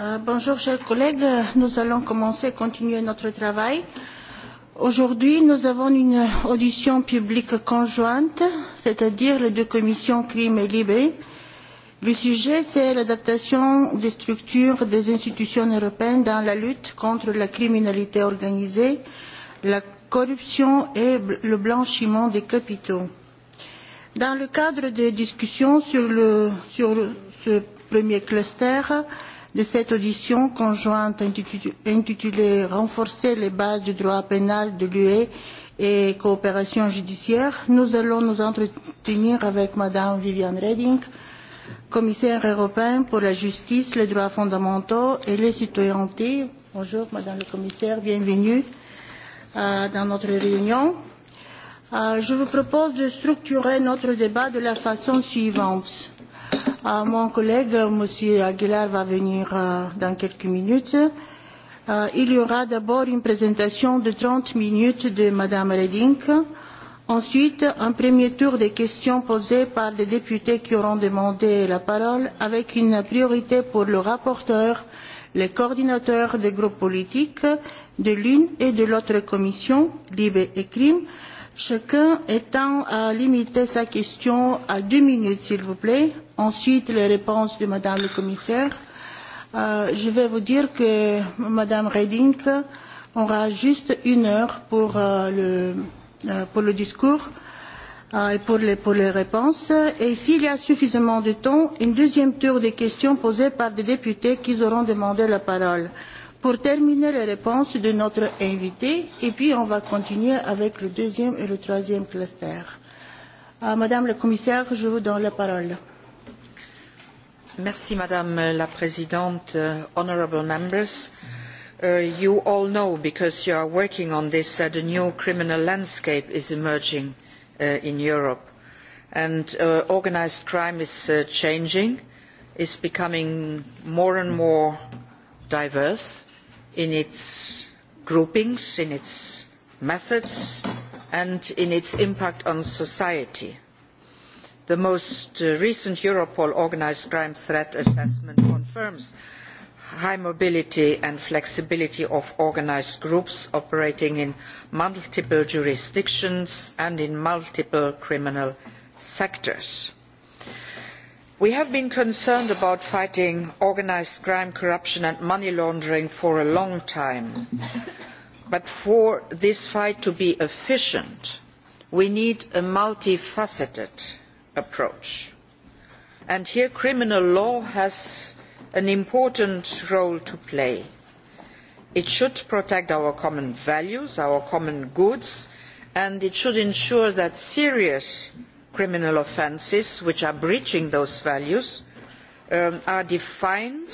Euh, bonjour, chers collègues. Nous allons commencer, continuer notre travail. Aujourd'hui, nous avons une audition publique conjointe, c'est-à-dire les deux commissions Crime et Libé. Le sujet, c'est l'adaptation des structures des institutions européennes dans la lutte contre la criminalité organisée, la corruption et le blanchiment des capitaux. Dans le cadre des discussions sur, le, sur ce premier cluster de cette audition conjointe intitulée Renforcer les bases du droit pénal de l'UE et coopération judiciaire, nous allons nous entretenir avec Madame Viviane Reding, commissaire européen pour la justice, les droits fondamentaux et les citoyennetés. Bonjour Madame la commissaire, bienvenue euh, dans notre réunion. Euh, je vous propose de structurer notre débat de la façon suivante. Euh, mon collègue, M. Aguilar, va venir euh, dans quelques minutes. Euh, il y aura d'abord une présentation de 30 minutes de Mme Reding. Ensuite, un premier tour des questions posées par les députés qui auront demandé la parole, avec une priorité pour le rapporteur, les coordinateurs des groupes politiques de l'une et de l'autre commission, LIBE et CRIM, euh, chacun étant à euh, limiter sa question à deux minutes, s'il vous plaît. Ensuite, les réponses de Madame le Commissaire. Euh, je vais vous dire que Madame Reding aura juste une heure pour, euh, le, euh, pour le discours euh, et pour les, pour les réponses. Et s'il y a suffisamment de temps, une deuxième tour des questions posées par des députés qui auront demandé la parole. Euh, pour terminer les réponses de notre invité et puis on va continuer avec le deuxième et le troisième cluster. Euh, Madame la commissaire, je vous donne la parole. Merci, Madame la Présidente, uh, honourable members. Uh, you all know, because you are working on this, that uh, a new criminal landscape is emerging uh, in Europe. And uh, organized crime is uh, changing, is becoming more and more diverse in its groupings in its methods and in its impact on society. the most uh, recent europol organised crime threat assessment confirms high mobility and flexibility of organised groups operating in multiple jurisdictions and in multiple criminal sectors we have been concerned about fighting organised crime corruption and money laundering for a long time but for this fight to be efficient we need a multi faceted approach and here criminal law has an important role to play. it should protect our common values our common goods and it should ensure that serious crimes criminal offences which are breaching those values um, are defined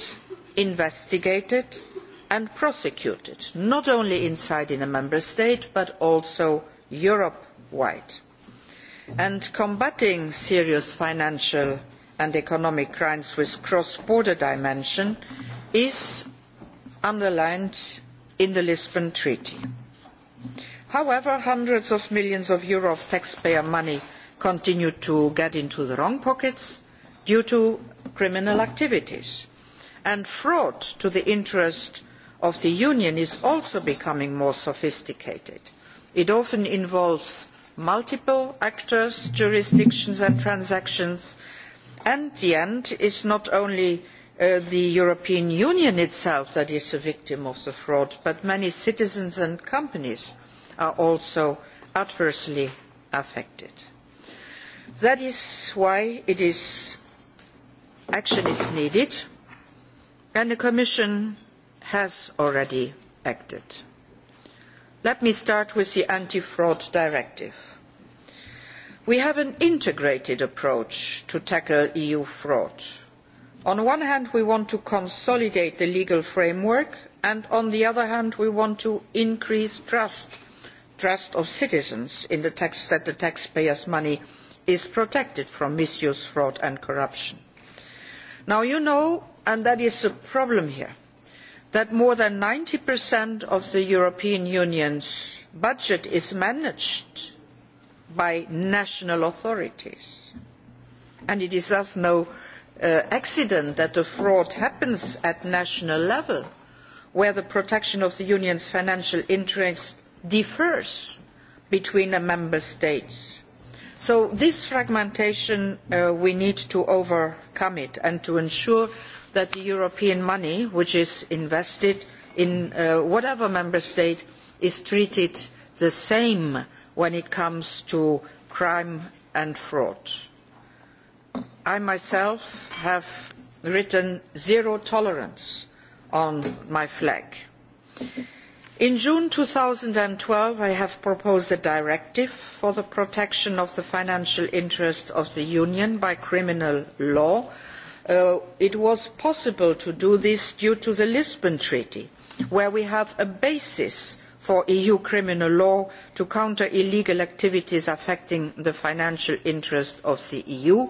investigated and prosecuted not only inside a member state but also europe wide. And combating serious financial and economic crimes with a cross border dimension is underlined in the lisbon treaty. however hundreds of millions of euros of taxpayer money continue to get into the wrong pockets due to criminal activities and fraud to the interest of the union is also becoming more sophisticated. it often involves multiple actors jurisdictions and transactions and the end is not only uh, the european union itself that is a victim of the fraud but many citizens and companies are also adversely affected that is why is, action is needed and the commission has already acted. let me start with the anti fraud directive. we have an integrated approach to tackle eu fraud. on the one hand we want to consolidate the legal framework and on the other hand we want to increase trust trust of citizens in the tax that the taxpayers' money is protected from misuse fraud and corruption. Now, you know and that is the problem here that more than ninety of the european union's budget is managed by national authorities and it is thus no uh, accident that the fraud happens at national level where the protection of the union's financial interests differs between the member states So this fragmentation, uh, we need to overcome it and to ensure that the European money which is invested in uh, whatever member state is treated the same when it comes to crime and fraud. I myself have written zero tolerance on my flag. Uh, in june two thousand and twelve i proposed a directive for the protection of the financial interests of the union by criminal law. Uh, it was possible to do this due to the lisbon treaty where we have a basis for eu criminal law to counter illegal activities affecting the financial interests of the eu.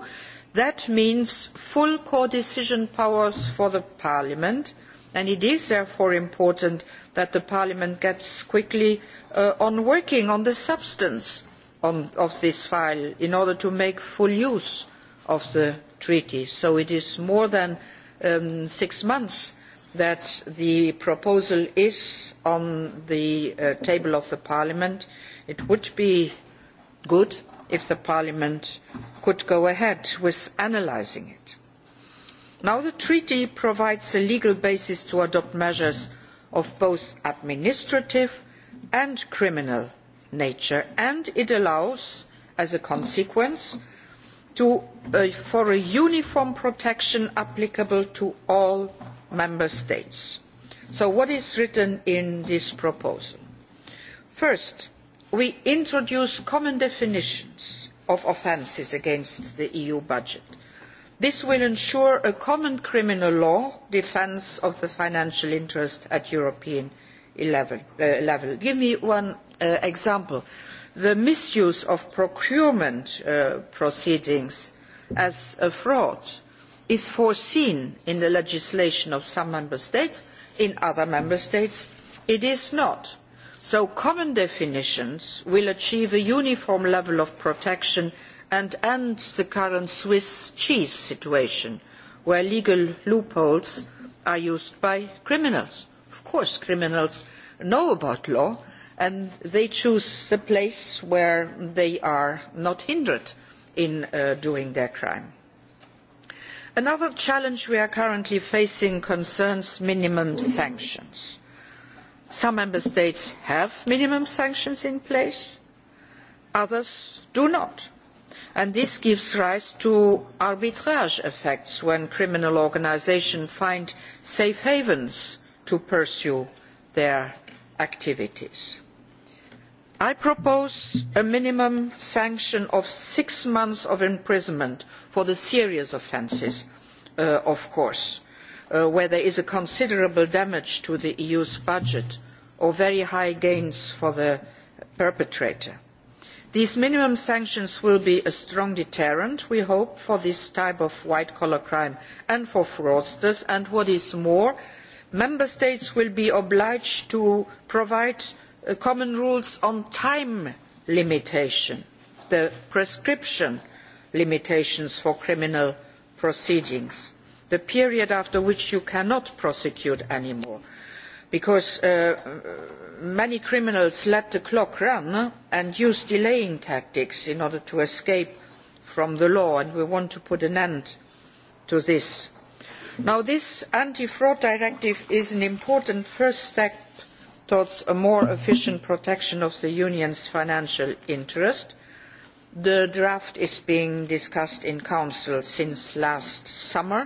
that means full codecision powers for parliament and it is therefore important that parliament gets quickly uh, on working on the substance on, of this file in order to make full use of the treaty. so it is more than um, six months that the proposal is on the uh, table of the parliament. it would be good if parliament could go ahead with analysing it Now, the treaty provides a legal basis to adopt measures of both administrative and criminal nature and it allows as a consequence to, uh, for a uniform protection applicable to all member states. so what is written in this proposal? first we introduce common definitions of offences against the eu budget this will ensure a common criminal law defence of the financial interest at european level. Uh, give me one uh, example the misuse of procurement uh, proceedings as a fraud is foreseen in the legislation of some member states in other member states it is not. so common definitions will achieve a uniform level of protection and end the current swiss cheese situation where legal loopholes are used by criminals. of course criminals know about law and they choose the place where they are not hindered in uh, doing their crime. another challenge we are currently facing concerns minimum sanctions. some member states have minimum sanctions in place others do not and this gives rise to arbitrage effects when criminal organisations find safe havens to pursue their activities. i propose a minimum sanction of six months of imprisonment for the serious offences uh, of course uh, where there is considerable damage to the eu's budget or very high gains for the perpetrator these minimum sanctions will be a strong deterrent we hope for this type of white collar crime and for fraudsters and what is more member states will be obliged to provide uh, common rules on time limitation the prescription limitations for criminal proceedings the period after which you cannot prosecute any more because uh, many criminals let the clock run and use delaying tactics in order to escape from the law and we want to put an end to this. Now, this anti fraud directive is an important first step towards a more efficient protection of the union's financial interest. the draft is being discussed in council since last summer.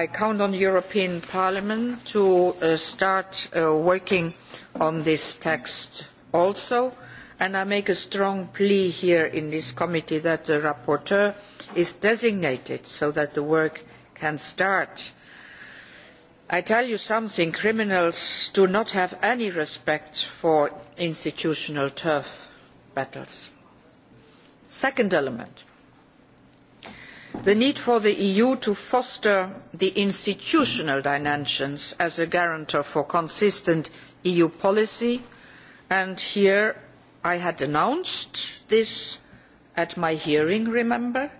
i count on the european parliament to uh, start uh, working on this text also and i make a strong plea here in this committee that the rapporteur is designated so that the work can start. i tell you something criminals do not have any respect for institutional turf battles. second element the need for the eu to foster the institutional dimensions as a guarantor for consistent eu policy and here i had announced this at my hearing remember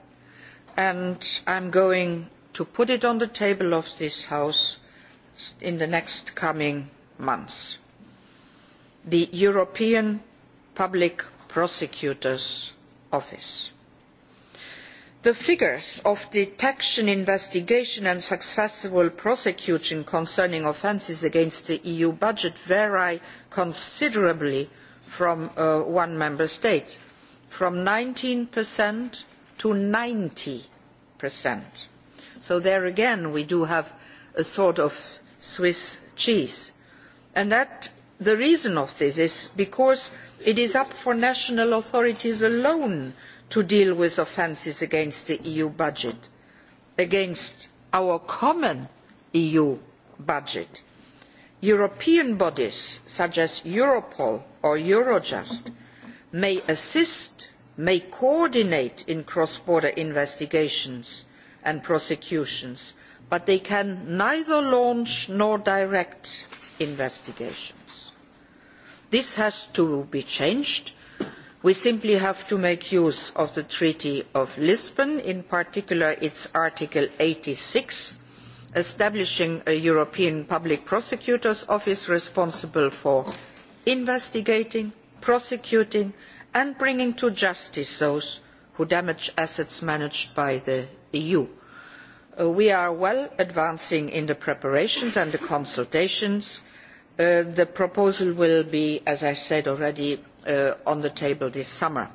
and i am going to put it on the table of this house in the next coming months the european public prosecutor's office the figures of detection investigation and successful prosecution concerning offences against the eu budget vary considerably from uh, one member state from nineteen to ninety so there again we do have a sort of swiss cheese and that, the reason for this is because it is up to national authorities alone to to deal with offences against the eu budget against our common eu budget. european bodies such as europol or eurojust may assist may coordinate in cross border investigations and prosecutions but they can neither launch nor direct investigations. this has to be changed we simply have to make use of the treaty of lisbon in particular its article eighty six establishing a european public prosecutor's office responsible for investigating prosecuting and bringing to justice those who damage assets managed by the eu. Uh, we are well advanced in the preparations and the consultations. Uh, the proposal will be as i said already uh, on the table this summer.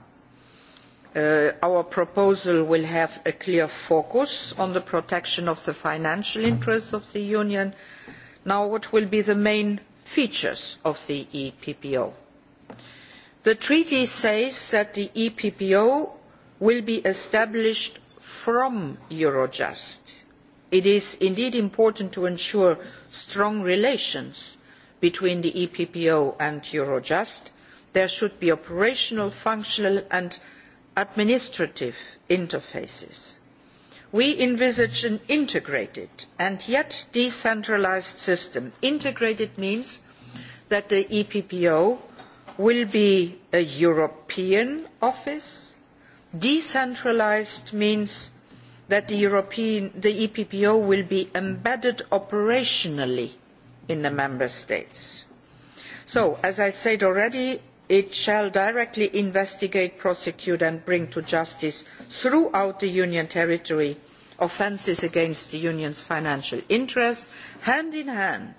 Uh, our proposal will have a clear focus on the protection of the financial interests of the union. now what will be the main features of the eppo? the treaty says that the eppo will be established from eurojust. it is indeed important to ensure strong relations between the eppo and eurojust there should be operational functional and administrative interfaces. we envisage an integrated and yet decentralised system. integrated means that the eppo will be a european office. decentralised means that the, European, the eppo will be embedded operationally in the member states. so as i said already it shall directly investigate prosecute and bring to justice throughout the union territory offences against the union's financial interests hand in hand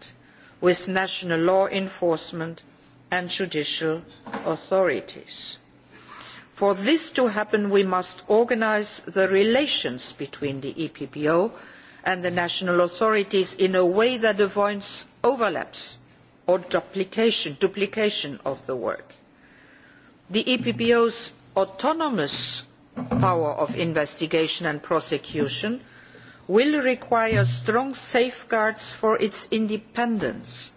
with national law enforcement and judicial authorities. for this to happen we must organise the relations between the eppo and the national authorities in a way that avoids overlaps or duplication of the work the eppo's autonomous power of investigation and prosecution will require strong safeguards for its independence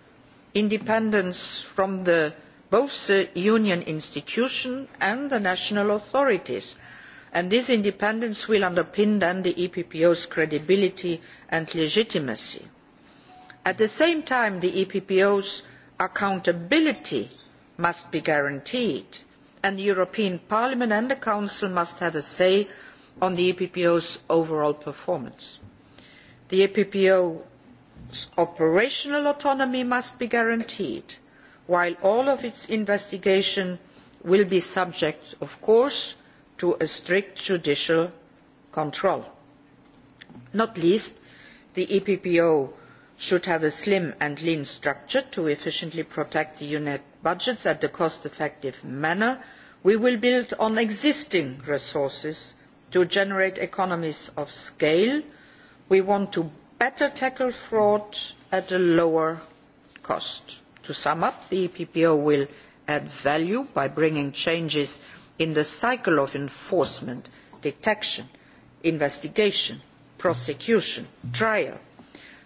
independence from the, both the union institutions and the national authorities and this independence will underpin then the eppo's credibility and legitimacy. at the same time the eppo's accountability must be guaranteed and the european parliament and the council must have a say on the eppo's overall performance. the eppo's operational autonomy must be guaranteed while all of its investigations will be subject of course to strict judicial control. not least the eppo should have a slim and lean structure to efficiently protect the unit budgets in a cost effective manner. we will build on existing resources to generate economies of scale. we want to better tackle fraud at a lower cost. to sum up the eppo will add value by bringing changes in the cycle of enforcement detection investigation prosecution trial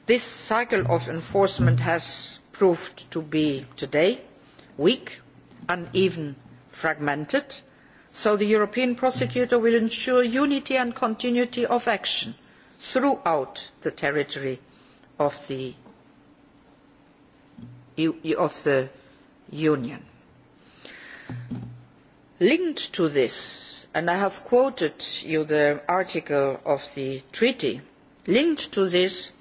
this cycle of enforcement has proved to be today weak uneven fragmented so the european prosecutor will ensure unity and continuity of action throughout the territory of the, of the union. linked to this and i have quoted you the article of the treaty linked to this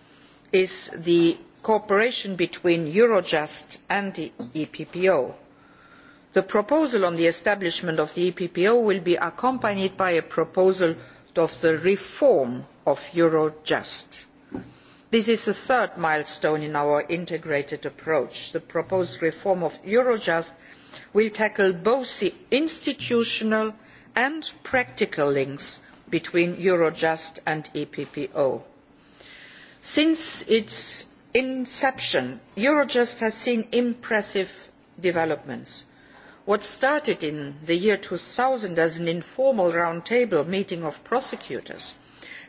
is the cooperation between eurojust and the eppo. the proposal on the establishment of the eppo will be accompanied by a proposal for the reform of eurojust. this is the third milestone in our integrated approach. the proposed reform of eurojust will tackle both the institutional and practical links between eurojust and the eppo since its inception eurojust has seen impressive developments. what started in the year two thousand as an informal round table meeting of prosecutors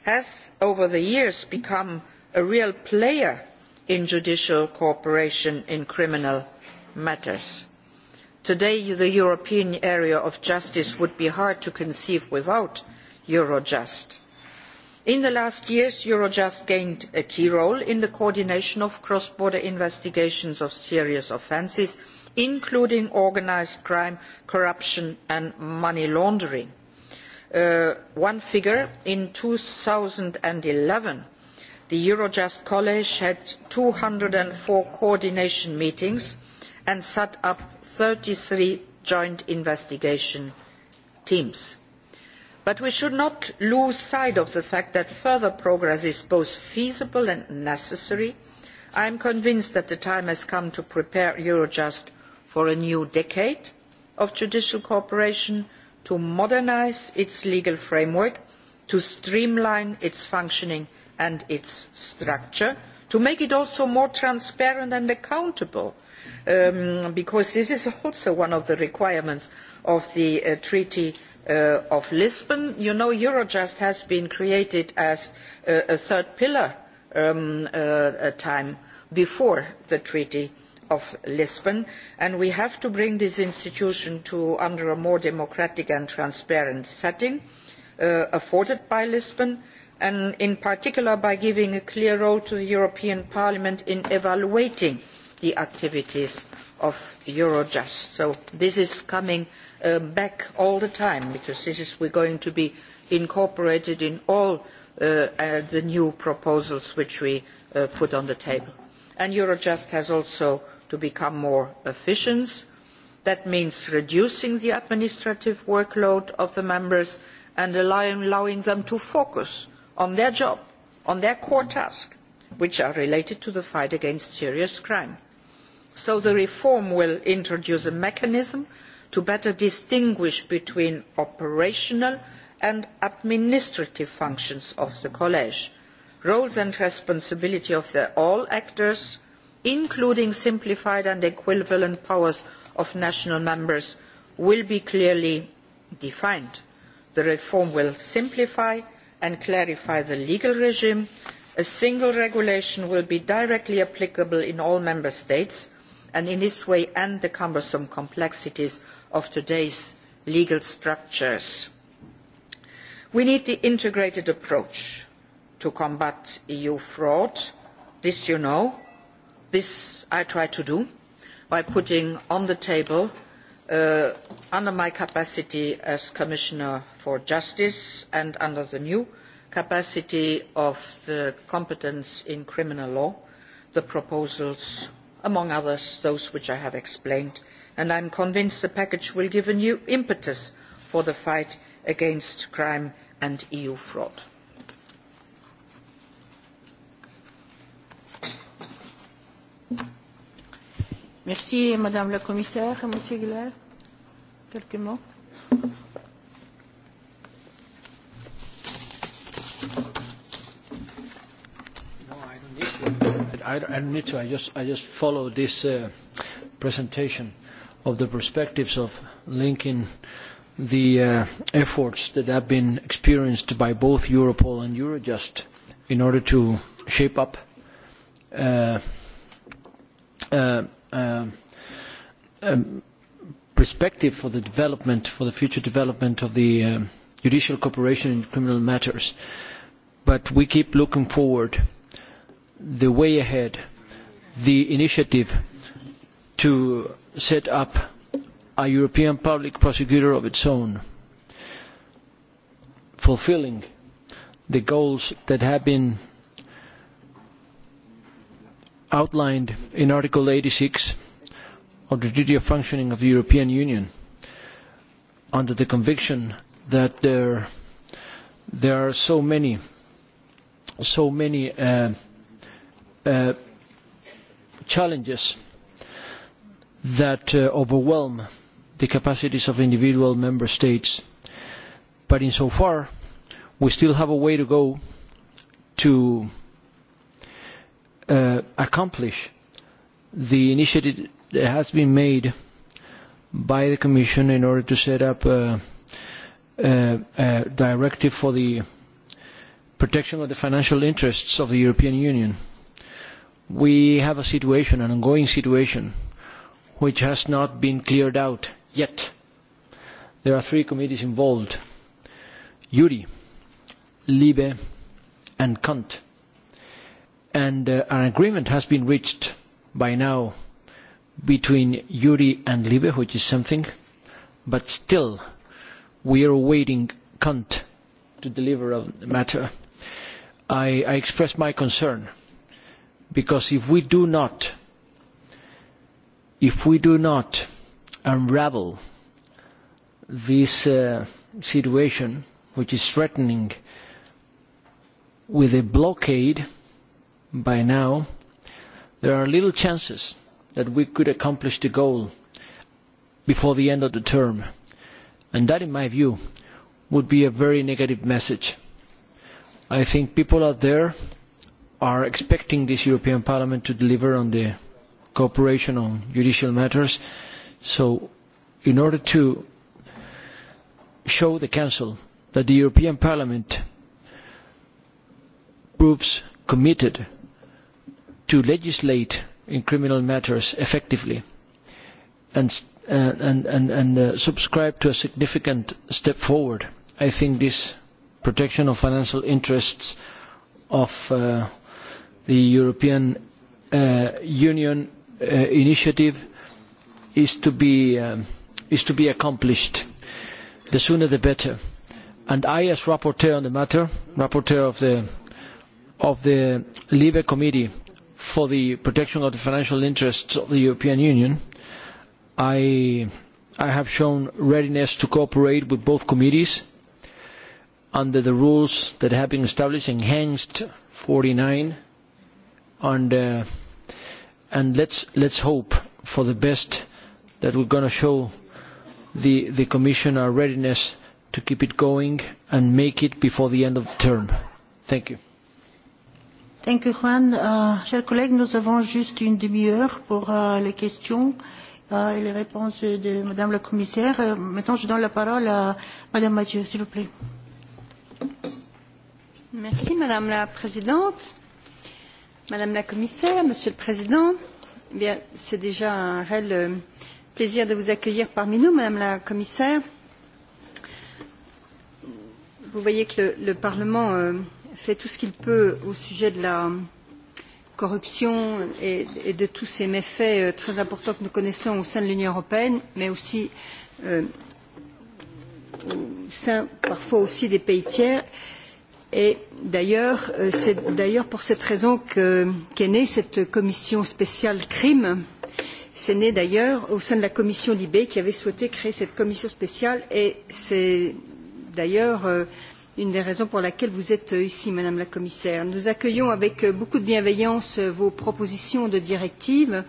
has over the years become a real player in judicial cooperation in criminal matters. today the european area of justice would be hard to conceive without eurojust in the last years eurojust gained a key role in the coordination of cross border investigations of serious offences including organised crime corruption and money laundering. Uh, one figure in two thousand and eleven the eurojust college had two hundred and four coordination meetings and set up thirty three joint investigation teams but we should not lose sight of the fact that further progress is both feasible and necessary. i am convinced that the time has come to prepare eurojust for a new decade of judicial cooperation to modernise its legal framework to streamline its functioning and its structure to make it also more transparent and accountable um, because this is also one of the requirements of the uh, treaty uh, of lisbon you know eurojust has been created as uh, a third pillar um, uh, time before the treaty of lisbon and we have to bring this institution to, under a more democratic and transparent setting uh, afforded by lisbon and in particular by giving a clear role to the european parliament in evaluating the activities of eurojust. so this is coming uh, back all the time because this is we're going to be incorporated in all uh, uh, the new proposals which we uh, put on the table. And Eurojust has also to become more efficient. That means reducing the administrative workload of the members and allowing, allowing them to focus on their job, on their core tasks, which are related to the fight against serious crime. So the reform will introduce a mechanism uh, to better distinguish between operational and administrative functions of the college the roles and responsibilities of all actors including simplified and equivalent powers of national members will be clearly defined. the reform will simplify and clarify the legal regime. a single regulation will be directly applicable in all member states and in this way end the cumbersome complexities of today's legal structures. we need the integrated approach to combat eu fraud this you know this i try to do by putting on the table uh, under my capacity as commissioner for justice and under the new capacity of the competence in criminal law the proposals among others those which i have explained and i am convinced the package will give a new impetus for the fight against crime and eu fraud. merci madame la commissaire monsieur gahler quelques mots? I, I don't need to. I just, I just follow this uh, presentation of the perspectives of linking the uh, efforts that have been experienced by both Europol and Eurojust in order to shape up uh, uh, uh, um, perspective for the development, for the future development of the uh, judicial cooperation in criminal matters. But we keep looking forward uh, the way ahead, the initiative to set up a European public prosecutor of its own, fulfilling the goals that have been outlined in Article 86 of the Treaty of Functioning of the European Union under the conviction that there, there are so many, so many uh, uh, challenges that uh, overwhelm the capacities of individual member states. But insofar, we still have a way to go to uh, accomplish the initiative that has been made by the Commission in order to set up a, uh, a, uh, a directive for the protection of the financial interests of the European Union. Uh, we have a situation, an ongoing situation, which has not been cleared out yet. There are three committees involved, Yuri, Libe, and Kant. And uh, an agreement has been reached by now between Yuri and Libe, which is something, but still we are awaiting Kant to deliver on the matter. I, I express my concern uh, Because if we do not, if we do not unravel this uh, situation, which is threatening with a blockade by now, there are little chances that we could accomplish the goal before the end of the term. And that, in my view, would be a very negative message. I think people out there are expecting this European Parliament to deliver on the cooperation on judicial matters. So in order to show the Council that the European Parliament proves committed to legislate in criminal matters effectively and, uh, and, and, and uh, subscribe to a significant step forward, I think this protection of financial interests of uh, the European uh, Union uh, initiative is to be um, is to be accomplished. The sooner the better. And I, as rapporteur on the matter, rapporteur of the of the Libe Committee for the protection of the financial interests of the European Union, I I have shown readiness to cooperate with both committees under the rules that have been established, enhanced 49 and uh, and let's let's hope for the best that we're going to show the the commission our readiness to keep it going and make it before the end of the term. Thank you. Thank you, Juan. Uh, chers collègues, nous avons juste une demi-heure pour uh, les questions uh, et les réponses de Madame la Commissaire. Uh, maintenant, je donne la parole à Madame Mathieu, s'il vous plaît. Merci, Madame la Présidente. Madame la Commissaire, Monsieur le Président, eh bien, c'est déjà un réel euh, plaisir de vous accueillir parmi nous, Madame la Commissaire. Vous voyez que le, le Parlement euh, fait tout ce qu'il peut au sujet de la corruption et, et de tous ces méfaits euh, très importants que nous connaissons au sein de l'Union européenne, mais aussi euh, au sein parfois aussi des pays tiers. Euh, Et d'ailleurs, euh, c'est d'ailleurs pour cette raison qu'est qu née cette commission spéciale crime. C'est né d'ailleurs au sein de la commission Libé qui avait souhaité créer cette commission spéciale et c'est d'ailleurs euh, une des raisons pour laquelle vous êtes ici, Madame la Commissaire. Nous accueillons avec beaucoup de bienveillance vos propositions de directive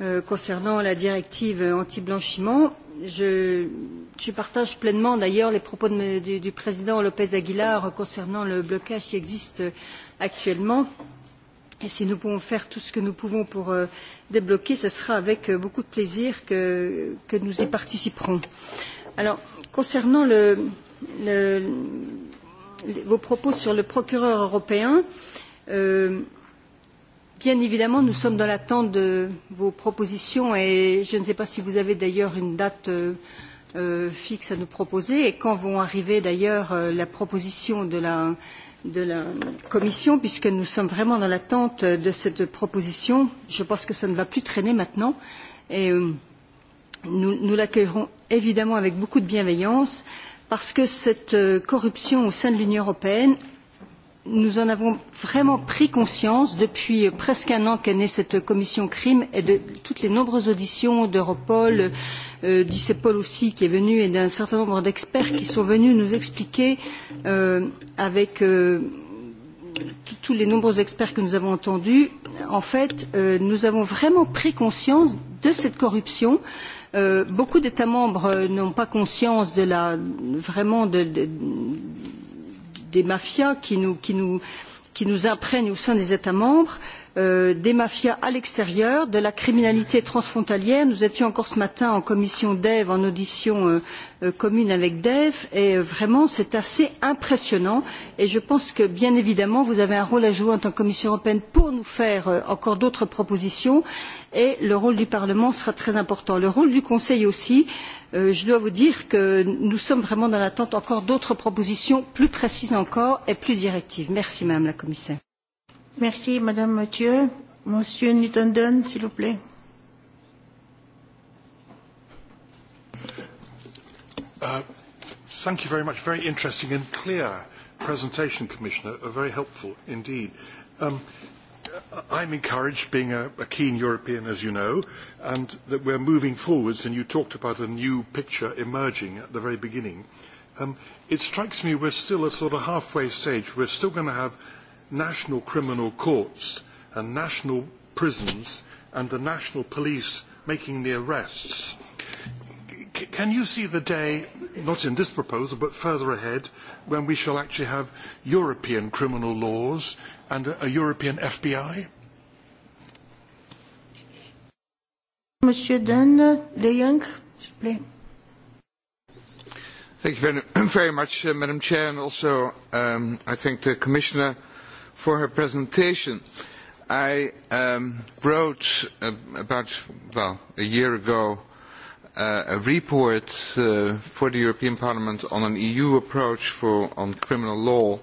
euh, concernant la directive anti-blanchiment je, je partage pleinement d'ailleurs les propos de, du, du président Lopez Aguilar concernant le blocage qui existe actuellement. Et si nous pouvons faire tout ce que nous pouvons pour euh, débloquer, ce sera avec euh, beaucoup de plaisir que, que nous y participerons. Alors, concernant le, le, vos propos sur le procureur européen, euh, Bien évidemment, nous sommes dans l'attente de vos propositions et je ne sais pas si vous avez d'ailleurs une date euh, euh, fixe à nous proposer et quand vont arriver d'ailleurs euh, la proposition de la, de la Commission, puisque nous sommes vraiment dans l'attente de cette proposition. Je pense que ça ne va plus traîner maintenant et euh, nous, nous l'accueillerons évidemment avec beaucoup de bienveillance parce que cette euh, corruption au sein de l'Union européenne nous en avons vraiment pris conscience depuis presque un an qu'est née cette commission crime et de toutes les nombreuses auditions d'Europol, euh, d'ICEPOL aussi qui est venu et d'un certain nombre d'experts qui sont venus nous expliquer euh, avec euh, tous les nombreux experts que nous avons entendus, en fait, euh, nous avons vraiment pris conscience de cette corruption. Euh, beaucoup d'États membres n'ont pas conscience de la, vraiment de, de, des mafias qui nous, qui nous, qui nous imprègnent au sein des États membres. Euh, euh, des mafias à l'extérieur, de la criminalité transfrontalière. Nous étions encore ce matin en commission DEV, en audition euh, euh, commune avec DEV, et euh, vraiment c'est assez impressionnant. Et je pense que bien évidemment vous avez un rôle à jouer en tant que Commission européenne pour nous faire euh, encore d'autres propositions, et le rôle du Parlement sera très important. Le rôle du Conseil aussi. Euh, je dois vous dire que nous sommes vraiment dans l'attente encore d'autres propositions plus précises encore et plus directives. Merci Madame la Commissaire. Merci, Madame Mathieu. Monsieur Newton-Dunn, s'il vous plaît. Uh, thank you very much. Very interesting and clear presentation, Commissioner. Uh, very helpful indeed. Um, I'm encouraged, being a, a keen European, as you know, and that we're moving forwards, and you talked about a new picture emerging at the very beginning. Um, it strikes me we're still at sort of halfway stage. We're still going to have national criminal courts and national prisons and the national police making the arrests. C- can you see the day, not in this proposal, but further ahead, when we shall actually have European criminal laws and a, a European FBI? Monsieur Den, De Jong, please. Thank you very, very much, uh, Madam Chair, and also um, I thank the Commissioner for her presentation. I um, wrote uh, about well a year ago uh, a report uh, for the European Parliament on an EU approach for on criminal law,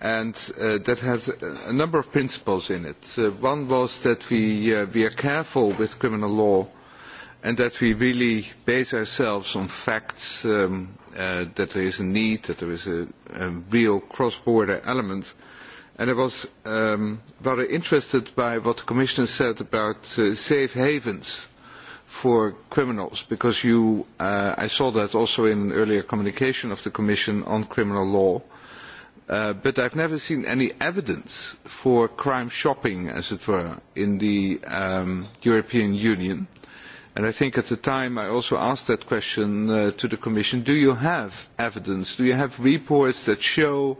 and uh, that has a number of principles in it. Uh, one was that we uh, we are careful with criminal law, and that we really base ourselves on facts. Um, uh, that there is a need, that there is a, a real cross-border element, uh, And I was um, rather interested by what the Commissioner said about uh, safe havens for criminals, because you, uh, I saw that also in an earlier communication of the Commission on criminal law. Uh, but I've never seen any evidence for crime shopping, as it were, in the um, European Union. And I think at the time I also asked that question uh, to the Commission, do you have evidence? Do you have reports that show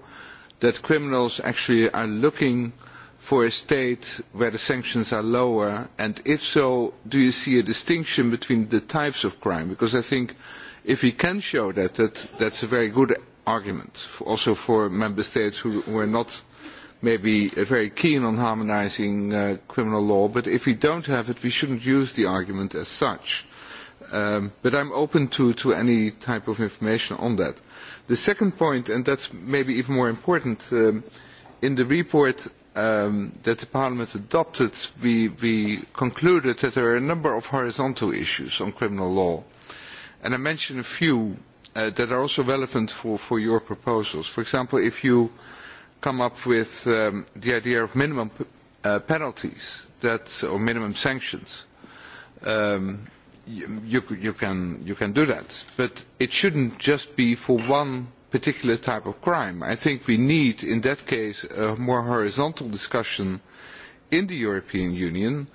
that criminals actually are looking for a state where the sanctions are lower? And if so, do you see a distinction between the types of crime? Because I think if we can show that, that that's a very good argument, also for member states who were not maybe uh, very keen on harmonizing uh, criminal law, but if we don't have it, we shouldn't use the argument as such. Um, but I'm open to, to any type of information on that. The second point, and that's maybe even more important, um, in the report um, that the Parliament adopted, we, we concluded that there are a number of horizontal issues on criminal law. And I mentioned a few uh, that are also relevant for, for your proposals. For example, if you come up with um, the idea of minimum uh, penalties that, or minimum sanctions, um, you, you, can, you can do that. But it shouldn't just be for one particular type of crime. I think we need, in that case, a more horizontal discussion in the European Union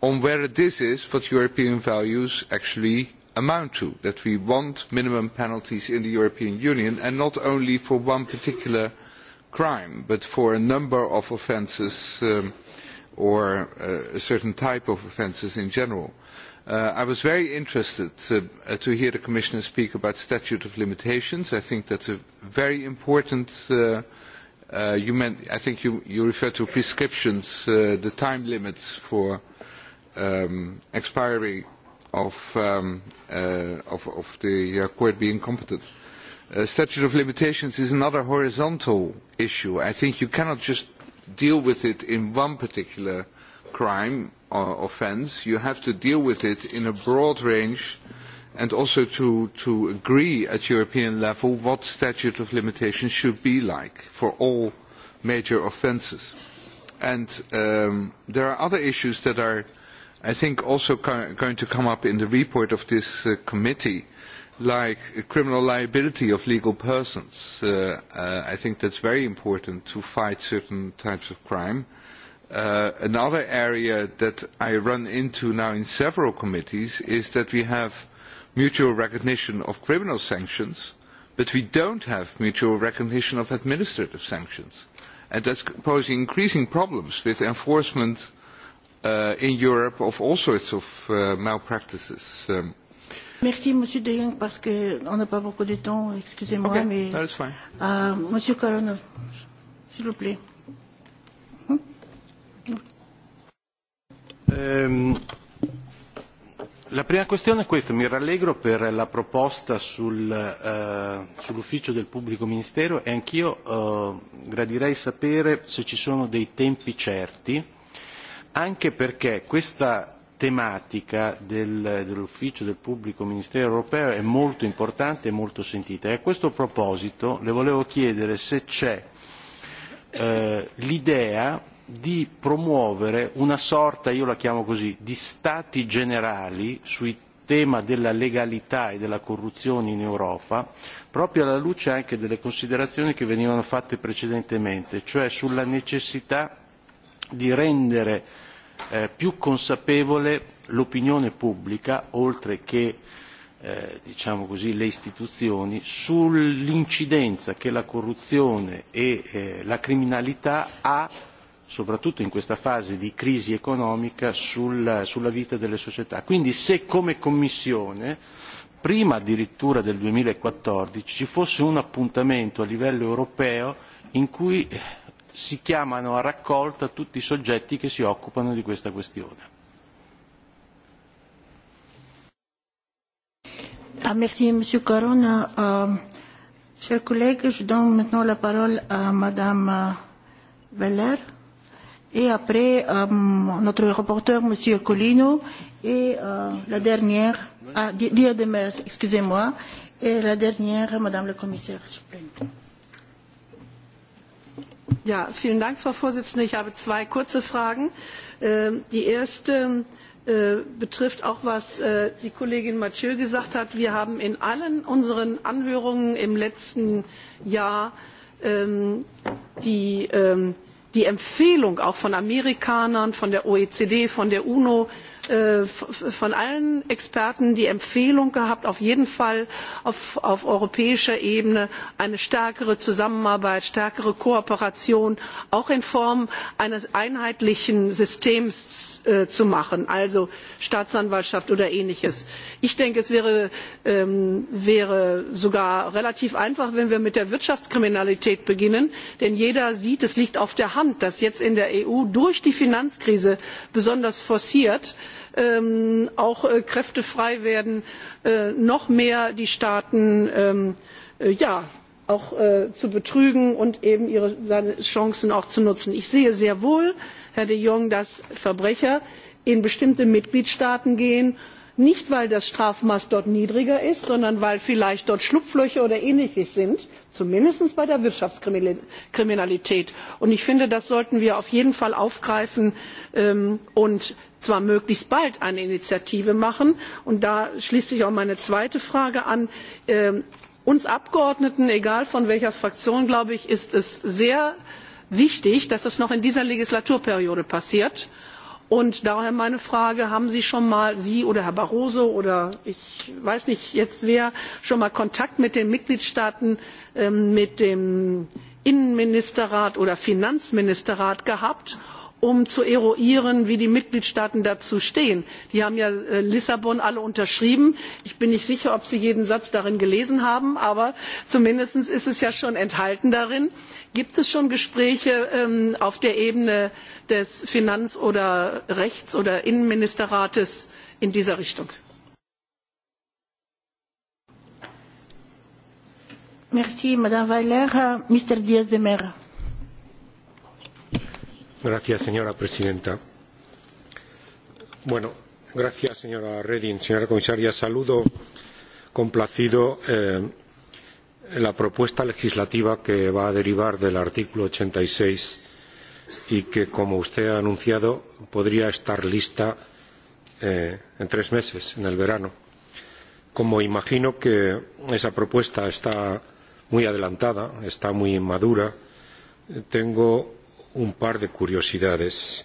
on whether this is what European values actually amount to, that we want minimum penalties in the European Union, and not only for one particular crime, but for a number of offences um, or uh, a certain type of offences in general. Uh, I was very interested to, uh, to hear the Commissioner speak about statute of limitations. I think that's a very important, uh, uh, you meant, I think you, you referred to prescriptions, uh, the time limits for um, expiry of, um, uh, of, of the uh, court being competent. Uh, statute of limitations is another horizontal issue. I think you cannot just deal with it in one particular crime uh, offense, you have to deal with it in a broad range and also to, to agree at European level what statute of limitation should be like for all major offenses. And um, there are other issues that are, I think, also going to come up in the report of this uh, committee, like criminal liability of legal persons. Uh, uh, I think that's very important to fight certain types of crime. Uh, Uh, another area that I run into now in several committees is that we have mutual recognition of criminal sanctions, but we don't have mutual recognition of administrative sanctions. And that's posing increasing problems with enforcement uh, in Europe of all sorts of uh, malpractices. Um, Merci, Monsieur De Jong, parce qu'on n'a pas beaucoup de temps, excusez-moi, okay, mais... No, that's fine. Uh, Monsieur Colonel, s'il vous plaît. Ehm, la prima questione è questa, mi rallegro per la proposta sul, eh, sull'ufficio del pubblico ministero e anch'io eh, gradirei sapere se ci sono dei tempi certi, anche perché questa tematica del, dell'ufficio del pubblico ministero europeo è molto importante e molto sentita e a questo proposito le volevo chiedere se c'è eh, l'idea di promuovere una sorta, io la chiamo così, di stati generali sui tema della legalità e della corruzione in Europa, proprio alla luce anche delle considerazioni che venivano fatte precedentemente, cioè sulla necessità di rendere eh, più consapevole l'opinione pubblica, oltre che eh, diciamo così, le istituzioni, sull'incidenza che la corruzione e eh, la criminalità ha soprattutto in questa fase di crisi economica sul, sulla vita delle società. Quindi se come Commissione prima addirittura del 2014 ci fosse un appuntamento a livello europeo in cui eh, si chiamano a raccolta tutti i soggetti che si occupano di questa questione. Ah, merci, Monsieur Corona. Euh, chers collègues, je donne maintenant la parole à Madame Veller. Euh, et après euh, notre rapporteur, M. Colino, et euh, la dernière, ah, Dia de Mers, excusez-moi, et la dernière, Madame la Commissaire, s'il vous plaît. Ja, vielen Dank, Frau Vorsitzende. Ich habe zwei kurze Fragen. Äh, die erste äh, betrifft auch, was äh, die Kollegin Mathieu gesagt hat. Wir haben in allen unseren Anhörungen im letzten Jahr ähm, die ähm, äh, die empfehlung auch von amerikanern von der oecd von der uno Äh, von allen Experten die Empfehlung gehabt, auf jeden Fall auf, auf europäischer Ebene eine stärkere Zusammenarbeit, stärkere Kooperation auch in Form eines einheitlichen Systems äh, zu machen, also Staatsanwaltschaft oder ähnliches. Ich denke, es wäre, ähm, wäre sogar relativ einfach, wenn wir mit der Wirtschaftskriminalität beginnen, denn jeder sieht, es liegt auf der Hand, dass jetzt in der EU durch die Finanzkrise besonders forciert, äh, ähm, auch äh, Kräfte frei werden, äh, noch mehr die Staaten ähm, äh, ja, auch äh, zu betrügen und eben ihre seine Chancen auch zu nutzen. Ich sehe sehr wohl, Herr de Jong, dass Verbrecher in bestimmte Mitgliedstaaten gehen, nicht weil das Strafmaß dort niedriger ist, sondern weil vielleicht dort Schlupflöcher oder ähnliches sind, zumindest bei der Wirtschaftskriminalität. Und ich finde, das sollten wir auf jeden Fall aufgreifen ähm, und zwar möglichst bald eine Initiative machen. Und da schließt sich auch meine zweite Frage an. Ähm, uns Abgeordneten, egal von welcher Fraktion, glaube ich, ist es sehr wichtig, dass das noch in dieser Legislaturperiode passiert. Und daher meine Frage, haben Sie schon mal, Sie oder Herr Barroso oder ich weiß nicht jetzt wer, schon mal Kontakt mit den Mitgliedstaaten, ähm, mit dem Innenministerrat oder Finanzministerrat gehabt? um zu eruieren wie die mitgliedstaaten dazu stehen. die haben ja äh, lissabon alle unterschrieben. ich bin nicht sicher ob sie jeden satz darin gelesen haben aber zumindest ist es ja schon enthalten darin. gibt es schon gespräche ähm, auf der ebene des finanz oder rechts oder innenministerrates in dieser richtung? Merci, Madame Weiler. Euh, Mr. Diaz de Mera. Gracias, señora presidenta. Bueno, gracias, señora Reding. Señora comisaria, saludo complacido eh, la propuesta legislativa que va a derivar del artículo 86 y que, como usted ha anunciado, podría estar lista eh, en tres meses, en el verano. Como imagino que esa propuesta está muy adelantada, está muy inmadura, tengo un par de curiosidades.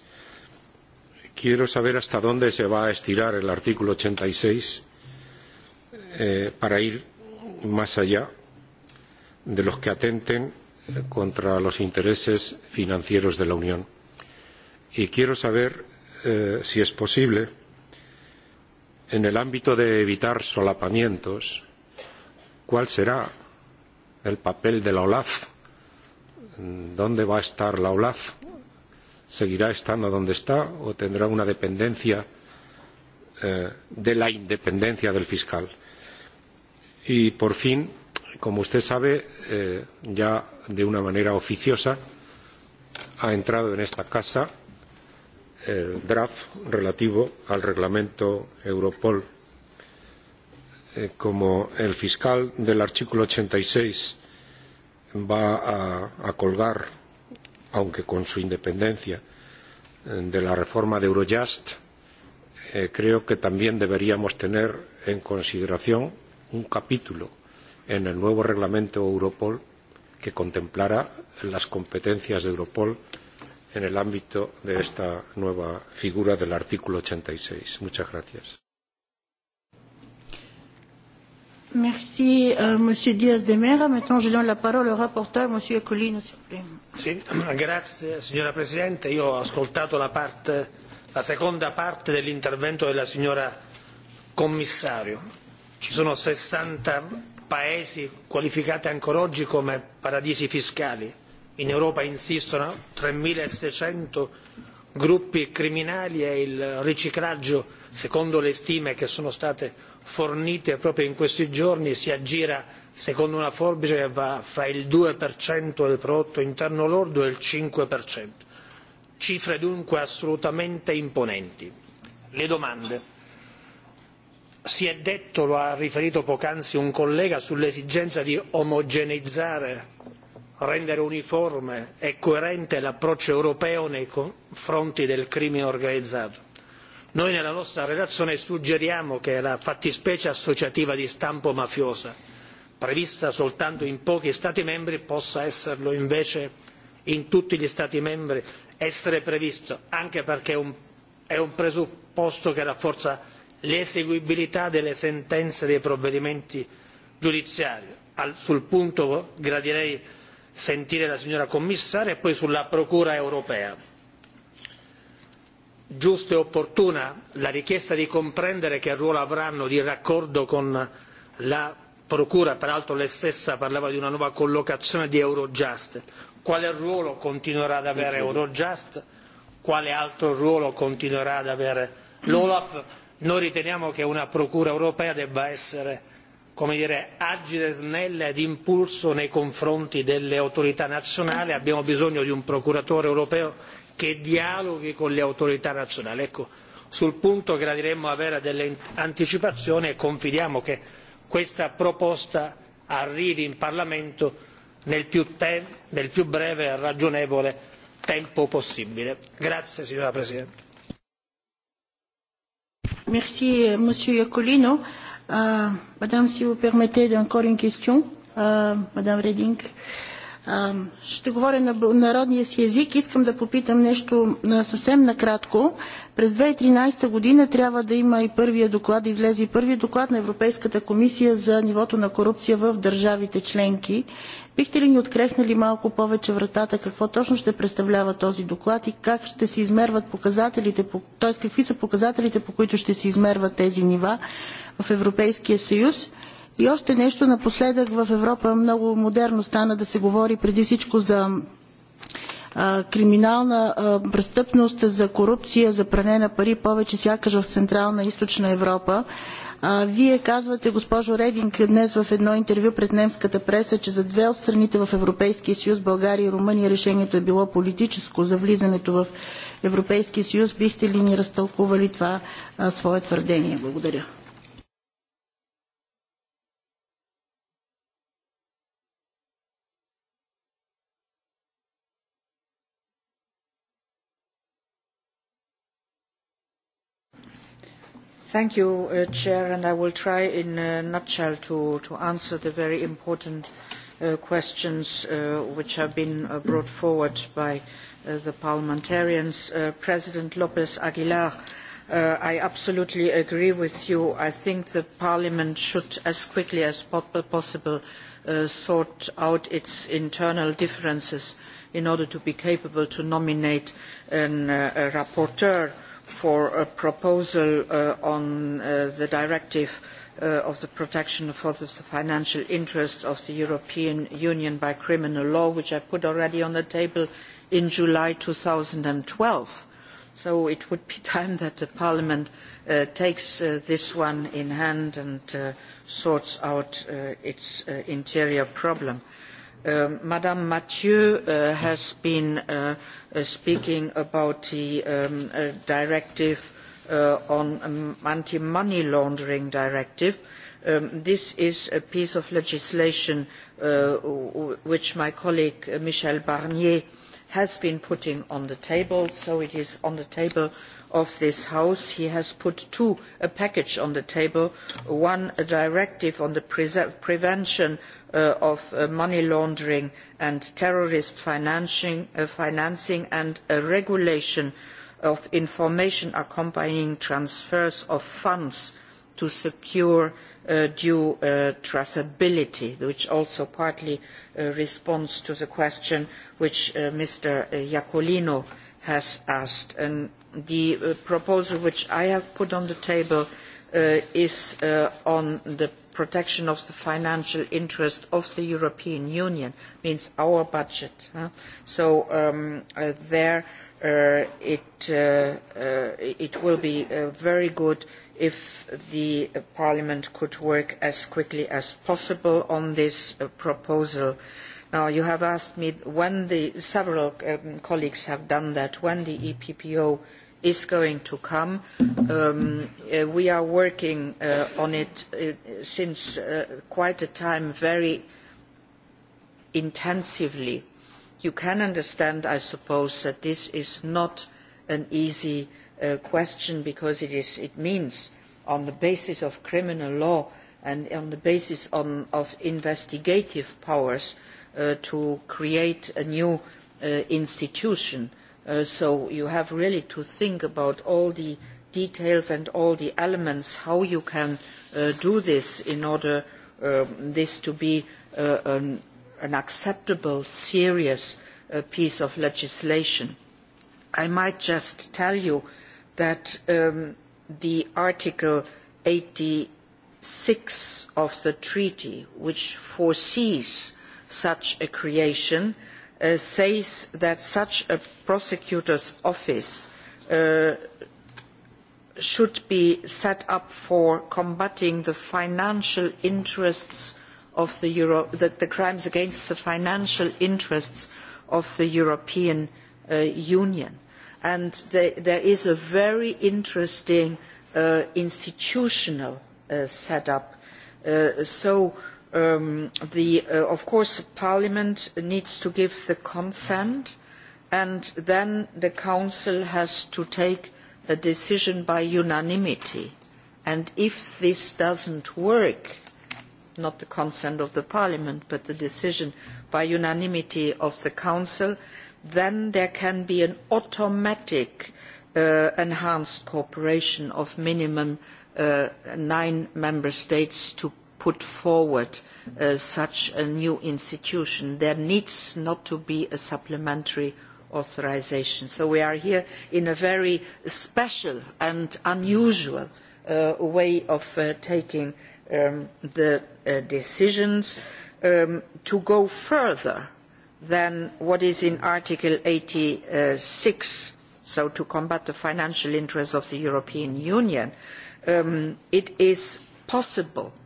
Quiero saber hasta dónde se va a estirar el artículo 86 eh, para ir más allá de los que atenten eh, contra los intereses financieros de la Unión. Y quiero saber eh, si es posible, en el ámbito de evitar solapamientos, cuál será el papel de la OLAF dónde va a estar la OLAF? ¿Seguirá estando donde está o tendrá una dependencia eh, de la independencia del fiscal? Y, por fin, como usted sabe, eh, ya de una manera oficiosa ha entrado en esta casa el draft relativo al reglamento Europol. Eh, como el fiscal del artículo 86 va a, a colgar, aunque con su independencia, de la reforma de Eurojust, eh, creo que también deberíamos tener en consideración un capítulo en el nuevo reglamento Europol que contemplara las competencias de Europol en el ámbito de esta nueva figura del artículo 86. Muchas gracias. Merci, euh, Monsieur Diaz de Mera. Maintenant, je donne la parole au rapporteur, Monsieur Collino, s'il vous plaît. Sì, grazie, signora Presidente. Io ho ascoltato la, parte, la seconda parte dell'intervento della signora Commissario. Ci sono 60 paesi qualificati ancora oggi come paradisi fiscali. In Europa insistono 3.600 gruppi criminali e il riciclaggio, secondo le stime che sono state fornite proprio in questi giorni e si aggira secondo una forbice che va fra il 2% del prodotto interno lordo e il 5%. Cifre dunque assolutamente imponenti. Le domande. Si è detto, lo ha riferito poc'anzi un collega, sull'esigenza di omogeneizzare, rendere uniforme e coerente l'approccio europeo nei confronti del crimine organizzato Noi nella nostra relazione suggeriamo che la fattispecie associativa di stampo mafiosa, prevista soltanto in pochi Stati membri, possa esserlo invece in tutti gli Stati membri, essere previsto, anche perché è un, è un presupposto che rafforza l'eseguibilità delle sentenze dei provvedimenti giudiziari. Al, sul punto gradirei sentire la signora commissaria e poi sulla Procura europea giusta e opportuna la richiesta di comprendere che ruolo avranno di raccordo con la procura peraltro lei stessa parlava di una nuova collocazione di eurojust quale ruolo continuerà ad avere eurojust quale altro ruolo continuerà ad avere l'olaf noi riteniamo che una procura europea debba essere come dire agile snella e d'impulso nei confronti delle autorità nazionali abbiamo bisogno di un procuratore europeo che dialoghi con le autorità nazionali. Ecco, sul punto gradiremmo avere delle anticipazioni e confidiamo che questa proposta arrivi in Parlamento nel più, te- nel più breve e ragionevole tempo possibile. Grazie signora Presidente. Merci euh, Monsieur Iacolino. Euh, Madame, si vous permettez encore une question, euh, Madame Reding. Euh, Ще говоря на народния си език. Искам да попитам нещо съвсем накратко. През 2013 година трябва да има и първия доклад, да излезе и първия доклад на Европейската комисия за нивото на корупция в държавите членки. Бихте ли ни открехнали малко повече вратата, какво точно ще представлява този доклад и как ще се измерват показателите, т.е. какви са показателите, по които ще се измерват тези нива в Европейския съюз? И още нещо напоследък в Европа много модерно стана да се говори преди всичко за криминална престъпност, за корупция, за пране на пари, повече сякаш в Централна и Източна Европа. Вие казвате, госпожо Рединг, днес в едно интервю пред немската преса, че за две от страните в Европейския съюз, България и Румъния, решението е било политическо за влизането в Европейския съюз. Бихте ли ни разтълкували това свое твърдение? Благодаря. Thank you, uh, Chair, and I will try in a nutshell to, to answer the very important uh, questions uh, which have been uh, brought forward by uh, the parliamentarians. Uh, President Lopez Aguilar, uh, I absolutely agree with you. I think the Parliament should, as quickly as po possible, uh, sort out its internal differences in order to be capable to nominate an, uh, a rapporteur uh, for a proposal uh, on uh, the directive uh, of the protection for the financial interests of the European Union by criminal law, which I put already on the table in July 2012. So it would be time that the Parliament uh, takes uh, this one in hand and uh, sorts out uh, its uh, interior problem. Uh, Um, Madame Mathieu uh, has been uh, uh, speaking about the um, uh, directive uh, on um, anti-money laundering directive. Um, this is a piece of legislation uh, which my colleague uh, Michel Barnier has been putting on the table, so it is on the table uh, of this house he has put two, a package on the table one a directive on the pre prevention uh, of uh, money laundering and terrorist financing, uh, financing and a regulation of information accompanying transfers of funds to secure uh, due uh, traceability which also partly uh, responds to the question which mr iacolino has asked. And the uh, proposal which I have put on the table uh, is uh, on the protection of the financial interest of the European Union, means our budget. Huh? So um, uh, there uh, it, uh, uh, it will be uh, very good if the uh, Parliament could work as quickly as possible on this uh, proposal. Now, you have asked me when the, several um, colleagues have done that, when the EPPO uh, is going to come. Um, uh, we are working uh, on it uh, since uh, quite a time very intensively. You can understand, I suppose, that this is not an easy uh, question because it, is, it means on the basis of criminal law and on the basis on, of investigative powers uh, to create a new uh, institution uh, Uh, so you have really to think about all the details and all the elements, how you can uh, do this in order uh, this to be uh, an, an acceptable, serious uh, piece of legislation. I might just tell you that um, the Article 86 of the treaty, which foresees such a creation, uh, uh, says that such a prosecutor's office uh, should be set up for combating the financial interests of the, Euro the, the crimes against the financial interests of the European uh, Union. And they, there is a very interesting uh, institutional uh, setup. Uh, so uh, Um, the, uh, of course parliament needs to give the consent and then the council has to take a decision by unanimity and if this does not work not the consent of the parliament but the decision by unanimity of the council then there can be an automatic uh, enhanced cooperation of minimum uh, nine member states to put forward uh, such a new institution, there needs not to be a supplementary authorization. So we are here in a very special and unusual uh, way of uh, taking um, the uh, decisions um, to go further than what is in Article 86, so to combat the financial interests of the European Union. Um, it is possible uh,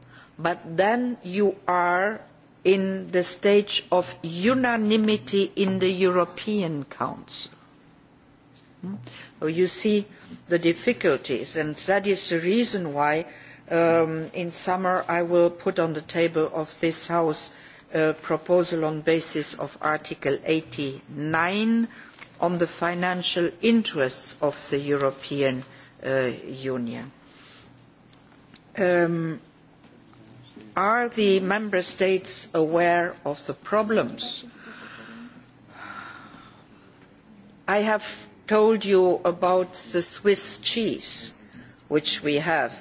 but then you are in the stage of unanimity in the European Council. Hmm? So you see the difficulties, and that is the reason why um, in summer I will put on the table of this House a uh, proposal on basis of Article 89 on the financial interests of the European uh, Union. Um, are the member states aware of the problems? I have told you about the Swiss cheese which we have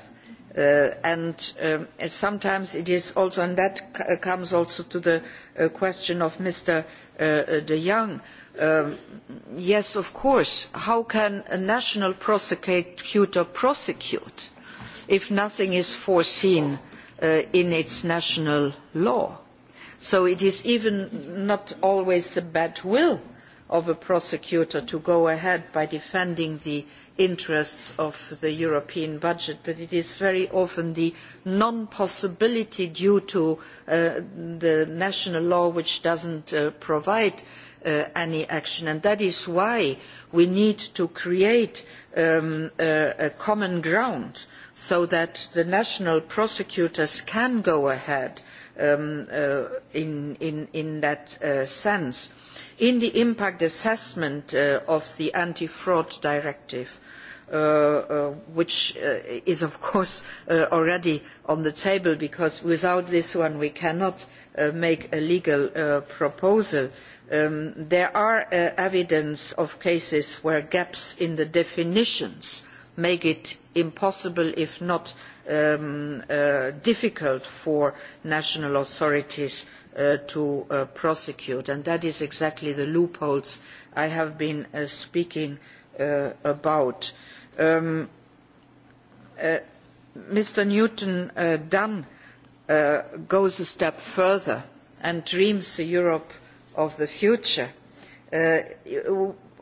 uh, and um, sometimes it is also and that uh, comes also to the uh, question of Mr. Uh, uh, de Young. Um, yes, of course, how can a national prosecutor prosecute if nothing is foreseen? Oh uh, in its national law. So it is even not always the bad will of a prosecutor to go ahead by defending the interests of the European budget, but it is very often the non-possibility due to uh, the national law which doesn't uh, provide uh, any action. And that is why we need to create um, uh, a common ground so that the national prosecutors can go ahead um, uh, in, in, in that uh, sense. In the impact assessment uh, of the anti-fraud directive, uh, uh, which uh, is of course uh, already on the table because without this one we cannot uh, make a legal uh, proposal. Um, there are uh, evidence of cases where gaps in the definitions uh, make it impossible if not um, uh, difficult for national authorities uh, to uh, prosecute and that is exactly the loopholes i have been uh, speaking uh, about. Um, uh, mr newton dunn goes a step further and dreams the europe of the future. I,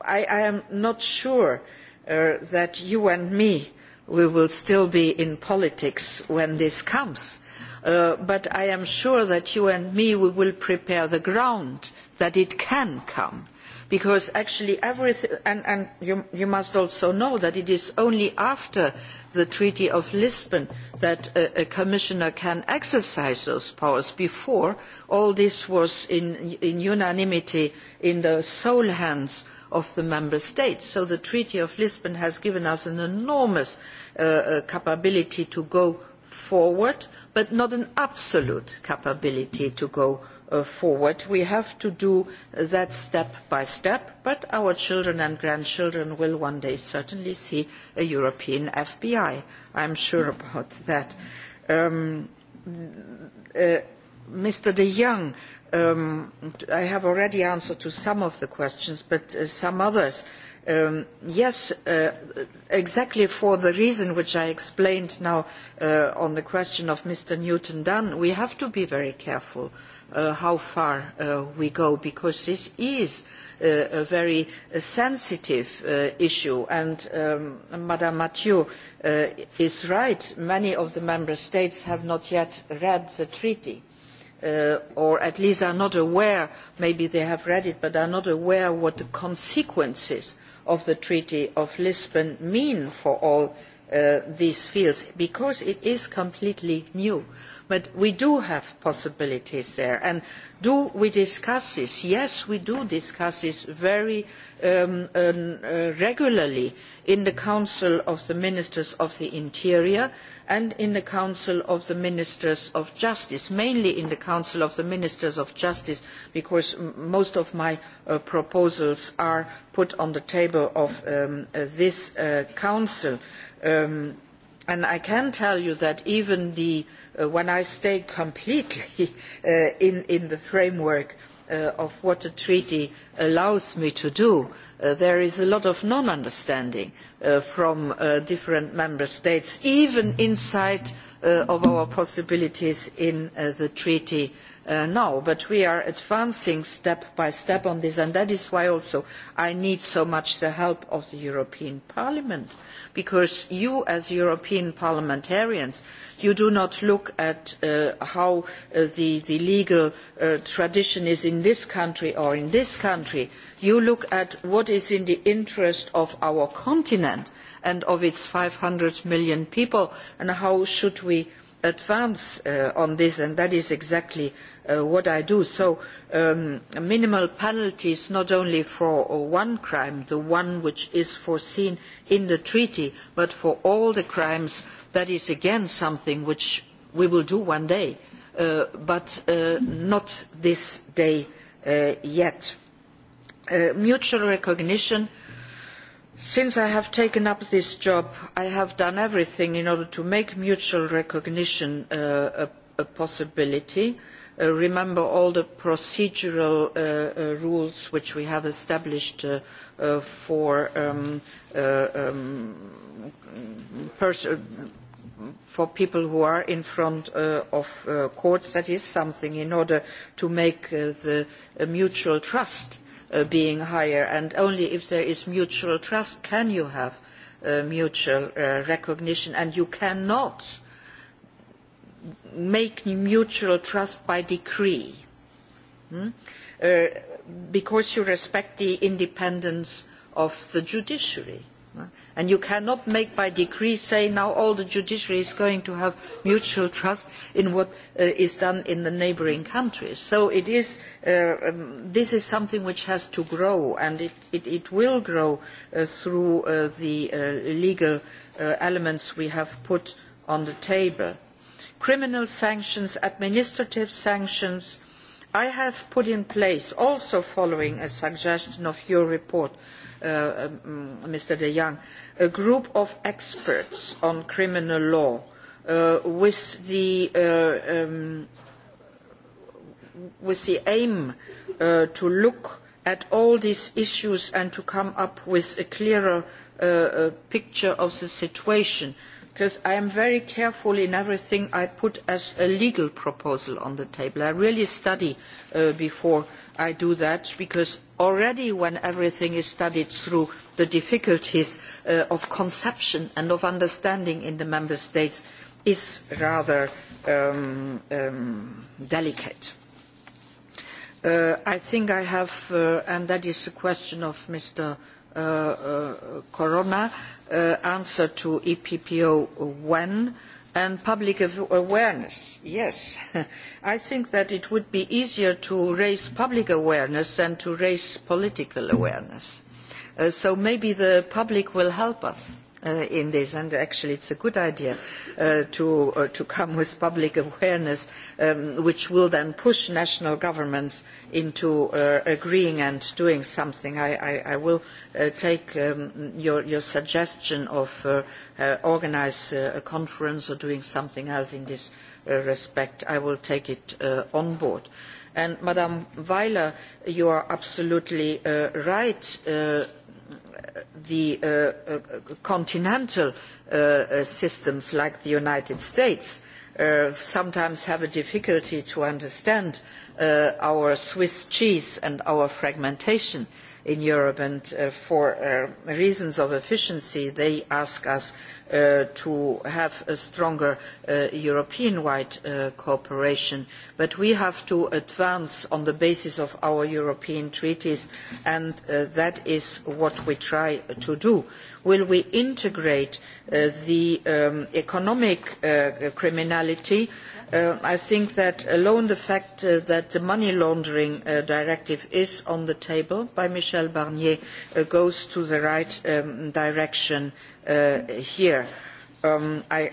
i am not sure that uh, that you and me we will still be in politics when this comes. Uh, but I am sure that you and me we will prepare the ground that it can come because actually everything and, and you, you must also know that it is only after the Treaty of Lisbon that a, a commissioner can exercise those powers. Before, all this was in, in unanimity in the sole hands of the member states. so the treaty of lisbon has given us an enormous uh, uh, capability to go forward but not an absolute capability to go uh, forward. we have to do that step by step but our children and grandchildren will one day certainly see a european fbi i am sure about that. Um, uh, mr de jong Um, I have already answered to some of the questions, but uh, some others. Um, yes, uh, exactly for the reason which I explained now uh, on the question of Mr. Newton Dunn, we have to be very careful uh, how far uh, we go, because this is uh, a very uh, sensitive uh, issue. And um, Madame Mathieu uh, is right, many of the Member States have not yet read the treaty uh, or at least are not aware maybe they have read it but are not aware what the consequences of the treaty of lisbon mean for all uh, these fields because it is completely new but we do have possibilities there. And do we discuss this? Yes, we do discuss this very um, um, uh, regularly in the Council of the Ministers of the Interior and in the Council of the Ministers of Justice, mainly in the Council of the Ministers of Justice, because most of my uh, proposals are put on the table of um, uh, this uh, Council. Um, and i can tell you that even the, uh, when i stay completely uh, in, in the framework uh, of what the treaty allows me to do uh, there is a lot of non understanding uh, from uh, different member states even inside of our possibilities in the treaty itself uh, now but we are advancing step by step on this and that is why also i need so much the help of the european parliament because you as european parliamentarians you do not look at uh, how uh, the, the legal uh, tradition is in this country or in this country you look at what is in the interest of our continent and of its five hundred million people and how should we should advance uh, on this and that is exactly uh, what i do so um, minimal penalties not only for one crime the one which is foreseen in the treaty but for all the crimes that is again something which we will do one day uh, but uh, not this day uh, yet. Uh, mutual recognition since i have taken up this job i have done everything in order to make mutual recognition uh, a, a possibility. Uh, remember all the procedural uh, uh rules which we have established uh, uh, for, um, um, for people who are in front of courts that is something in order to make the mutual trust uh, being higher and only if there is mutual trust can you have uh, mutual uh, recognition and you cannot make mutual trust by decree hmm? uh, because you respect the independence of the judiciary and you cannot by decree say now all the judiciary is going to have mutual trust in what uh, is done in the neighbouring countries. so is, uh, um, this is something which has to grow and it, it, it will grow uh, through uh, the uh, legal uh, elements we have put on the table. criminal sanctions administrative sanctions i have put in place also following a suggestion of your report uh, um, Mr. De Young, a group of experts on criminal law uh, with, the, uh, um, with the aim uh, to look at all these issues and to come up with a clearer uh, uh, picture of the situation because i am very careful in everything i put as a legal proposal on the table. i really study uh, before i do that because already when everything is studied through the difficulties uh, of conception and of understanding in the member states is rather um, um, delicate. Uh, i think i have uh, and that is a question of mr uh, uh, corona uh, answered to eppo when and public awareness yes i think that it would be easier to raise public awareness than to raise political awareness uh, so maybe the public will help us uh, in this, and actually it's a good idea uh, to, uh, to come with public awareness, um, which will then push national governments into uh, agreeing and doing something. I, I, I will uh, take um, your, your suggestion of uh, uh, organize uh, a conference or doing something else in this uh, respect. I will take it uh, on board. And Madam Weiler, you are absolutely uh, right. Uh, the uh, uh, continental uh, uh, systems like the United States uh, sometimes have a difficulty to understand uh, our Swiss cheese and our fragmentation. Uh, in Europe. And uh, for uh, reasons of efficiency, they ask us uh, to have a stronger uh, European-wide uh, cooperation. But we have to advance on the basis of our European treaties, and uh, that is what we try to do. Will we integrate uh, the um, economic uh, criminality uh, Uh, I think that alone the fact uh, that the money laundering uh, directive is on the table by Michel Barnier uh, goes to the right um, direction uh, here. Um, I,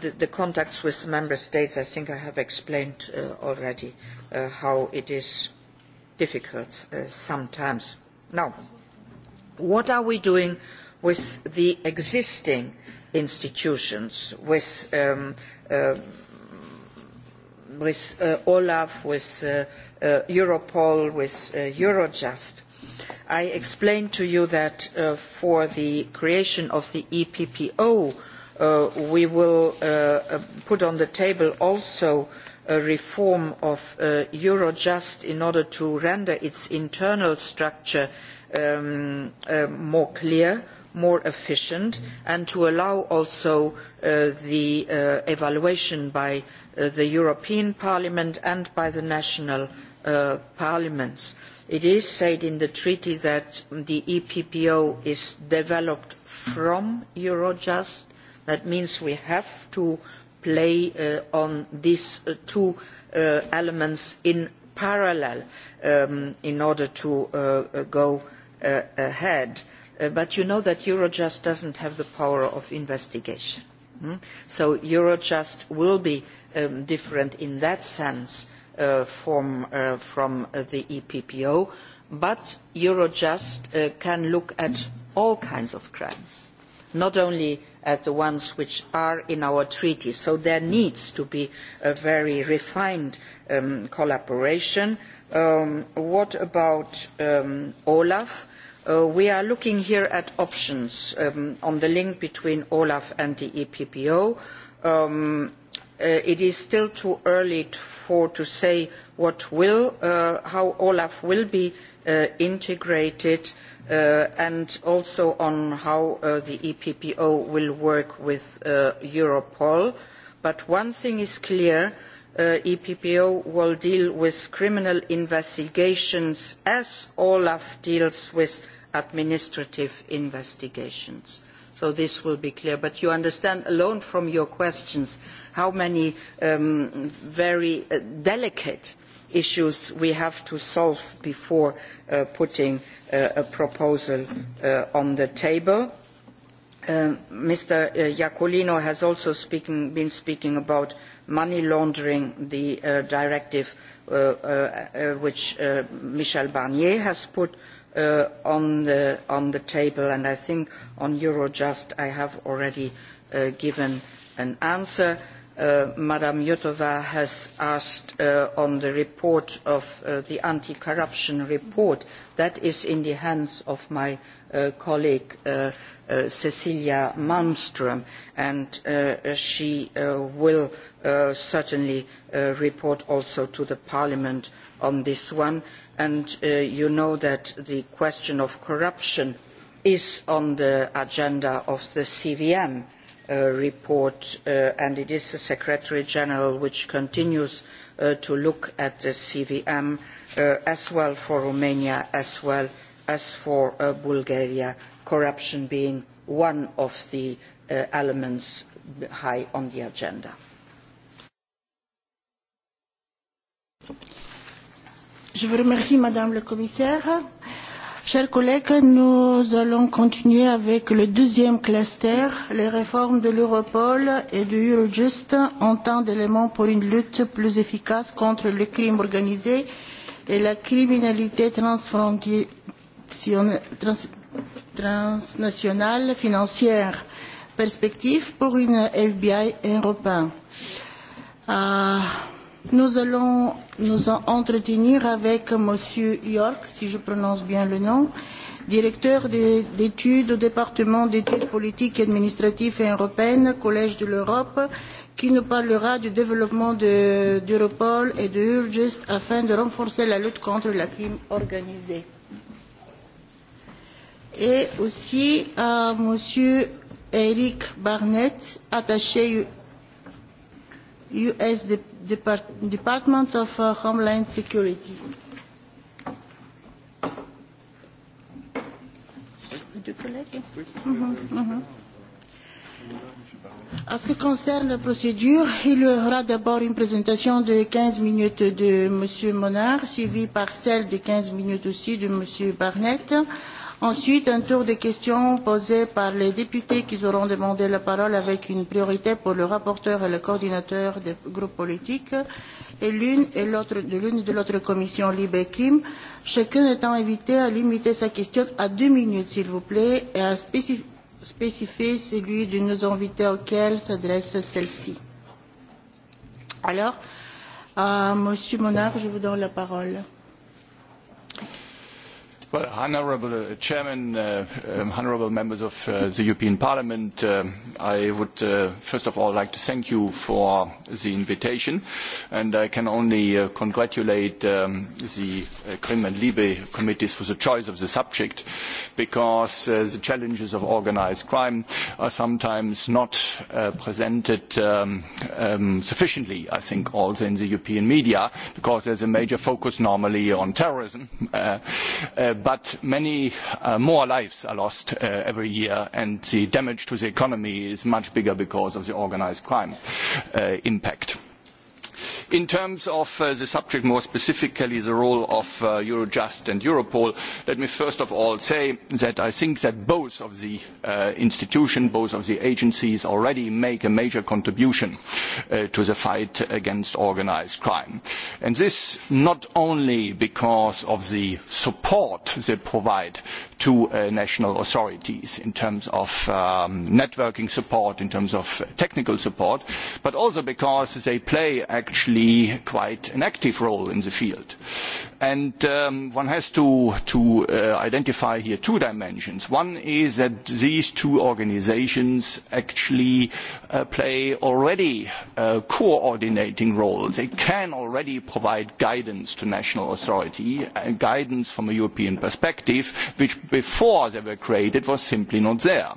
the, the contacts with member states, I think I have explained uh, already uh, how it is difficult uh, sometimes. Now, what are we doing with the existing institutions, with um, uh, with uh, Olaf, with uh, uh, Europol, with uh, Eurojust. I explained to you that uh, for the creation of the EPPO, uh, we will uh, uh, put on the table also a reform of uh, Eurojust in order to render its internal structure um, uh, more clear, more efficient and to allow also uh, the uh, evaluation by uh, the european parliament and by the national parliaments. it is said in the treaty that the eppo is developed from eurojust that means we have to play uh, on these uh, two uh, elements in parallel um, in order to go ahead. Uh, but you know that Eurojust doesn't have the power of investigation. Hmm? So Eurojust will be um, different in that sense uh, from, uh, from uh, the EPPO, but Eurojust uh, can look at all kinds of crimes, not only at the ones which are in our treaty. So there needs to be a very refined um, collaboration. Um, what about um, OLAF? Uh, we are looking here at options um, on the link between olaf and the eppo. Um, uh, it is still too early to, for to say what will uh, how olaf will be uh, integrated uh, and also on how uh, the eppo will work with europol but one thing is clear Uh, eppo will deal with criminal investigations as olaf deals with administrative investigations so this will be clear but you understand alone from your questions how many um, very uh, delicate issues we have to solve before uh, putting uh, a proposal uh, on the table Um, uh, Mr. Iacolino has also speaking, been speaking about money laundering, the uh, directive uh, uh, uh, which uh, Michel Barnier has put uh, on, the, on the table, and I think on Eurojust I have already uh, given an answer. Uh, Madame Yotova has asked uh, on the report of uh, the anti-corruption report. That is in the hands of my uh, colleague, uh, uh, Cecilia Malmström, and uh, uh, she uh, will uh, certainly uh, report also to the Parliament on this one. And uh, you know that the question of corruption is on the agenda of the CVM uh, report, uh, and it is the Secretary General which continues uh, to look at the CVM uh, as well for Romania, as well as for uh, Bulgaria corruption being one of the uh, elements high on the agenda. Je vous remercie, Madame la Commissaire. Chers collègues, nous allons continuer avec le deuxième cluster, les réformes de l'Europol et de Eurojust en tant d'éléments pour une lutte plus efficace contre le crime organisé et la criminalité transfrontière, trans, transnationale financière, perspective pour une FBI européen. Euh, nous allons nous en entretenir avec M. York, si je prononce bien le nom, directeur d'études au département d'études politiques et administratives européennes, Collège de l'Europe, qui nous parlera du développement d'Europol de, et de Urgest afin de renforcer la lutte contre la crime organisée et aussi à euh, Monsieur Eric Barnett, attaché U.S. Depart Department of euh, Homeland Security. Deux collègues mmh, mmh. En ce qui concerne la procédure, il y aura d'abord une présentation de 15 minutes de M. Monard, suivie par celle de 15 minutes aussi de M. Barnett. Euh, Ensuite, un tour de questions posées par les députés qui auront demandé la parole avec une priorité pour le rapporteur et le coordinateur des groupes politiques et l'une et l'autre de l'une de l'autre commission Libre et Crime, chacun étant invité à limiter sa question à deux minutes, s'il vous plaît, et à spécifier spécifier celui de nos invités auquel s'adresse celle-ci. Alors, à Monsieur Monard, je vous donne la parole. Well, honorable uh, Chairman, uh, um, honorable members of uh, the European Parliament, uh, I would uh, first of all like to thank you for the invitation, and I can only uh, congratulate um, the uh, Krim and Libe committees for the choice of the subject, because uh, the challenges of organized crime are sometimes not uh, presented um, um, sufficiently, I think, also in the European media, because there's a major focus normally on terrorism. Uh, uh, but many uh, more lives are lost uh, every year, and the damage to the economy is much bigger because of the organized crime uh, impact. Uh, In terms of uh, the subject, more specifically the role of uh, Eurojust and Europol, let me first of all say that I think that both of the uh, institutions, both of the agencies already make a major contribution uh, to the fight against organized crime. And this not only because of the support they provide to uh, national authorities in terms of um, networking support, in terms of technical support, but also because they play actually currently quite an active role in the field. And um, one has to, to uh, identify here two dimensions. One is that these two organizations actually uh, play already a uh, coordinating role. They can already provide guidance to national authority, uh, guidance from a European perspective, which before they were created was simply not there.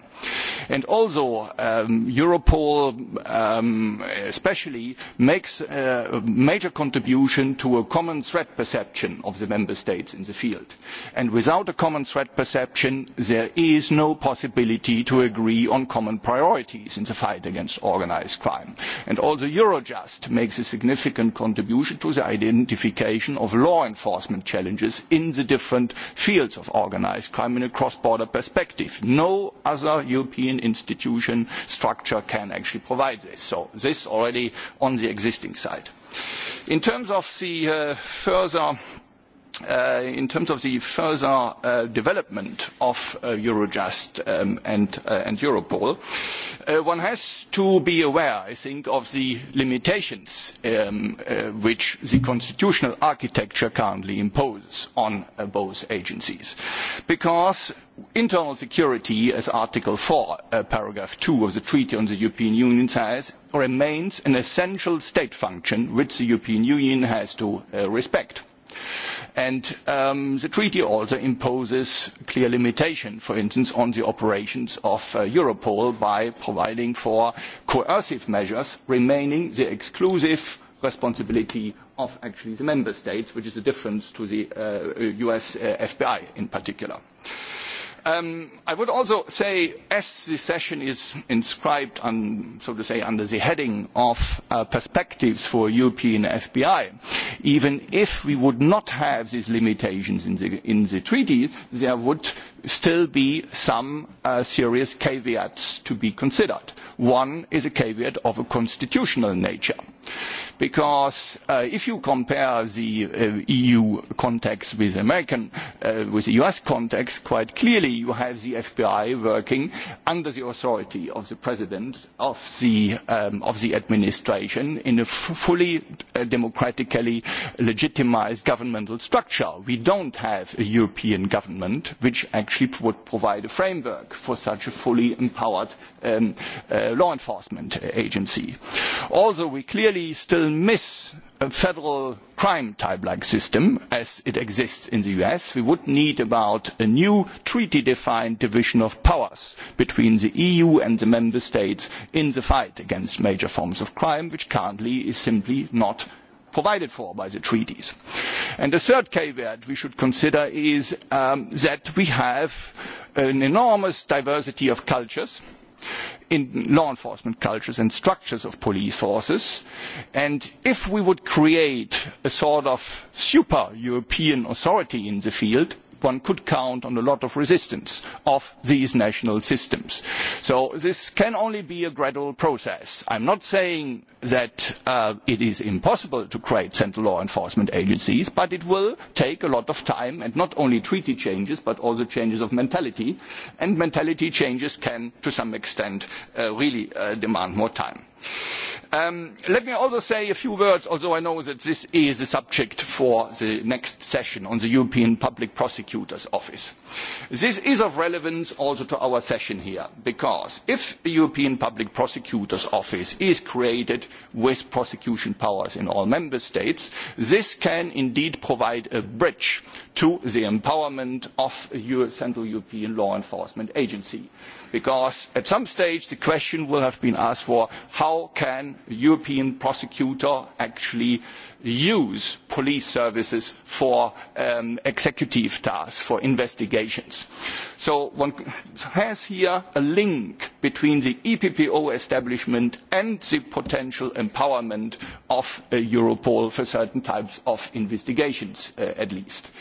And also, um, Europol um, especially makes uh, a major contribution to a common threat perception of the member states in the field. And without a common threat perception, there is no possibility to agree on common priorities in the fight against organized crime. And also Eurojust makes a significant contribution to the identification of law enforcement challenges in the different fields of organized crime in a cross-border perspective. No other European institution structure can actually provide this. So this already on the existing side. In terms of the uh, further uh, in terms of the further uh, development of uh, Eurojust um, and, uh, and Europol, uh, one has to be aware, I think, of the limitations um, uh, which the constitutional architecture currently imposes on uh, both agencies. Because internal security, as Article 4, uh, paragraph 2 of the Treaty on the European Union says, remains an essential state function which the European Union has to uh, respect. Uh, And um, the treaty also imposes clear limitation, for instance, on the operations of uh, Europol by providing for coercive measures remaining the exclusive responsibility of actually the member states, which is a difference to the uh, US uh, FBI in particular. Uh, Um, I would also say, as this session is inscribed, on, so to say, under the heading of uh, perspectives for European FBI, even if we would not have these limitations in the, in the treaty, there would still be some uh, serious caveats to be considered. One is a caveat of a constitutional nature. Because uh, if you compare the uh, EU context with American, uh, with the US context, quite clearly you have the FBI working under the authority of the President of the, um, of the administration in a f fully uh, democratically legitimized governmental structure. We don't have a European government which actually SHIP would provide a framework for such a fully empowered um, uh, law enforcement agency. Also, we clearly still miss a federal crime type like system as it exists in the US. We would need about a new treaty defined division of powers between the EU and the member states in the fight against major forms of crime, which currently is simply not provided for by the treaties. And the third caveat we should consider is um, that we have an enormous diversity of cultures in law enforcement cultures and structures of police forces. And if we would create a sort of super European authority in the field, one could count on a lot of resistance of these national systems. So this can only be a gradual process. I'm not saying that uh, it is impossible to create central law enforcement agencies, but it will take a lot of time and not only treaty changes, but also changes of mentality. And mentality changes can, to some extent, uh, really uh, demand more time. Um, let me also say a few words, although I know that this is a subject for the next session on the European Public Prosecutor prosecutor's office. This is of relevance also to our session here, because if a European Public Prosecutor's Office is created with prosecution powers in all member states, this can indeed provide a bridge to the empowerment of a Euro Central European law enforcement agency. Uh, because at some stage the question will have been asked for how can a European prosecutor actually use police services for um, executive tasks, for investigations. So one has here a link between the EPPO establishment and the potential empowerment of uh, Europol for certain types of investigations, uh, at least. Uh,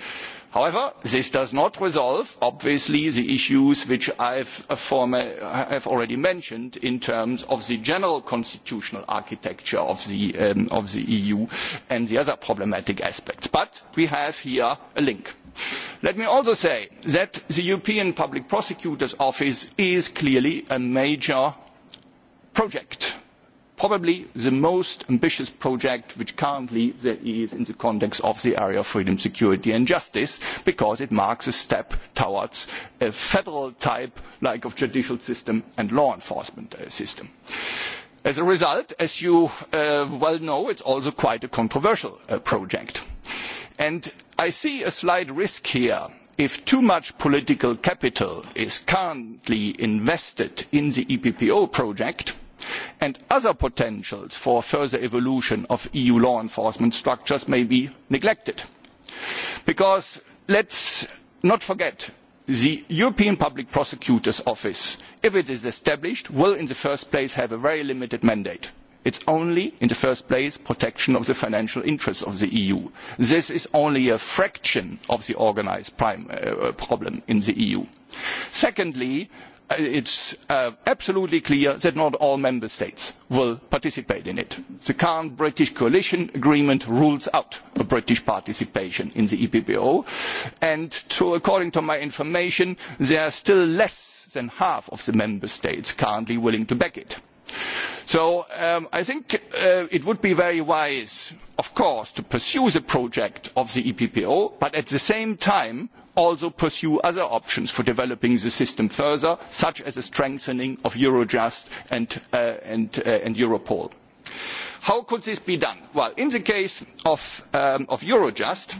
However, this does not resolve, obviously, the issues which I've, uh, former, I've already mentioned in terms of the general constitutional architecture of the, um, of the EU and the other problematic aspects. But we have here a link. Let me also say that the European Public Prosecutor's Office is clearly a major project probably the most ambitious project which currently there is in the context of the area of freedom, security and justice because it marks a step towards a federal type like of judicial system and law enforcement uh, system. As a result, as you uh, well know, it's also quite a controversial uh, project. And I see a slight risk here if too much political capital is currently invested in the EPPO project, and other potentials for further evolution of eu law enforcement structures may be neglected because let us not forget the european public prosecutor's office if it is established will in the first place have a very limited mandate it is only in the first place protection of the financial interests of the eu. this is only a fraction of the organised crime uh, problem in the eu. secondly Uh, it's uh, absolutely clear that not all member states will participate in it. The current British coalition agreement rules out the British participation in the EPPO, and to, according to my information, there are still less than half of the member states currently willing to back it. So um, I think uh, it would be very wise, of course, to pursue the project of the EPPO, but at the same time also pursue other options for developing the system further, such as a strengthening of Eurojust and, uh, and, uh, and Europol. How could this be done? Well, in the case of, um, of Eurojust,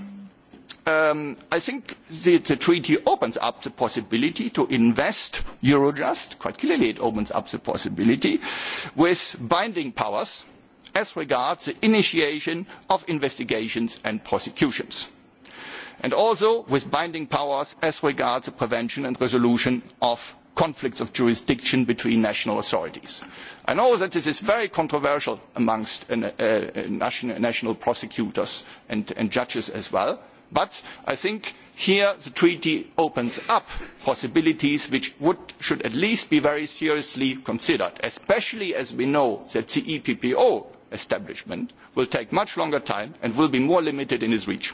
um, I think the, the treaty opens up the possibility to invest Eurojust, quite clearly it opens up the possibility, with binding powers as regards the initiation of investigations and prosecutions and also with binding powers as regards the prevention and resolution of conflicts of jurisdiction between national authorities. I know that this is very controversial amongst uh, uh, national, national prosecutors and, and judges as well, but I think here the treaty opens up possibilities which would, should at least be very seriously considered, especially as we know that the EPPO establishment will take much longer time and will be more limited in its reach.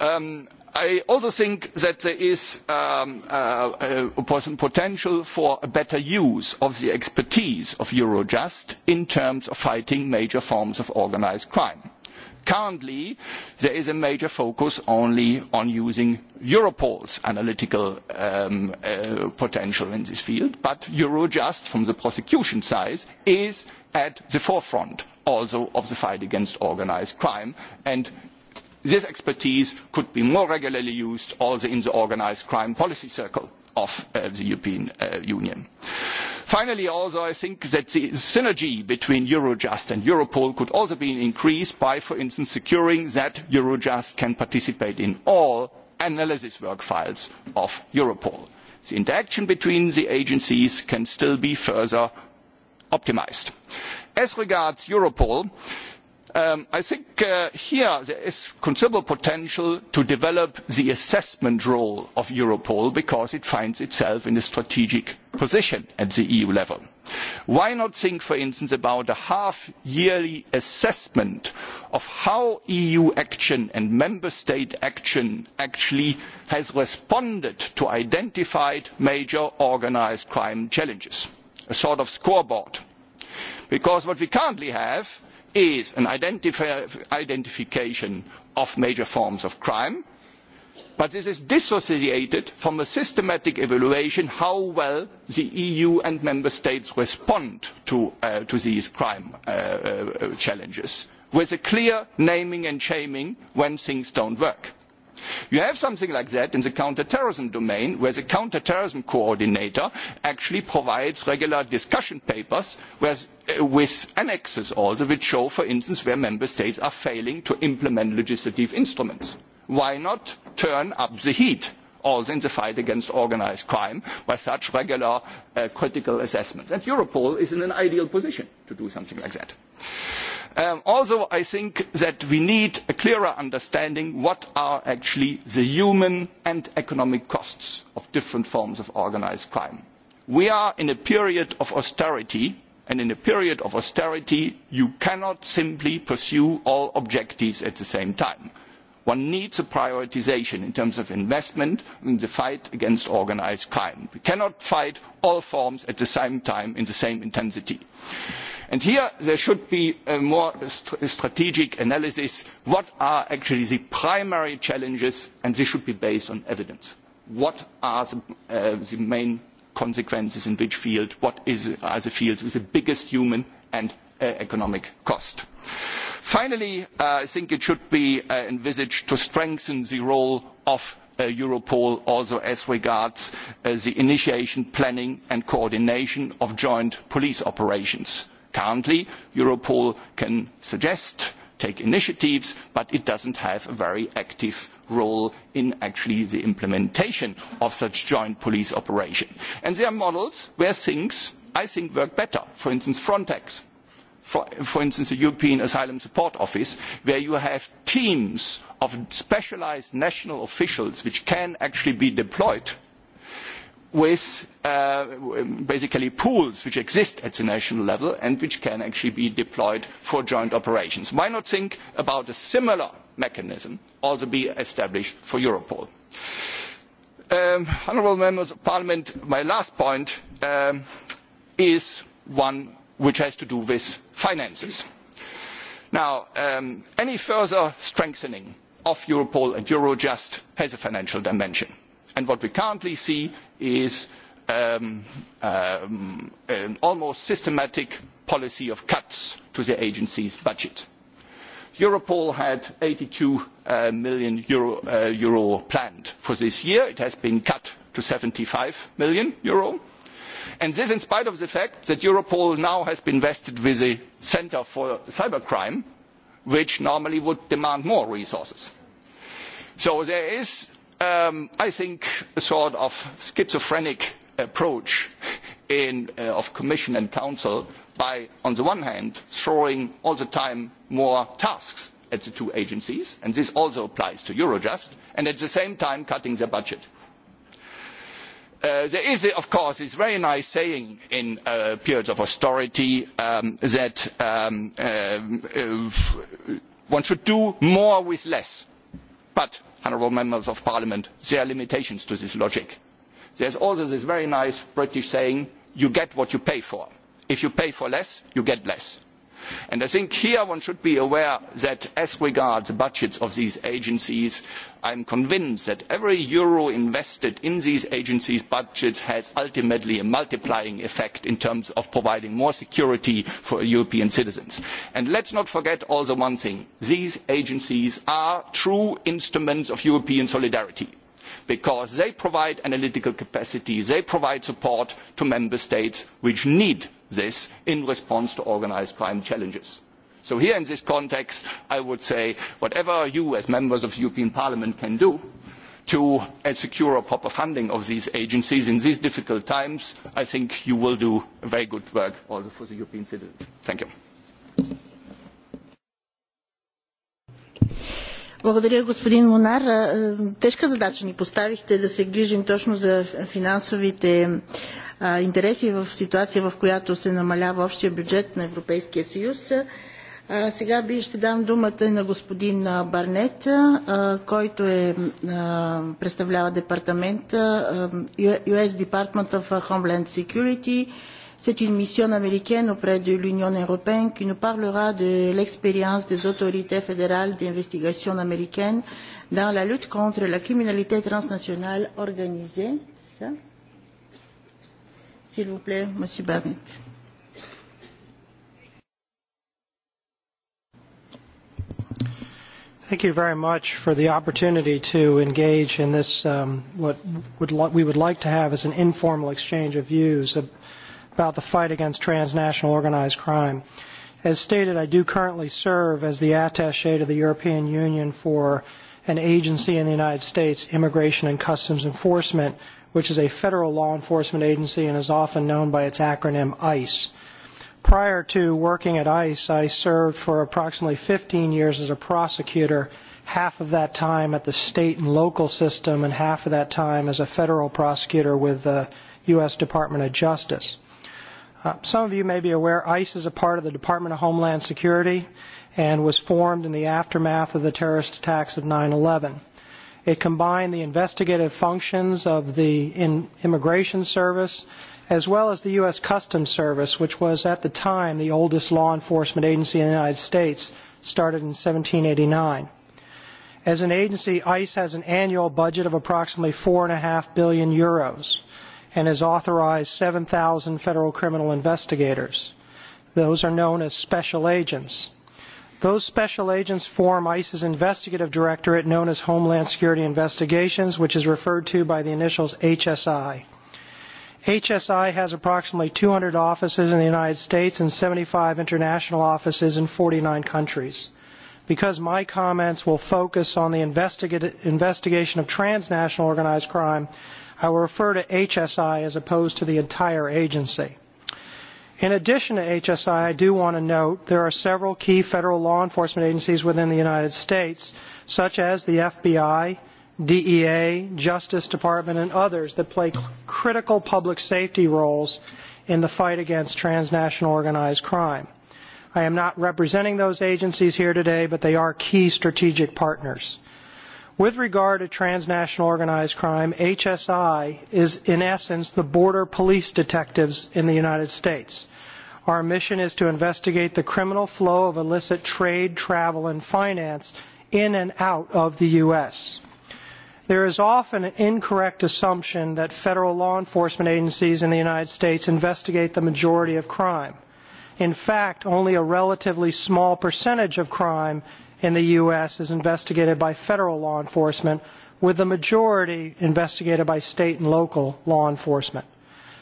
Um, i also think that there is um, uh, potential for a better use of the expertise of eurojust in terms of fighting major forms of organised crime. currently there is a major focus only on using europol's analytical um, uh, potential in this field but eurojust from the prosecution side is at the forefront also of the fight against organised crime and this expertise could be more regularly used also in the organised crime policy circle of uh, the European uh, Union. Finally, also, I think that the synergy between Eurojust and Europol could also be increased by, for instance, securing that Eurojust can participate in all analysis work files of Europol. The interaction between the agencies can still be further optimized. As regards Europol, uh, Um, i think uh, here there is considerable potential to develop the assessment role of europol because it finds itself in a strategic position at the eu level. why not think for instance about a half yearly assessment of how eu action and member state action actually has responded to identified major organised crime challenges a sort of scoreboard because what we currently have is an identif identification of major forms of crime, but this is dissociated from a systematic evaluation how well the EU and member states respond to, uh, to these crime uh, uh, challenges, with a clear naming and shaming when things don't work You have something like that in the counterterrorism domain, where the counterterrorism coordinator actually provides regular discussion papers with, uh, with annexes also, which show, for instance, where member states are failing to implement legislative instruments. Why not turn up the heat also in the fight against organized crime by such regular uh, critical assessments? And Europol is in an ideal position to do something like that. Uh, Um, also, I think that we need a clearer understanding what are actually the human and economic costs of different forms of organized crime. We are in a period of austerity, and in a period of austerity, you cannot simply pursue all objectives at the same time. One needs a prioritization in terms of investment in the fight against organized crime. We cannot fight all forms at the same time in the same intensity. Uh, And here there should be a uh, more st strategic analysis. What are actually the primary challenges? And they should be based on evidence. What are the, uh, the main consequences in which field? What is, are the fields with the biggest human and uh, economic cost? Finally, uh, I think it should be uh, envisaged to strengthen the role of Uh, europol also as regards uh, the initiation planning and coordination of joint police operations Currently, Europol can suggest, take initiatives, but it doesn't have a very active role in actually the implementation of such joint police operation. And there are models where things, I think, work better. For instance, Frontex. For, for instance, the European Asylum Support Office, where you have teams of specialized national officials which can actually be deployed uh, with uh, basically pools which exist at the national level and which can actually be deployed for joint operations. Why not think about a similar mechanism also be established for Europol? Um, honourable members of parliament, my last point um, is one which has to do with finances. Now, um, any further strengthening of Europol and Eurojust has a financial dimension and what we currently see is um, um, an almost systematic policy of cuts to the agency's budget. Europol had 82 uh, million euro, uh, euro planned for this year. It has been cut to 75 million euro. And this in spite of the fact that Europol now has been vested with a center for cybercrime, which normally would demand more resources. So there is um, I think, a sort of schizophrenic approach in, uh, of Commission and Council by, on the one hand, throwing all the time more tasks at the two agencies, and this also applies to Eurojust, and at the same time cutting their budget. Uh, there is, of course, this very nice saying in uh, periods of austerity um, that um, uh, uh one should do more with less. But honourable members of parliament, there are limitations to this logic. There's also this very nice British saying, you get what you pay for. If you pay for less, you get less And I think here one should be aware that as regards the budgets of these agencies, I'm convinced that every euro invested in these agencies' budgets has ultimately a multiplying effect in terms of providing more security for European citizens. And let's not forget also one thing. These agencies are true instruments of European solidarity because they provide analytical capacity, they provide support to member states which need this in response to organized crime challenges. So here in this context, I would say whatever you as members of the European Parliament can do to uh, secure a proper funding of these agencies in these difficult times, I think you will do very good work also for the European citizens. Thank you. Благодаря, господин Монар. Тежка задача ни поставихте да се грижим точно за финансовите а, а, интереси в ситуация, в която се намалява общия бюджет на Европейския съюз. А, сега би ще дам думата на господин Барнет, а, който е, а, представлява департамента US Department of Homeland Security. C'est une mission américaine auprès de l'Union européenne qui nous parlera de l'expérience des autorités fédérales d'investigation américaines dans la lutte contre la criminalité transnationale organisée. Ça S'il vous plaît, Monsieur Barnett. Thank you very much for the opportunity to engage in this, um, what would lo- we would like to have is an informal exchange of views ab- about the fight against transnational organized crime. As stated, I do currently serve as the attache to the European Union for an agency in the United States, Immigration and Customs Enforcement, which is a federal law enforcement agency and is often known by its acronym ICE. Prior to working at ICE, I served for approximately 15 years as a prosecutor, half of that time at the state and local system, and half of that time as a federal prosecutor with the U.S. Department of Justice. Uh, some of you may be aware ICE is a part of the Department of Homeland Security and was formed in the aftermath of the terrorist attacks of 9 11. It combined the investigative functions of the in Immigration Service as well as the U.S. Customs Service, which was at the time the oldest law enforcement agency in the United States, started in 1789. As an agency, ICE has an annual budget of approximately 4.5 billion euros and has authorized 7,000 federal criminal investigators. Those are known as special agents. Those special agents form ICE's investigative directorate known as Homeland Security Investigations, which is referred to by the initials HSI. HSI has approximately 200 offices in the United States and 75 international offices in 49 countries. Because my comments will focus on the investiga- investigation of transnational organized crime, I will refer to HSI as opposed to the entire agency. In addition to HSI, I do want to note there are several key federal law enforcement agencies within the United States, such as the FBI, DEA, Justice Department, and others that play critical public safety roles in the fight against transnational organized crime. I am not representing those agencies here today, but they are key strategic partners. With regard to transnational organized crime, HSI is, in essence, the border police detectives in the United States. Our mission is to investigate the criminal flow of illicit trade, travel, and finance in and out of the U.S. There is often an incorrect assumption that federal law enforcement agencies in the United States investigate the majority of crime. In fact, only a relatively small percentage of crime in the U.S. is investigated by federal law enforcement, with the majority investigated by state and local law enforcement.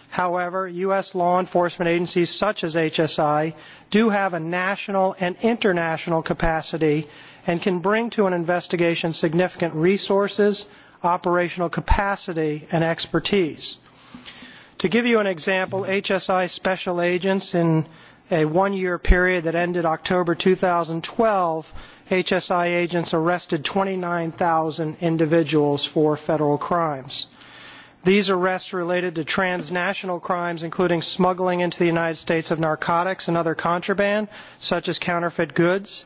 However, U.S. law enforcement agencies such as HSI do have a national and international capacity and can bring to an investigation significant resources, operational capacity, and expertise. To give you an example, HSI special agents in a one-year period that ended October 2012 HSI agents arrested 29,000 individuals for federal crimes. These arrests related to transnational crimes, including smuggling into the United States of narcotics and other contraband, such as counterfeit goods.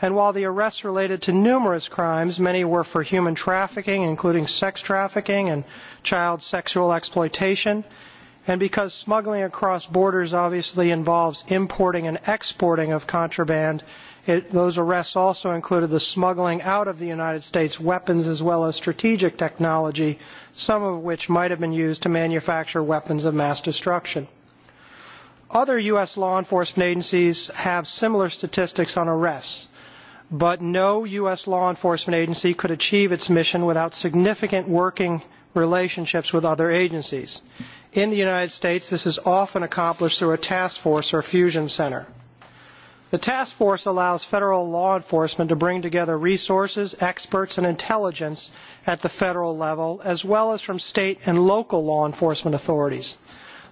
And while the arrests related to numerous crimes, many were for human trafficking, including sex trafficking and child sexual exploitation. And because smuggling across borders obviously involves importing and exporting of contraband, It, those arrests also included the smuggling out of the United States weapons as well as strategic technology, some of which might have been used to manufacture weapons of mass destruction. Other U.S. law enforcement agencies have similar statistics on arrests, but no U.S. law enforcement agency could achieve its mission without significant working relationships with other agencies. In the United States, this is often accomplished through a task force or fusion center. The task force allows federal law enforcement to bring together resources, experts, and intelligence at the federal level, as well as from state and local law enforcement authorities.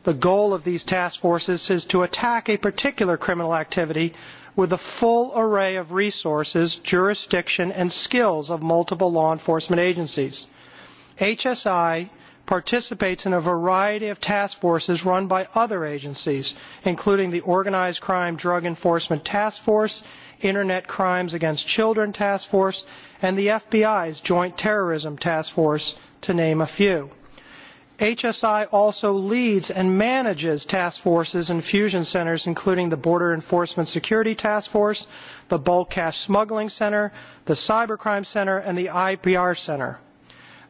The goal of these task forces is to attack a particular criminal activity with a full array of resources, jurisdiction, and skills of multiple law enforcement agencies. HSI participates in a variety of task forces run by other agencies, including the Organized Crime Drug Enforcement Task Force, Internet Crimes Against Children Task Force, and the FBI's Joint Terrorism Task Force, to name a few. HSI also leads and manages task forces and fusion centers, including the Border Enforcement Security Task Force, the Bulk Cash Smuggling Center, the Cybercrime Center, and the IPR Center.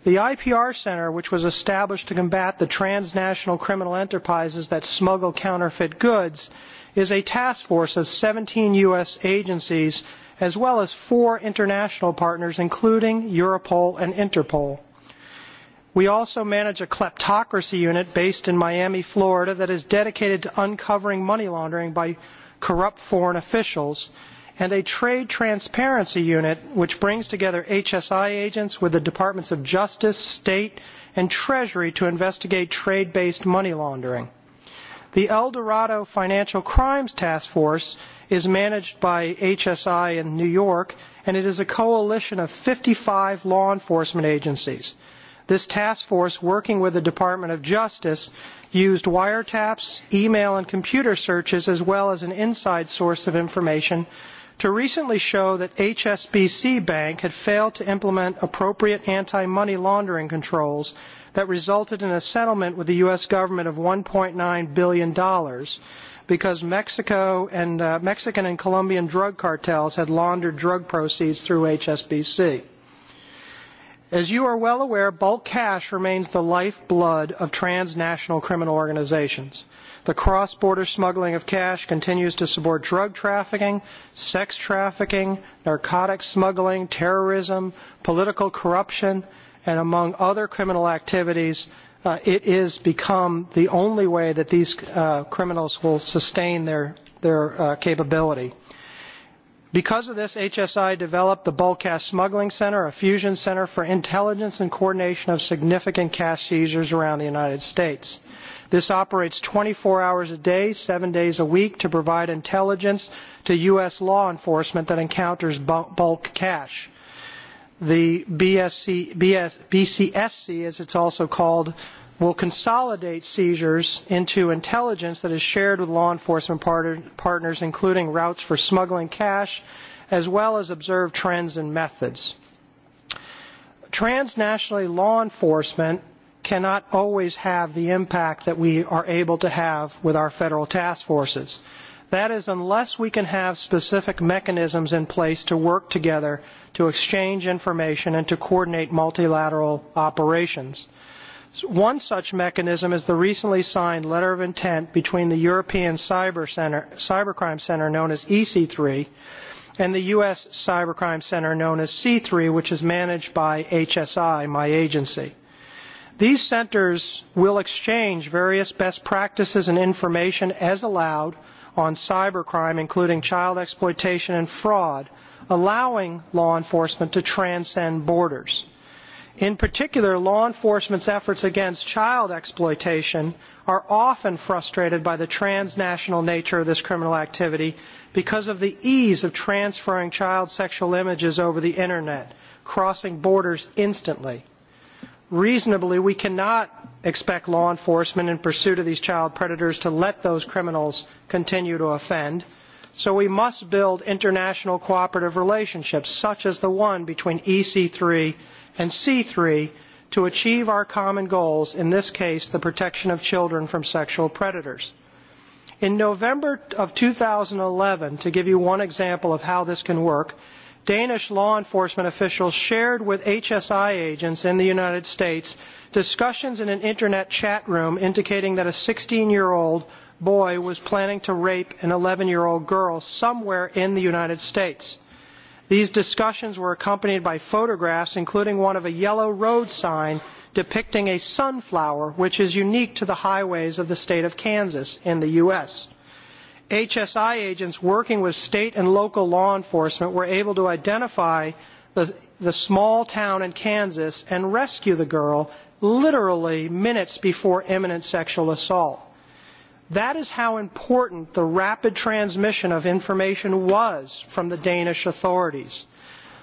The IPR Center, which was established to combat the transnational criminal enterprises that smuggle counterfeit goods, is a task force of 17 U.S. agencies as well as four international partners, including Europol and Interpol. We also manage a kleptocracy unit based in Miami, Florida, that is dedicated to uncovering money laundering by corrupt foreign officials and a trade transparency unit which brings together HSI agents with the Departments of Justice, State, and Treasury to investigate trade-based money laundering. The El Dorado Financial Crimes Task Force is managed by HSI in New York, and it is a coalition of 55 law enforcement agencies. This task force, working with the Department of Justice, used wiretaps, email, and computer searches as well as an inside source of information to recently show that HSBC Bank had failed to implement appropriate anti-money laundering controls that resulted in a settlement with the U.S. government of $1.9 billion because Mexico and uh, Mexican and Colombian drug cartels had laundered drug proceeds through HSBC. As you are well aware, bulk cash remains the lifeblood of transnational criminal organizations. Uh, The cross border smuggling of cash continues to support drug trafficking, sex trafficking, narcotics smuggling, terrorism, political corruption, and among other criminal activities. Uh, it is become the only way that these uh, criminals will sustain their, their uh, capability. Because of this, HSI developed the Bulk Cash Smuggling Center, a fusion center for intelligence and coordination of significant cash seizures around the United States. This operates 24 hours a day, seven days a week, to provide intelligence to U.S. law enforcement that encounters bulk cash. The BSC, BS, BCSC, as it's also called, will consolidate seizures into intelligence that is shared with law enforcement part- partners, including routes for smuggling cash, as well as observed trends and methods transnationally law enforcement cannot always have the impact that we are able to have with our federal task forces. That is, unless we can have specific mechanisms in place to work together, to exchange information, and to coordinate multilateral operations. One such mechanism is the recently signed letter of intent between the European Cyber Center, Cybercrime Center, known as EC3, and the U.S. Cybercrime Center, known as C3, which is managed by HSI, my agency. These centers will exchange various best practices and information as allowed on cybercrime, including child exploitation and fraud, allowing law enforcement to transcend borders. In particular, law enforcement's efforts against child exploitation are often frustrated by the transnational nature of this criminal activity because of the ease of transferring child sexual images over the internet, crossing borders instantly reasonably, we cannot expect law enforcement in pursuit of these child predators to let those criminals continue to offend. So we must build international cooperative relationships, such as the one between EC3 and C3, to achieve our common goals, in this case, the protection of children from sexual predators. In November of 2011, to give you one example of how this can work, Danish law enforcement officials shared with HSI agents in the United States discussions in an internet chat room indicating that a 16 year old boy was planning to rape an 11 year old girl somewhere in the United States. These discussions were accompanied by photographs, including one of a yellow road sign depicting a sunflower, which is unique to the highways of the state of Kansas in the U.S. HSI agents working with state and local law enforcement were able to identify the, the small town in Kansas and rescue the girl literally minutes before imminent sexual assault. That is how important the rapid transmission of information was from the Danish authorities,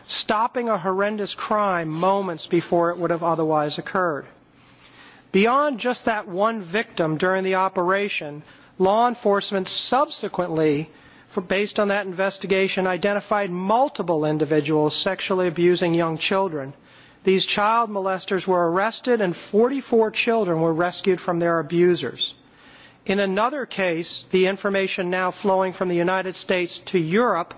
stopping a horrendous crime moments before it would have otherwise occurred. Beyond just that one victim during the operation, law enforcement subsequently, for, based on that investigation, identified multiple individuals sexually abusing young children. These child molesters were arrested, and 44 children were rescued from their abusers. In another case, the information now flowing from the United States to Europe,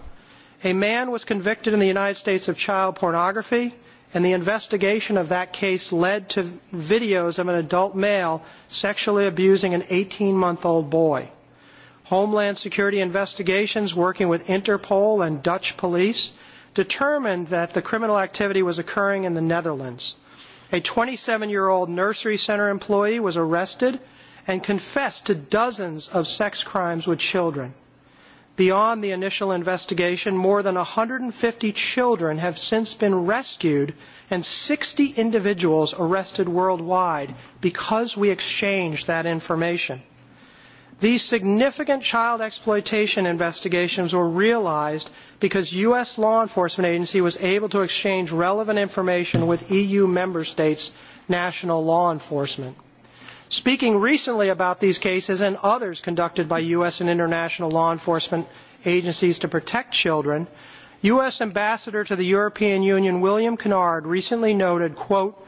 a man was convicted in the United States of child pornography and the investigation of that case led to videos of an adult male sexually abusing an 18 month old boy. Homeland Security investigations working with Interpol and Dutch police determined that the criminal activity was occurring in the Netherlands. A 27 year old nursery center employee was arrested and confessed to dozens of sex crimes with children. Beyond the initial investigation, more than 150 children have since been rescued and 60 individuals arrested worldwide because we exchanged that information. These significant child exploitation investigations were realized because U.S. law enforcement agency was able to exchange relevant information with EU member states' national law enforcement speaking recently about these cases and others conducted by U.S. and international law enforcement agencies to protect children, U.S. Ambassador to the European Union William Kennard recently noted, quote,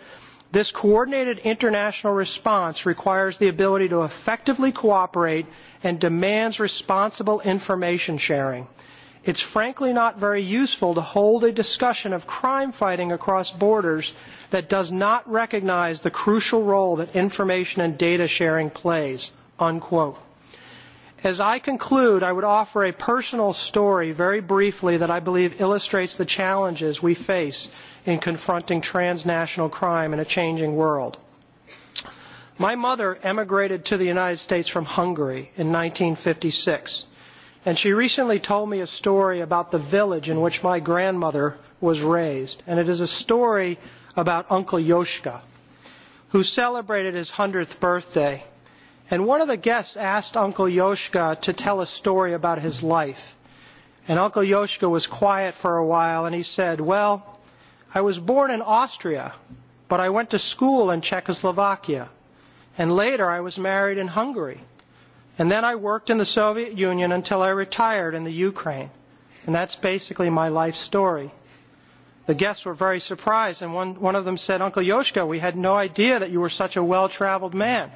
this coordinated international response requires the ability to effectively cooperate and demands responsible information sharing. It's frankly not very useful to hold a discussion of crime fighting across borders that does not recognize the crucial role that information and data sharing plays. Unquote. As I conclude, I would offer a personal story very briefly that I believe illustrates the challenges we face in confronting transnational crime in a changing world. My mother emigrated to the United States from Hungary in 1956. And she recently told me a story about the village in which my grandmother was raised. And it is a story about Uncle Yoshka, who celebrated his 100th birthday. And one of the guests asked Uncle Yoshka to tell a story about his life. And Uncle Yoshka was quiet for a while and he said, Well, I was born in Austria, but I went to school in Czechoslovakia. And later I was married in Hungary. And then I worked in the Soviet Union until I retired in the Ukraine. And that's basically my life story. The guests were very surprised, and one, one of them said, Uncle Yoshko, we had no idea that you were such a well traveled man.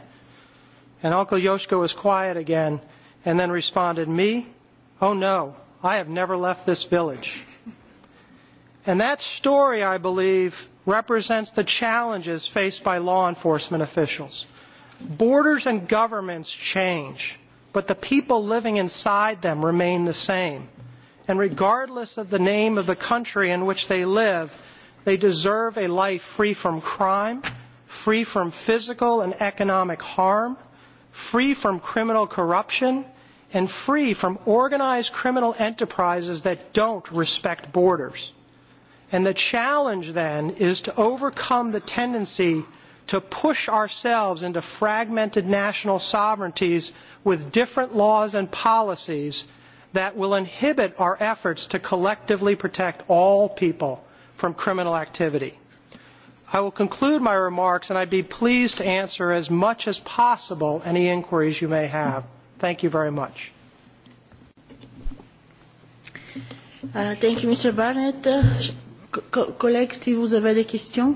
And Uncle Yoshko was quiet again and then responded, Me? Oh no, I have never left this village. And that story, I believe, represents the challenges faced by law enforcement officials. Borders and governments change, but the people living inside them remain the same. And regardless of the name of the country in which they live, they deserve a life free from crime, free from physical and economic harm, free from criminal corruption, and free from organized criminal enterprises that don't respect borders. And the challenge then is to overcome the tendency to push ourselves into fragmented national sovereignties with different laws and policies that will inhibit our efforts to collectively protect all people from criminal activity. I will conclude my remarks and I'd be pleased to answer as much as possible any inquiries you may have. Thank you very much. Uh, thank you, Mr. Barnett. Uh, co collègues, si vous avez des questions.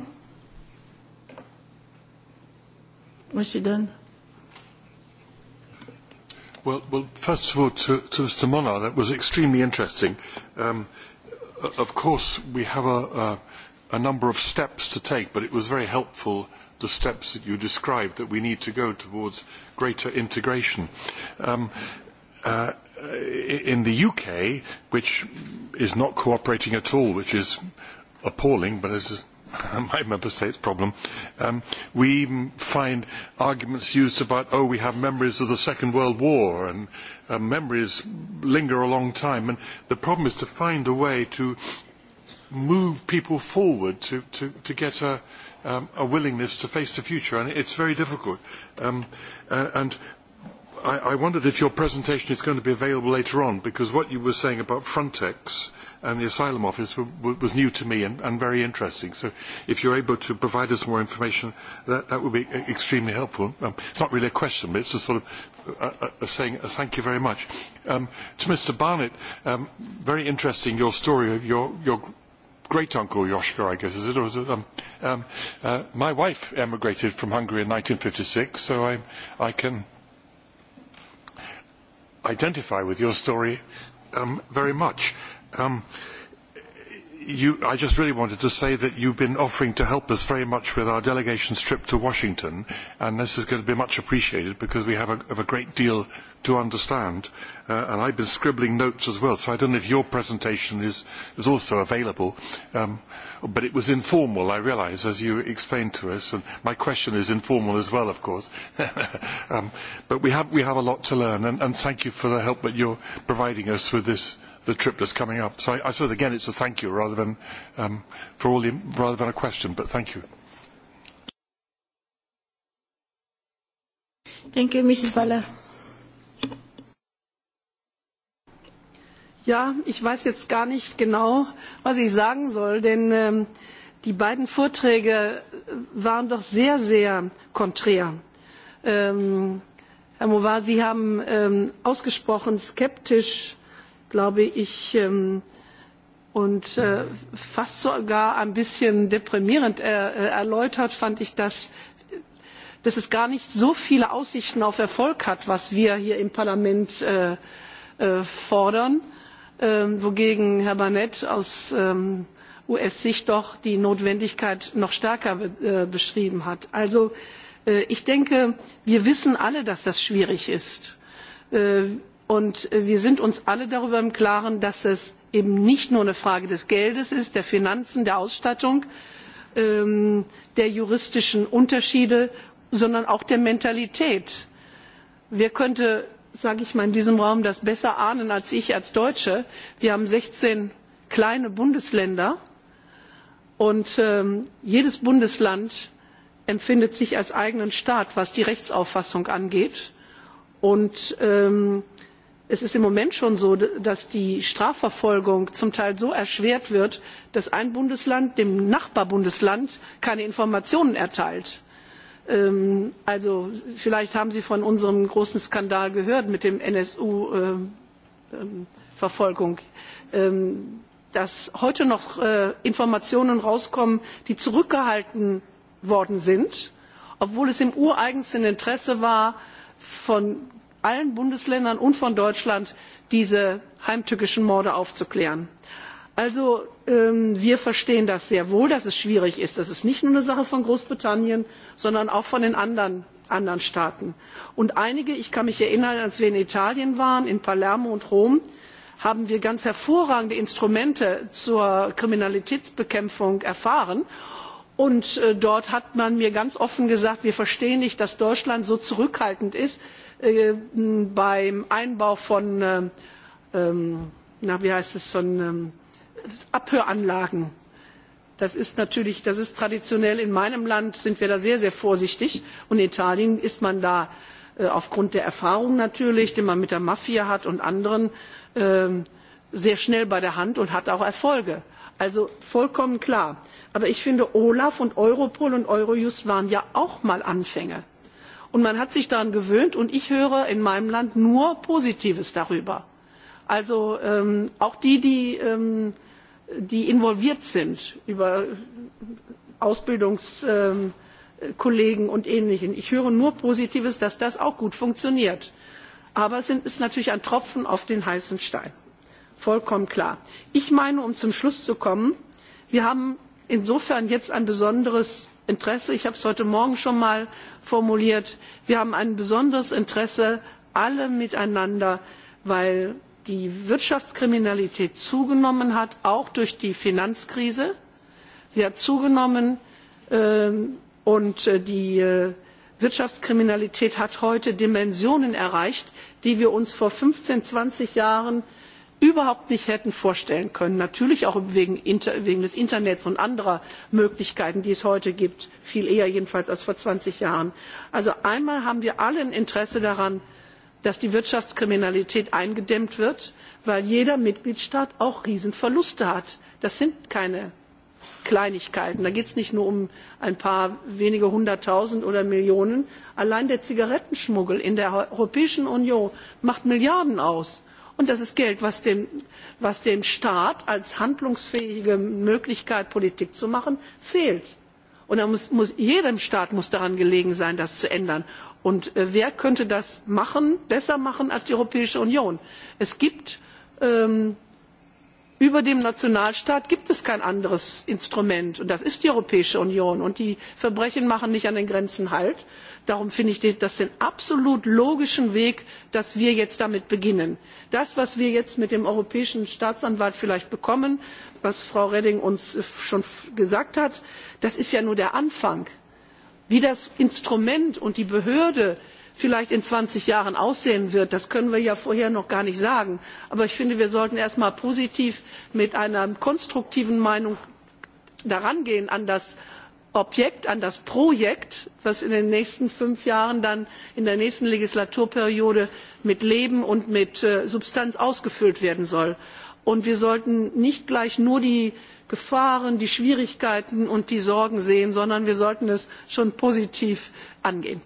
Mr. Dunn. Well, well, first of all, to, to Mr. Monar, that was extremely interesting. Um, of course, we have a, a, a number of steps to take, but it was very helpful, the steps that you described, that we need to go towards greater integration. Um, uh, in the UK, which is not cooperating at all, which is appalling, but as my member state's problem, um, we find arguments used about, oh, we have memories of the Second World War, and uh, memories linger a long time. And the problem is to find a way to move people forward, to, to, to get a, um, a willingness to face the future. And it's very difficult. Um, uh, and I, I wondered if your presentation is going to be available later on, because what you were saying about Frontex, uh, and the asylum office was new to me and, and very interesting. So if you're able to provide us more information, that, that would be e-, extremely helpful. Um, it's not really a question, but it's just sort of a, a, a saying a thank you very much. Um, to Mr. Barnett, um, very interesting your story of your, your great uncle Yoshka, I guess, is it? Or is it um, um, uh, my wife emigrated from Hungary in 1956, so I, I can identify with your story um, very much. Um, you, I just really wanted to say that you've been offering to help us very much with our delegation's trip to Washington, and this is going to be much appreciated because we have a, have a great deal to understand. Uh, and I've been scribbling notes as well, so I don't know if your presentation is, is also available. Um, but it was informal, I realise, as you explained to us. And my question is informal as well, of course. um, but we have, we have a lot to learn, and, and thank you for the help that you're providing us with this the triplets coming up. So I, I suppose again it's a thank you rather than um, for all the, rather than a question, but thank you. Thank you, Mrs. Waller. Ja, ich weiß jetzt gar nicht genau, was ich sagen soll, denn ähm, die beiden Vorträge waren doch sehr, sehr konträr. Ähm, Herr Mowar, Sie haben ähm, ausgesprochen skeptisch glaube ich, ähm, und äh, fast sogar ein bisschen deprimierend äh, äh erläutert, fand ich das, dass es gar nicht so viele Aussichten auf Erfolg hat, was wir hier im Parlament äh, äh, fordern, äh, wogegen Herr Barnett aus ähm, US-Sicht doch die Notwendigkeit noch stärker be äh, beschrieben hat. Also äh, ich denke, wir wissen alle, dass das schwierig ist. Äh, und äh, wir sind uns alle darüber im klaren dass es eben nicht nur eine frage des geldes ist der finanzen der ausstattung ähm, der juristischen unterschiede sondern auch der mentalität. wer könnte sage ich mal in diesem raum das besser ahnen als ich als deutsche? wir haben sechzehn kleine bundesländer und ähm, jedes bundesland empfindet sich als eigenen staat was die rechtsauffassung angeht und ähm, es ist im moment schon so dass die strafverfolgung zum teil so erschwert wird dass ein bundesland dem nachbarbundesland keine informationen erteilt. Ähm, also vielleicht haben sie von unserem großen skandal gehört mit der nsu ähm, ähm, verfolgung dass heute noch äh, informationen herauskommen die zurückgehalten worden sind obwohl es im ureigensten interesse war von allen Bundesländern und von Deutschland diese heimtückischen Morde aufzuklären. Also ähm, wir verstehen das sehr wohl, dass es schwierig ist. Das ist nicht nur eine Sache von Großbritannien, sondern auch von den anderen, anderen Staaten. Und einige, ich kann mich erinnern, als wir in Italien waren, in Palermo und Rom, haben wir ganz hervorragende Instrumente zur Kriminalitätsbekämpfung erfahren. Und äh, dort hat man mir ganz offen gesagt, wir verstehen nicht, dass Deutschland so zurückhaltend ist äh, beim Einbau von, äh, ähm, na, wie heißt es, von ähm, Abhöranlagen. Das ist natürlich, das ist traditionell in meinem Land sind wir da sehr, sehr vorsichtig und in Italien ist man da äh, aufgrund der Erfahrung natürlich, die man mit der Mafia hat und anderen, äh, sehr schnell bei der Hand und hat auch Erfolge. Also vollkommen klar. Aber ich finde, Olaf und Europol und Eurojust waren ja auch mal Anfänge und man hat sich daran gewöhnt und ich höre in meinem land nur positives darüber. also ähm, auch die die, ähm, die involviert sind über ausbildungskollegen ähm, und ähnliches ich höre nur positives dass das auch gut funktioniert. aber es ist natürlich ein tropfen auf den heißen stein vollkommen klar. ich meine um zum schluss zu kommen wir haben insofern jetzt ein besonderes interesse ich habe es heute morgen schon einmal formuliert wir haben ein besonderes interesse alle miteinander weil die wirtschaftskriminalität zugenommen hat auch durch die finanzkrise sie hat zugenommen ähm, und äh, die äh, wirtschaftskriminalität hat heute dimensionen erreicht die wir uns vor fünfzehn zwanzig jahren überhaupt nicht hätten vorstellen können natürlich auch wegen, Inter wegen des internets und anderer möglichkeiten die es heute gibt viel eher jedenfalls als vor zwanzig jahren. also einmal haben wir alle ein interesse daran dass die wirtschaftskriminalität eingedämmt wird weil jeder mitgliedstaat auch riesenverluste hat. das sind keine kleinigkeiten da geht es nicht nur um ein paar wenige hunderttausend oder millionen allein der zigarettenschmuggel in der europäischen union macht milliarden aus und das ist geld das dem, dem staat als handlungsfähige möglichkeit politik zu machen fehlt. Und muss, muss, jedem staat muss daran gelegen sein das zu ändern. und äh, wer könnte das machen, besser machen als die europäische union? es gibt ähm, über dem nationalstaat gibt es kein anderes instrument und das ist die europäische union und die verbrechen machen nicht an den grenzen halt. darum finde ich das den absolut logischen weg dass wir jetzt damit beginnen. das was wir jetzt mit dem europäischen staatsanwalt vielleicht bekommen was frau reding uns schon gesagt hat das ist ja nur der anfang. wie das instrument und die behörde vielleicht in zwanzig jahren aussehen wird das können wir ja vorher noch gar nicht sagen aber ich finde wir sollten erst einmal positiv mit einer konstruktiven meinung darangehen an das objekt an das projekt das in den nächsten fünf jahren dann in der nächsten legislaturperiode mit leben und mit äh, substanz ausgefüllt werden soll. und wir sollten nicht gleich nur die gefahren die schwierigkeiten und die sorgen sehen sondern wir sollten es schon positiv angehen.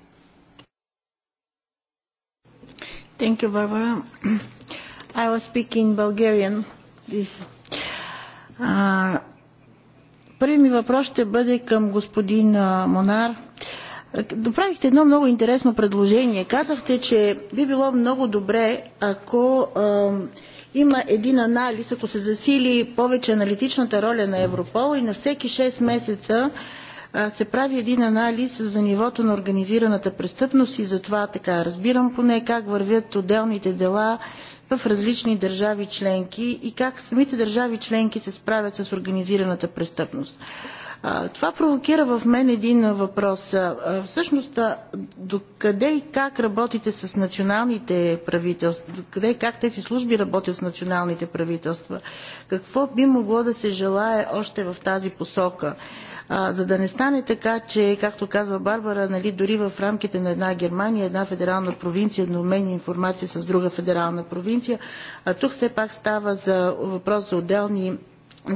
Thank you, Barbara. I was speaking Bulgarian. This. А, първи ми въпрос ще бъде към господин а, uh, Монар. Доправихте едно много интересно предложение. Казахте, че би било много добре, ако а, има един анализ, ако се засили повече аналитичната роля на Европол и на всеки 6 месеца а, се прави един анализ за нивото на организираната престъпност и затова така разбирам поне как вървят отделните дела в различни държави членки и как самите държави членки се справят с организираната престъпност. Това провокира в мен един въпрос. Всъщност, докъде и как работите с националните правителства? Докъде и как тези служби работят с националните правителства? Какво би могло да се желае още в тази посока? А, за да не стане така, че, както казва Барбара, нали, дори в рамките на една Германия, една федерална провинция да обменя информация с друга федерална провинция, а тук все пак става за въпрос за отделни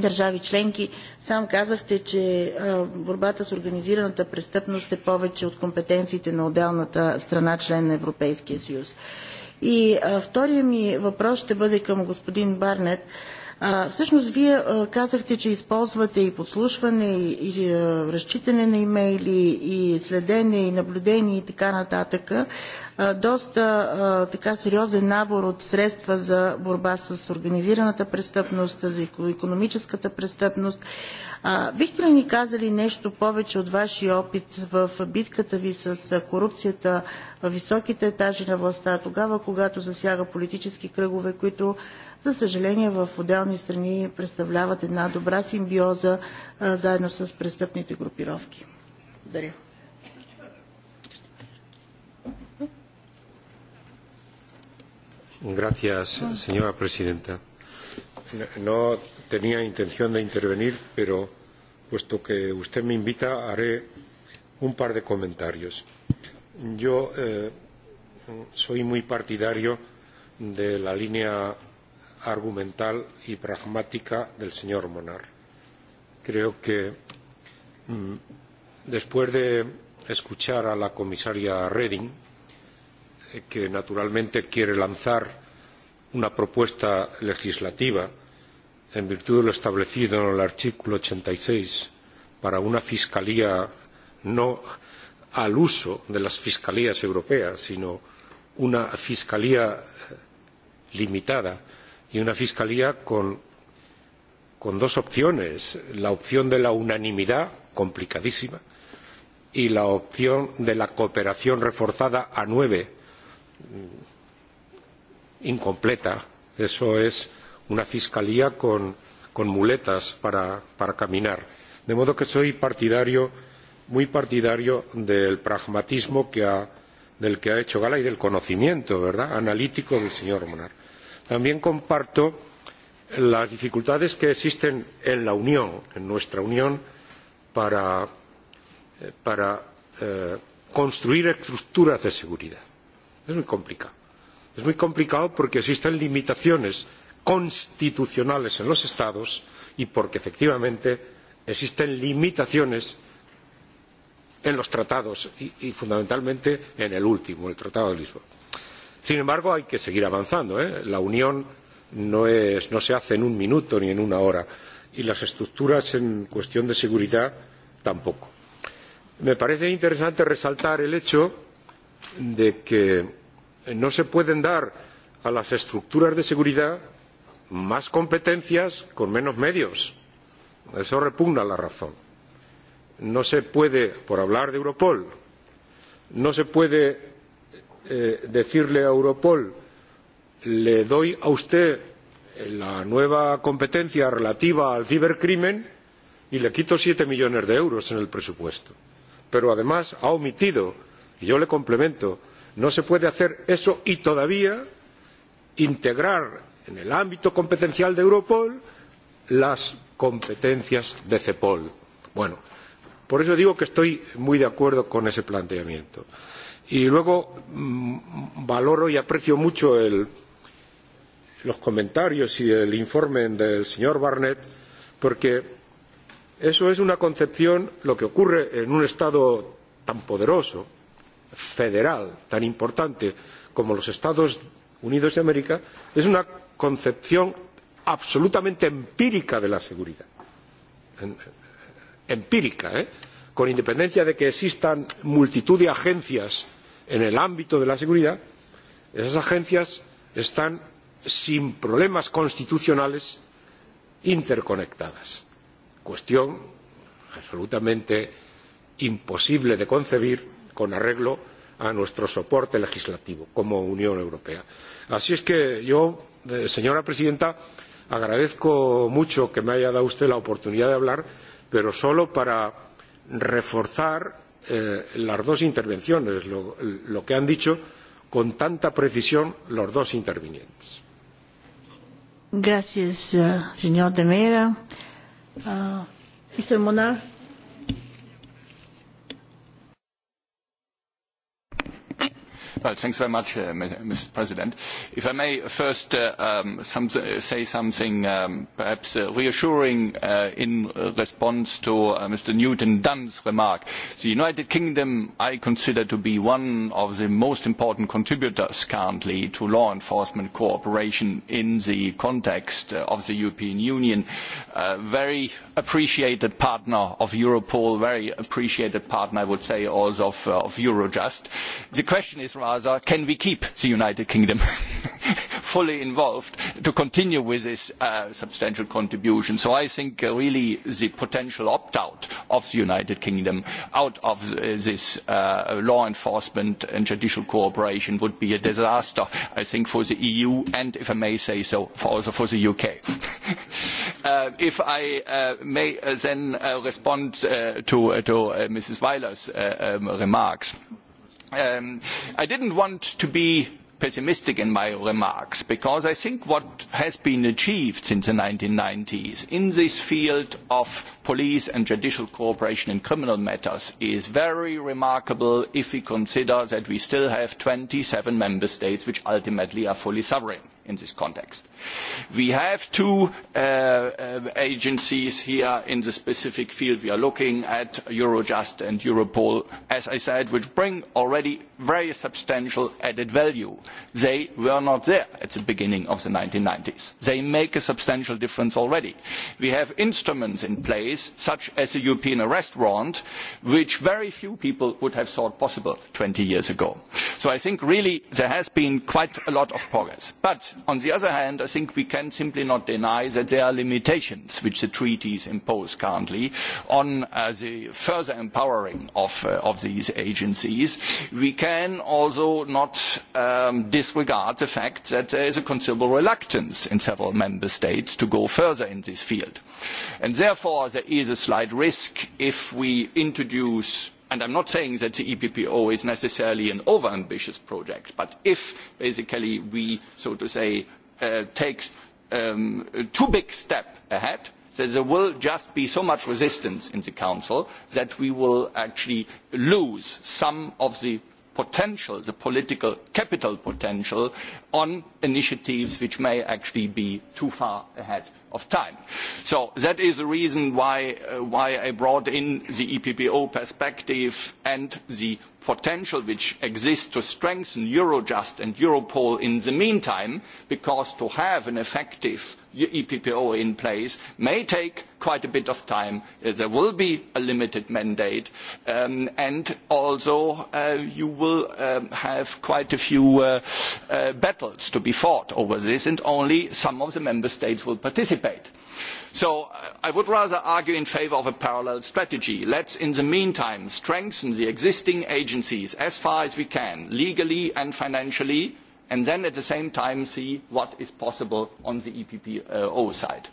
държави членки. Сам казахте, че а, борбата с организираната престъпност е повече от компетенциите на отделната страна член на Европейския съюз. И а, втория ми въпрос ще бъде към господин Барнет. А, А, всъщност, вие а, казахте, че използвате и подслушване, и, и а, разчитане на имейли, и следене, и наблюдение, и така нататък доста така сериозен набор от средства за борба с организираната престъпност, за економическата престъпност. Бихте ли ни казали нещо повече от вашия опит в битката ви с корупцията в високите етажи на властта, тогава когато засяга политически кръгове, които за съжаление в отделни страни представляват една добра симбиоза а, заедно с престъпните групировки? Благодаря. Gracias, señora presidenta. No tenía intención de intervenir, pero puesto que usted me invita, haré un par de comentarios. Yo eh, soy muy partidario de la línea argumental y pragmática del señor Monar. Creo que mm, después de escuchar a la comisaria Reding, que naturalmente quiere lanzar una propuesta legislativa en virtud de lo establecido en el artículo 86 para una fiscalía no al uso de las fiscalías europeas, sino una fiscalía eh, limitada y una fiscalía con, con dos opciones, la opción de la unanimidad, complicadísima, y la opción de la cooperación reforzada a nueve Mm, incompleta. Eso es una fiscalía con, con muletas para, para caminar. De modo que soy partidario, muy partidario del pragmatismo que ha, del que ha hecho gala y del conocimiento ¿verdad? analítico del señor Monar. También comparto las dificultades que existen en la Unión, en nuestra Unión, para, eh, para eh, construir estructuras de seguridad es muy complicado. Es muy complicado porque existen limitaciones constitucionales en los Estados y porque efectivamente existen limitaciones en los tratados y, y fundamentalmente en el último, el Tratado de Lisboa. Sin embargo, hay que seguir avanzando. ¿eh? La Unión no, es, no se hace en un minuto ni en una hora y las estructuras en cuestión de seguridad tampoco. Me parece interesante resaltar el hecho de que no se pueden dar a las estructuras de seguridad más competencias con menos medios. Eso repugna la razón. No se puede, por hablar de Europol, no se puede eh, decirle a Europol le doy a usted la nueva competencia relativa al cibercrimen y le quito siete millones de euros en el presupuesto. Pero además ha omitido, y yo le complemento, No se puede hacer eso y todavía integrar en el ámbito competencial de Europol las competencias de CEPOL. Bueno, por eso digo que estoy muy de acuerdo con ese planteamiento. Y luego mmm, valoro y aprecio mucho el, los comentarios y el informe del señor Barnett, porque eso es una concepción, lo que ocurre en un Estado tan poderoso federal tan importante como los Estados Unidos de América es una concepción absolutamente empírica de la seguridad. Empírica, ¿eh? con independencia de que existan multitud de agencias en el ámbito de la seguridad, esas agencias están sin problemas constitucionales interconectadas. Cuestión absolutamente imposible de concebir con arreglo a nuestro soporte legislativo como Unión Europea. Así es que yo, eh, señora presidenta, agradezco mucho que me haya dado usted la oportunidad de hablar, pero solo para reforzar eh, las dos intervenciones, lo, lo que han dicho con tanta precisión los dos intervinientes. Gracias, uh, señor de Mera. Uh, ah, Mr. Monar. Well, thanks very much, uh, Mr. President. If I may first uh, um, some, uh, say something um, perhaps uh, reassuring uh, in response to uh, Mr. Newton Dunn's remark. The United Kingdom I consider to be one of the most important contributors currently to law enforcement cooperation in the context uh, of the European Union. Uh, very appreciated partner of Europol, very appreciated partner, I would say, also of, uh, of Eurojust. The question is rather Barroso, can we keep the United Kingdom fully involved to continue with this uh, substantial contribution? So I think uh, really the potential opt-out of the United Kingdom out of uh, this uh, law enforcement and judicial cooperation would be a disaster, I think, for the EU and, if I may say so, for also for the UK. uh, if I uh, may uh, then uh, respond uh, to, uh, to uh, Mrs. Weiler's uh, um, remarks. Uh, Um, I didn't want to be pessimistic in my remarks because I think what has been achieved since the 1990s in this field of police and judicial cooperation in criminal matters is very remarkable if we consider that we still have 27 member states which ultimately are fully sovereign in this context. We have two uh, uh, agencies here in the specific field we are looking at, Eurojust and Europol, as I said, which bring already very substantial added value. They were not there at the beginning of the 1990s. They make a substantial difference already. We have instruments in place, such as the European arrest warrant, which very few people would have thought possible 20 years ago. So I think really there has been quite a lot of progress. But on the other hand i think we can simply not deny that there are limitations which the treaties impose currently on uh, the further empowering of, uh, of these agencies. we can also not um, disregard the fact that there is a considerable reluctance in several member states to go further in this field and therefore there is a slight risk if we introduce and I'm not saying that the EPPO is necessarily an overambitious project, but if basically we, so to say, uh, take um, a too big step ahead, that there will just be so much resistance in the Council that we will actually lose some of the potential, the political capital potential on initiatives which may actually be too far ahead of time. So that is the reason why, uh, why I brought in the EPPO perspective and the potential which exists to strengthen Eurojust and Europol in the meantime, because to have an effective EPPO in place may take quite a bit of time. Uh, there will be a limited mandate, um, and also uh, you will um, have quite a few uh, uh, battles to be fought over this, and only some of the member states will participate participate. So uh, I would rather argue in favor of a parallel strategy. Let's, in the meantime, strengthen the existing agencies as far as we can, legally and financially, and then at the same time see what is possible on the EPPO uh, side.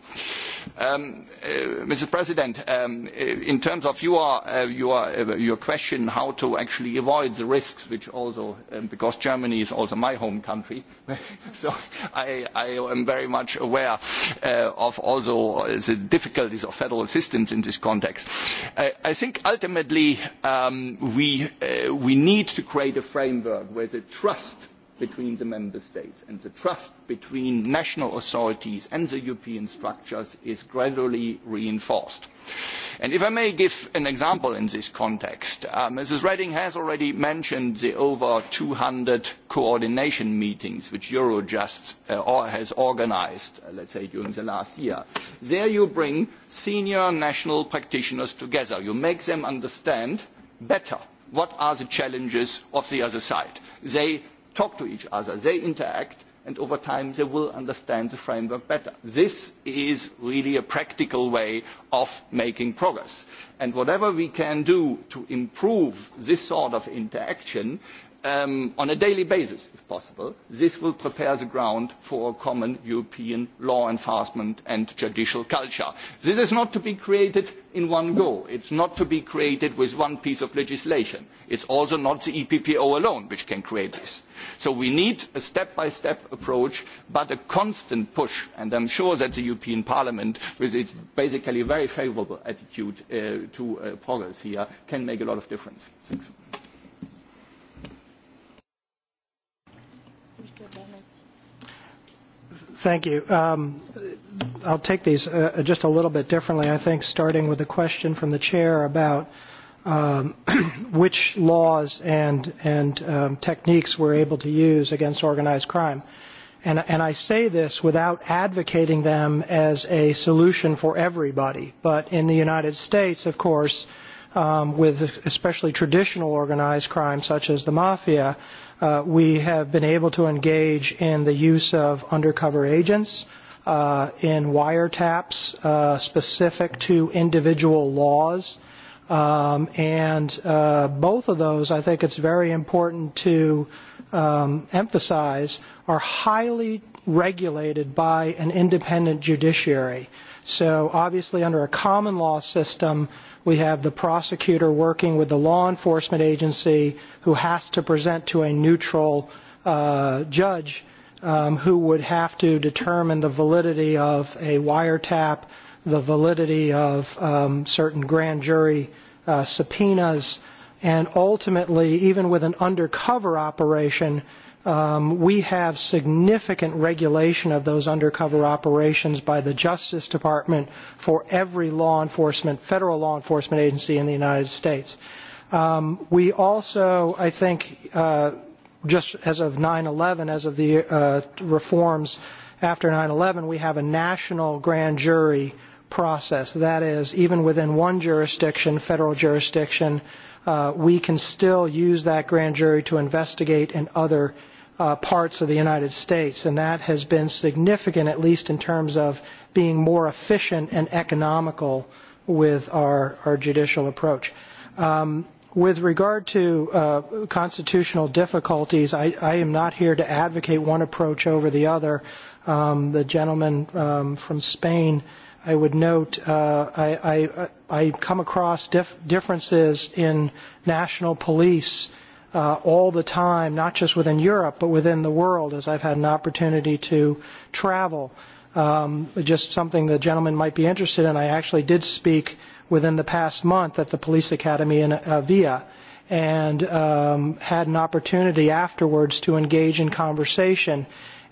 Um, uh, Mr. President, um, uh, in terms of your, uh, your, uh, your question how to actually avoid the risks, which also, um, because Germany is also my home country, so I, I am very much aware uh, of also the difficulties of federal systems in this context. Uh, I think ultimately um, we, uh, we need to create a framework where the trust – between the member states and the trust between national authorities and the European structures is gradually reinforced. And if I may give an example in this context, uh, Mrs. Redding has already mentioned the over 200 coordination meetings which Eurojust uh, or has organized, uh, let's say, during the last year. There you bring senior national practitioners together. You make them understand better what are the challenges of the other side. They talk to each other, they interact, and over time they will understand the framework better. This is really a practical way of making progress. And whatever we can do to improve this sort of interaction um, on a daily basis, if possible. This will prepare the ground for a common European law enforcement and judicial culture. This is not to be created in one go. It's not to be created with one piece of legislation. It's also not the EPPO alone which can create this. So we need a step-by-step -step approach, but a constant push. And I'm sure that the European Parliament, with its basically very favorable attitude uh, to uh, progress here, can make a lot of difference. Thanks. Thank you. Um, I'll take these uh, just a little bit differently, I think, starting with a question from the chair about um, which laws and, and um, techniques we're able to use against organized crime. And, and I say this without advocating them as a solution for everybody. But in the United States, of course, um, with especially traditional organized crime such as the mafia, Uh, we have been able to engage in the use of undercover agents uh, in wiretaps uh, specific to individual laws. Um, and uh, both of those, I think it's very important to um, emphasize, are highly regulated by an independent judiciary. So obviously under a common law system, we have the prosecutor working with the law enforcement agency who has to present to a neutral uh, judge um, who would have to determine the validity of a wiretap, the validity of um, certain grand jury uh, subpoenas, and ultimately, even with an undercover operation, Um, we have significant regulation of those undercover operations by the Justice Department for every law enforcement, federal law enforcement agency in the United States. Um, we also, I think, uh, just as of 9-11, as of the uh, reforms after 9-11, we have a national grand jury process. That is, even within one jurisdiction, federal jurisdiction, uh, we can still use that grand jury to investigate in other uh, parts of the United States, and that has been significant, at least in terms of being more efficient and economical with our, our judicial approach. Um, with regard to uh, constitutional difficulties, I, I am not here to advocate one approach over the other. Um, the gentleman um, from Spain, I would note, uh, I, I, I come across dif- differences in national police uh, uh, all the time, not just within Europe, but within the world, as I've had an opportunity to travel. Um, just something the gentleman might be interested in. I actually did speak within the past month at the Police Academy in uh, Via and um, had an opportunity afterwards to engage in conversation.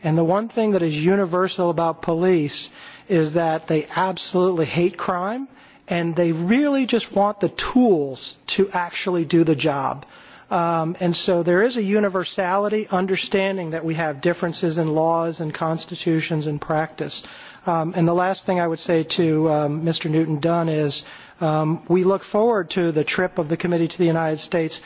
And the one thing that is universal about police is that they absolutely hate crime and they really just want the tools to actually do the job. Um, and so there is a universality, understanding that we have differences in laws and constitutions and practice. Um, and the last thing I would say to um, Mr. Newton Dunn is um, we look forward to the trip of the committee to the United States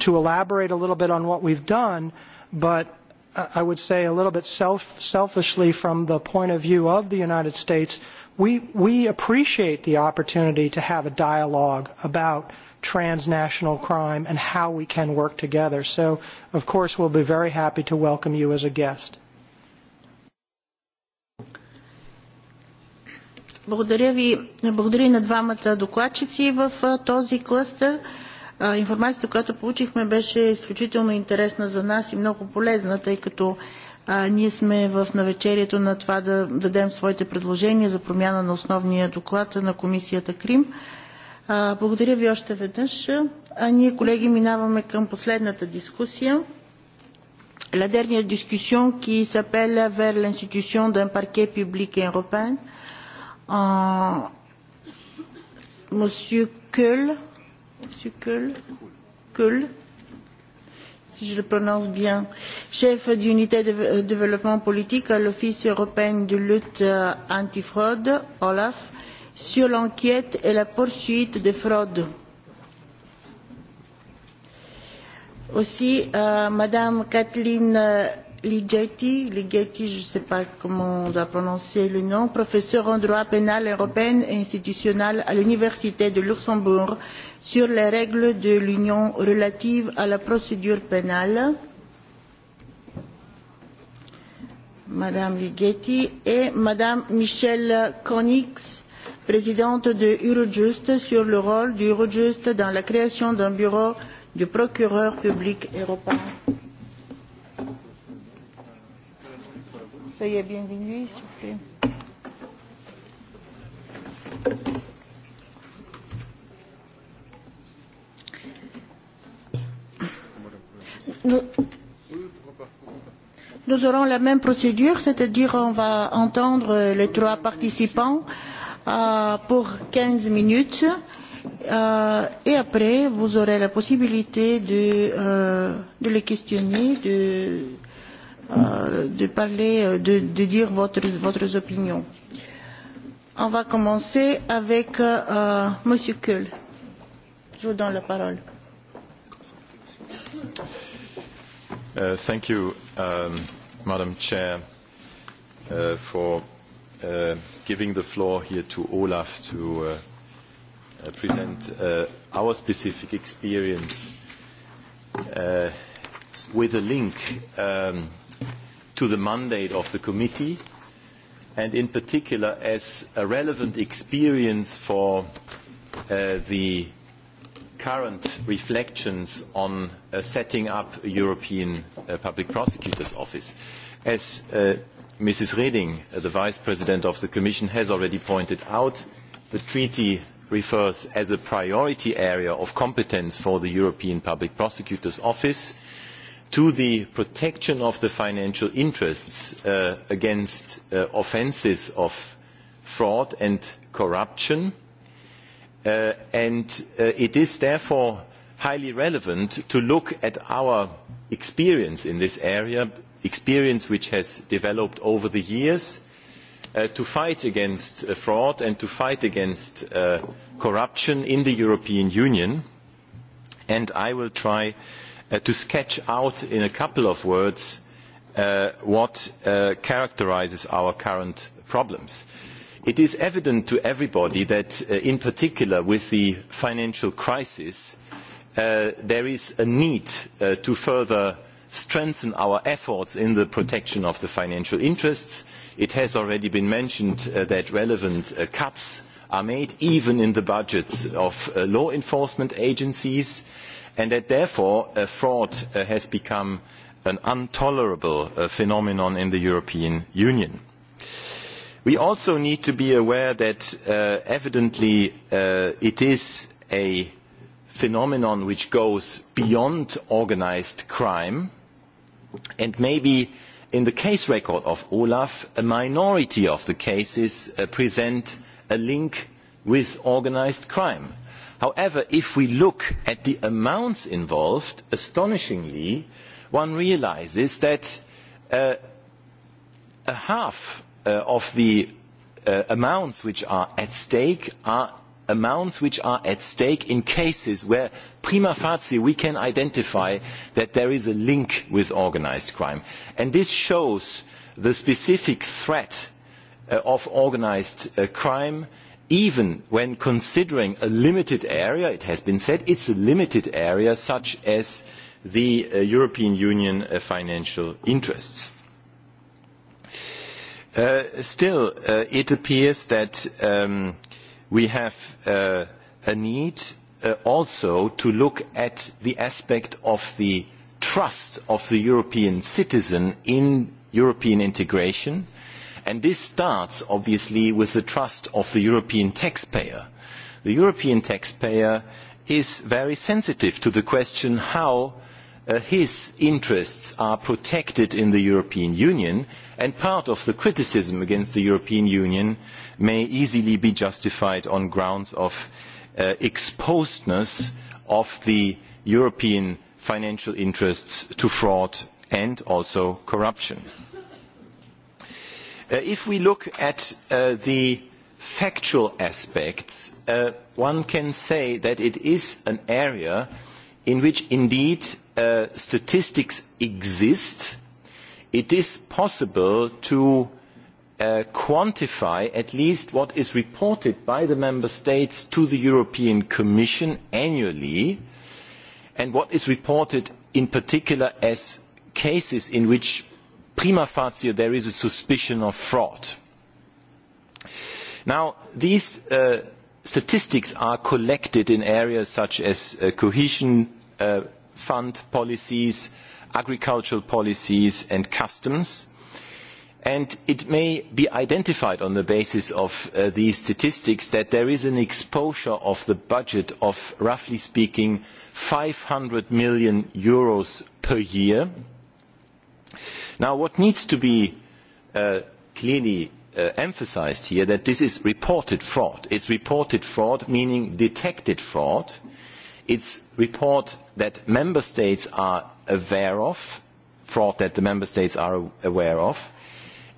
to elaborate a little bit on what we've done, but I would say a little bit self, selfishly from the point of view of the United States, we, we appreciate the opportunity to have a dialogue about transnational crime and how we can work together. So, of course, we'll be very happy to welcome you as a guest. Благодаря ви. Благодаря на двамата докладчици в този клъстър. Информацията, която получихме, беше изключително интересна за нас и много полезна, тъй като а, ние сме в навечерието на това да дадем своите предложения за промяна на основния доклад на комисията Крим. А, благодаря ви още веднъж. А ние, колеги, минаваме към последната дискусия. La dernière discussion qui s'appelle vers l'institution d'un parquet public européen. Euh, Monsieur Kull, Monsieur Kull, Kull, si je le prononce bien, chef d'unité de développement politique à l'Office européen de lutte euh, antifraude, OLAF, sur l'enquête et la poursuite des fraudes. Aussi, euh, Madame Kathleen euh, Ligeti, Ligeti, je ne sais pas comment on doit prononcer le nom, professeure en droit pénal européen et institutionnel à l'Université de Luxembourg sur les règles de l'Union relatives à la procédure pénale. Madame Ligeti et Madame Michelle Konix, présidente de Eurojust, sur le rôle d'Eurojust dans la création d'un bureau du procureur public européen. Soyez bienvenue, s'il vous plaît. Nous, nous aurons la même procédure, c'est-à-dire on va entendre les trois participants. Euh, euh, pour 15 minutes. Euh, et après, vous aurez la possibilité de, euh, de les questionner, de, euh, de parler, euh, de, de dire votre, votre opinion. On va commencer avec euh, Monsieur Kuhl. Je vous donne la parole. Uh, thank you, um, Madam Chair, uh, for uh, giving the floor here to Olaf to uh, uh, present uh, our specific experience uh, with a link um, to the mandate of the committee and in particular as a relevant experience for uh, the current reflections on uh, setting up a European uh, Public Prosecutor's Office. As uh, Mrs. Reding, uh, the Vice President of the Commission, has already pointed out, the treaty refers as a priority area of competence for the European Public Prosecutor's Office to the protection of the financial interests uh, against uh, offences of fraud and corruption. Uh, and uh, it is therefore highly relevant to look at our experience in this area experience which has developed over the years uh, to fight against uh, fraud and to fight against uh, corruption in the European Union. And I will try uh, to sketch out in a couple of words uh, what uh, characterizes our current problems. It is evident to everybody that, uh, in particular with the financial crisis, uh, there is a need uh, to further uh, strengthen our efforts in the protection of the financial interests. It has already been mentioned uh, that relevant uh, cuts are made even in the budgets of uh, law enforcement agencies and that therefore uh, fraud uh, has become an intolerable uh, phenomenon in the European Union. We also need to be aware that uh, evidently uh, it is a phenomenon which goes beyond organized crime and maybe in the case record of Olaf, a minority of the cases uh, present a link with organized crime. However, if we look at the amounts involved, astonishingly, one realizes that uh, a half uh, of the uh, amounts which are at stake are amounts which are at stake in cases where prima facie we can identify that there is a link with organized crime. And this shows the specific threat uh, of organized uh, crime even when considering a limited area, it has been said, it's a limited area such as the uh, European Union uh, financial interests. Uh, still, uh, it appears that um, uh, we have uh, a need uh, also to look at the aspect of the trust of the European citizen in European integration. And this starts, obviously, with the trust of the European taxpayer. The European taxpayer is very sensitive to the question how uh, his interests are protected in the European Union, and part of the criticism against the European Union may easily be justified on grounds of uh, exposedness of the European financial interests to fraud and also corruption. Uh, if we look at uh, the factual aspects, uh, one can say that it is an area in which indeed uh, statistics exist, it is possible to uh, quantify at least what is reported by the member states to the European Commission annually and what is reported in particular as cases in which prima facie there is a suspicion of fraud. Now, these uh, statistics are collected in areas such as uh, cohesion uh, fund policies, agricultural policies and customs. And it may be identified on the basis of uh, these statistics that there is an exposure of the budget of, roughly speaking, 500 million euros per year. Now, what needs to be uh, clearly uh, emphasized here that this is reported fraud. It's reported fraud, meaning detected fraud. Uh, It's report that member states are aware of, fraud that the member states are aware of,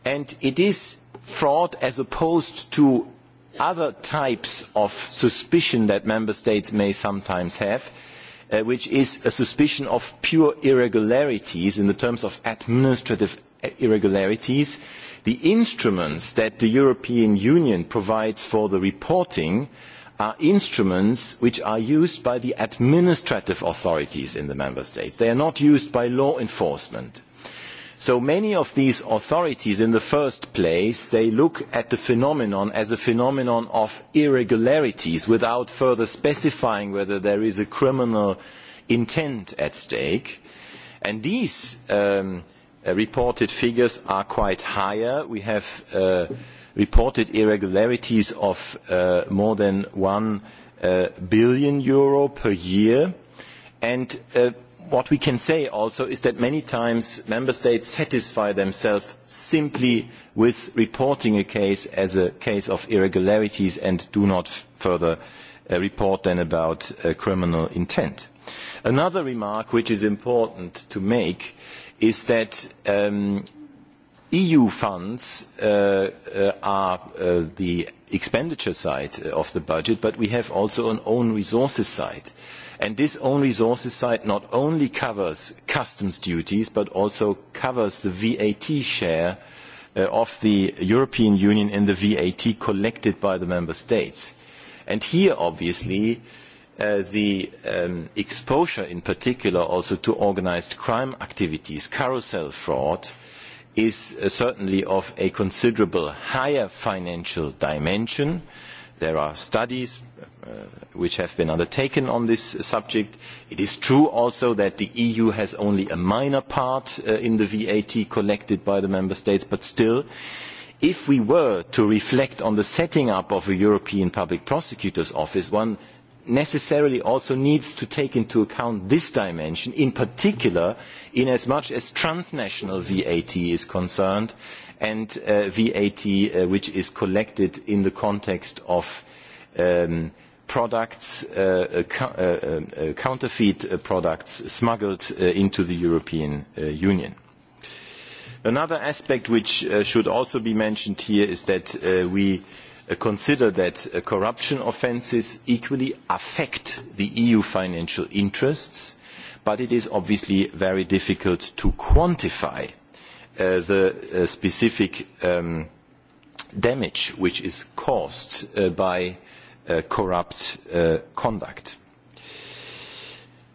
and it is fraud as opposed to other types of suspicion that member states may sometimes have, uh, which is a suspicion of pure irregularities in the terms of administrative irregularities. The instruments that the European Union provides for the reporting uh, are instruments which are used by the administrative authorities in the member states. They are not used by law enforcement. So many of these authorities, in the first place, they look at the phenomenon as a phenomenon of irregularities without further specifying whether there is a criminal intent at stake. And these um, uh, reported figures are quite higher. We have uh, reported irregularities of uh, more than 1 uh, billion euro per year. And uh, what we can say also is that many times member states satisfy themselves simply with reporting a case as a case of irregularities and do not further uh, report then about uh, criminal intent. Another remark which is important to make is that um, EU funds uh, uh, are uh, the expenditure side uh, of the budget, but we have also an own resources side. And this own resources side not only covers customs duties, but also covers the VAT share uh, of the European Union in the VAT collected by the member states. And here, obviously, uh, the um, exposure in particular also to organized crime activities, carousel fraud, uh, is uh, certainly of a considerable higher financial dimension. There are studies uh, uh, which have been undertaken on this subject. It is true also that the EU has only a minor part uh, in the VAT collected by the member states, but still, if we were to reflect on the setting up of a European Public Prosecutor's Office, one necessarily also needs to take into account this dimension, in particular, in as much as transnational VAT is concerned, and uh, VAT, uh, which is collected in the context of um, products, uh uh, uh, uh, uh, counterfeit uh, products smuggled uh, into the European uh, Union. Another aspect which uh, should also be mentioned here is that uh, we uh, uh, consider that uh, corruption offences equally affect the EU financial interests, but it is obviously very difficult to quantify uh, the uh, specific um, damage which is caused uh, by uh, corrupt uh, conduct.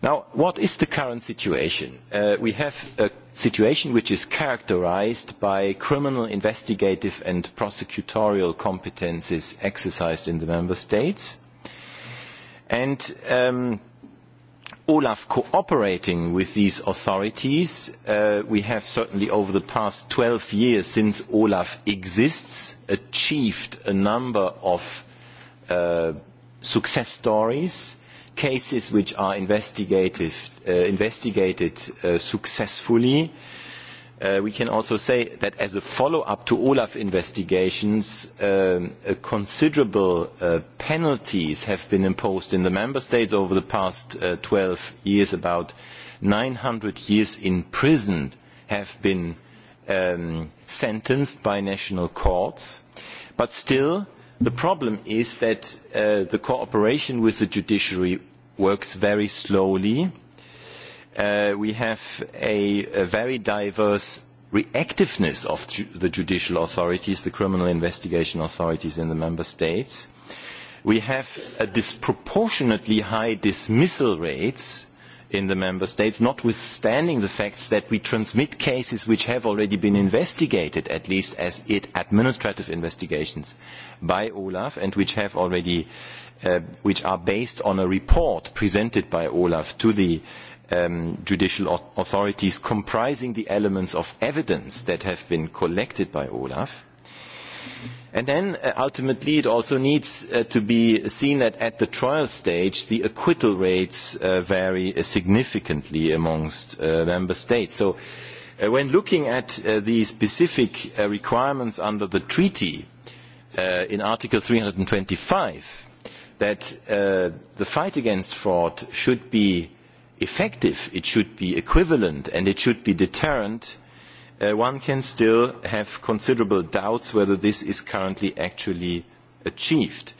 Now, what is the current situation? Uh, we have a situation which is characterized by criminal investigative and prosecutorial competences exercised in the member states. And um, Olaf cooperating with these authorities, uh, we have certainly over the past 12 years since Olaf exists, achieved a number of uh, success stories cases which are investigated, uh, investigated uh, successfully. Uh, we can also say that as a follow-up to Olaf investigations, um, uh, considerable uh, penalties have been imposed in the member states over the past uh, 12 years. About 900 years in prison have been um, sentenced by national courts. But still, the problem is that uh, the cooperation with the judiciary works very slowly. Uh, we have a, a very diverse reactiveness of ju the judicial authorities, the criminal investigation authorities in the member states. We have a disproportionately high dismissal rates in the member states, notwithstanding the facts that we transmit cases which have already been investigated, at least as it administrative investigations by Olaf, and which have already uh, which are based on a report presented by Olaf to the um, judicial authorities comprising the elements of evidence that have been collected by Olaf. And then uh, ultimately it also needs uh, to be seen that at the trial stage the acquittal rates uh, vary uh, significantly amongst uh, member states. So uh, when looking at uh, the specific uh, requirements under the treaty uh, in Article 325, that uh, the fight against fraud should be effective, it should be equivalent, and it should be deterrent, uh, one can still have considerable doubts whether this is currently actually achieved.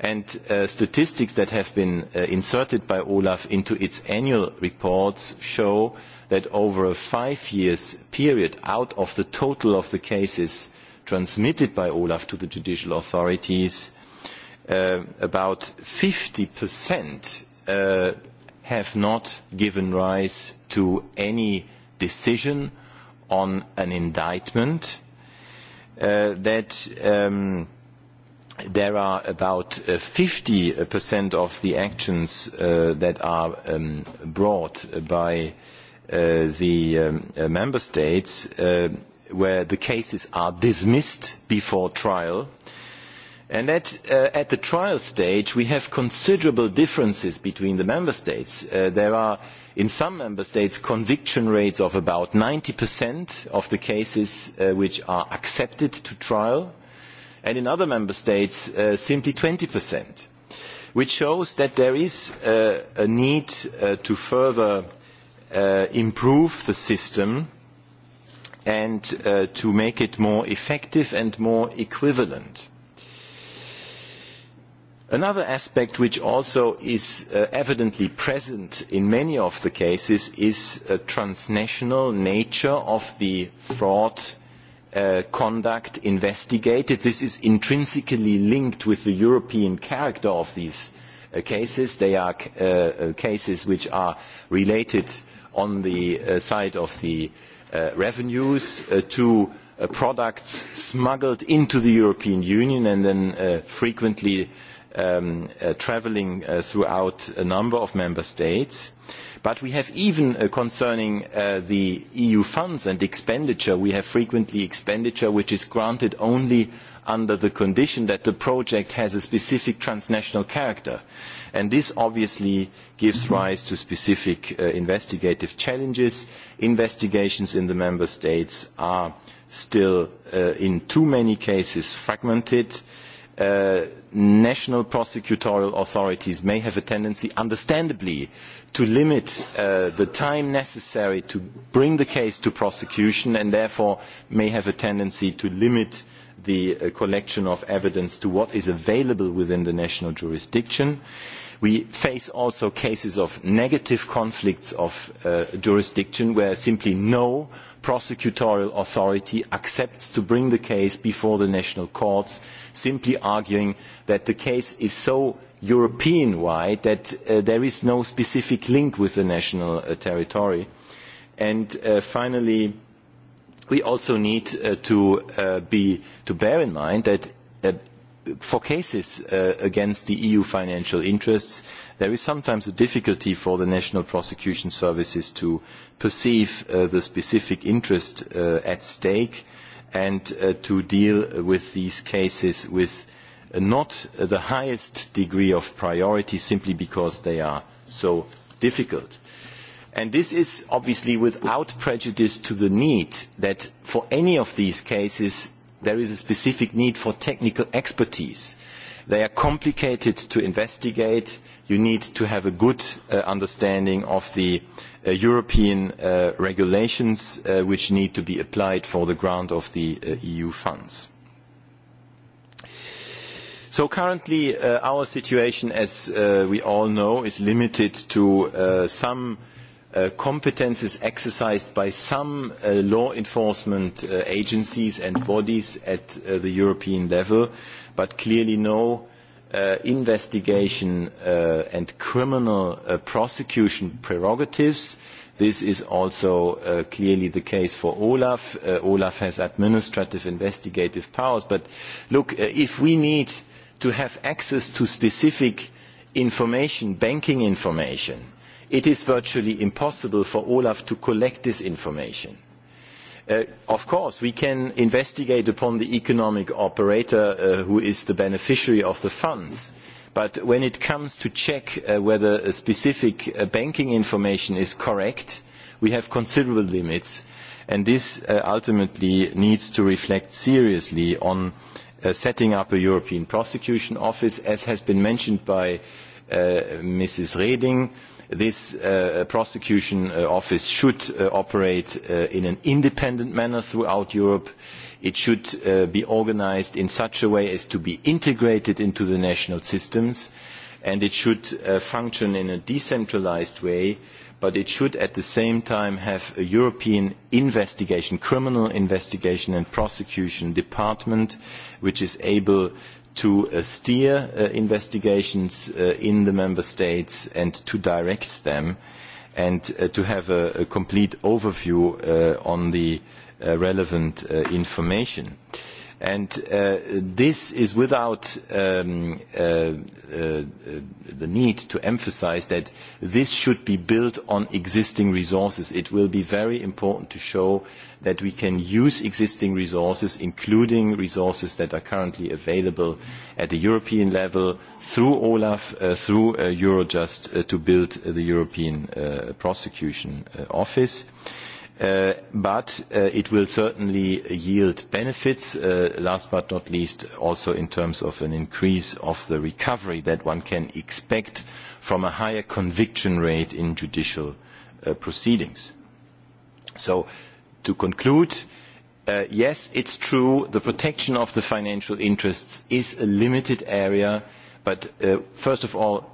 And uh, statistics that have been uh, inserted by Olaf into its annual reports show that over a five years period, out of the total of the cases transmitted by Olaf to the judicial authorities, uh, about 50% uh, have not given rise to any decision on an indictment, uh, that um, there are about uh, 50% of the actions uh, that are um, brought by uh, the um, uh, member states uh, where the cases are dismissed before trial And at, uh, at the trial stage, we have considerable differences between the member states. Uh, there are, in some member states, conviction rates of about 90% of the cases uh, which are accepted to trial, and in other member states, uh, simply 20%, which shows that there is uh, a need uh, to further uh, improve the system and uh, to make it more effective and more equivalent. Another aspect which also is uh, evidently present in many of the cases is a transnational nature of the fraud uh, conduct investigated. This is intrinsically linked with the European character of these uh, cases. They are uh, uh cases which are related on the uh, side of the uh, revenues uh, to uh, products smuggled into the European Union and then uh, frequently uh, um, uh, traveling uh, throughout a number of member states. But we have even uh, concerning uh, the EU funds and expenditure, we have frequently expenditure which is granted only under the condition that the project has a specific transnational character. And this obviously gives rise to specific uh, investigative challenges. Investigations in the member states are still, uh, in too many cases, fragmented. Uh, uh, national prosecutorial authorities may have a tendency, understandably, to limit uh, the time necessary to bring the case to prosecution and therefore may have a tendency to limit the uh, collection of evidence to what is available within the national jurisdiction. Uh, We face also cases of negative conflicts of uh, jurisdiction where simply no prosecutorial authority accepts to bring the case before the national courts, simply arguing that the case is so European wide that uh, there is no specific link with the national uh, territory. And uh, finally, we also need uh, to, uh, be, to bear in mind that uh, for cases uh, against the EU financial interests, there is sometimes a difficulty for the national prosecution services to perceive uh, the specific interest uh, at stake and uh, to deal with these cases with uh, not uh, the highest degree of priority simply because they are so difficult. And this is obviously without prejudice to the need that for any of these cases there is a specific need for technical expertise. They are complicated to investigate. You need to have a good uh, understanding of the uh, European uh, regulations uh, which need to be applied for the grant of the uh, EU funds. So currently, uh, our situation, as uh, we all know, is limited to uh, some uh, uh, competences exercised by some uh, law enforcement uh, agencies and bodies at uh, the European level, but clearly no uh, investigation uh, and criminal uh, prosecution prerogatives. This is also uh, clearly the case for Olaf. Uh, Olaf has administrative investigative powers. But look, uh, if we need to have access to specific information, banking information, it is virtually impossible for Olaf to collect this information. Uh, of course, we can investigate upon the economic operator uh, who is the beneficiary of the funds. But when it comes to check uh, whether a specific uh, banking information is correct, we have considerable limits. And this uh, ultimately needs to reflect seriously on uh, setting up a European prosecution office, as has been mentioned by uh, Mrs. Reding. Uh, this uh, prosecution uh, office should uh, operate uh, in an independent manner throughout Europe. It should uh, be organized in such a way as to be integrated into the national systems, and it should uh, function in a decentralized way, but it should at the same time have a European investigation, criminal investigation and prosecution department, which is able to uh, steer uh, investigations uh, in the member states and to direct them and uh, to have a, a complete overview uh, on the uh, relevant uh, information. Uh, And uh, this is without um, uh, uh, uh, the need to emphasize that this should be built on existing resources. It will be very important to show that we can use existing resources, including resources that are currently available at the European level through OLAF, uh, through uh, Eurojust, uh, to build uh, the European uh, Prosecution uh, Office. Uh, Uh, but uh, it will certainly yield benefits, uh, last but not least, also in terms of an increase of the recovery that one can expect from a higher conviction rate in judicial uh, proceedings. So, to conclude, uh, yes, it's true, the protection of the financial interests is a limited area, but uh, first of all,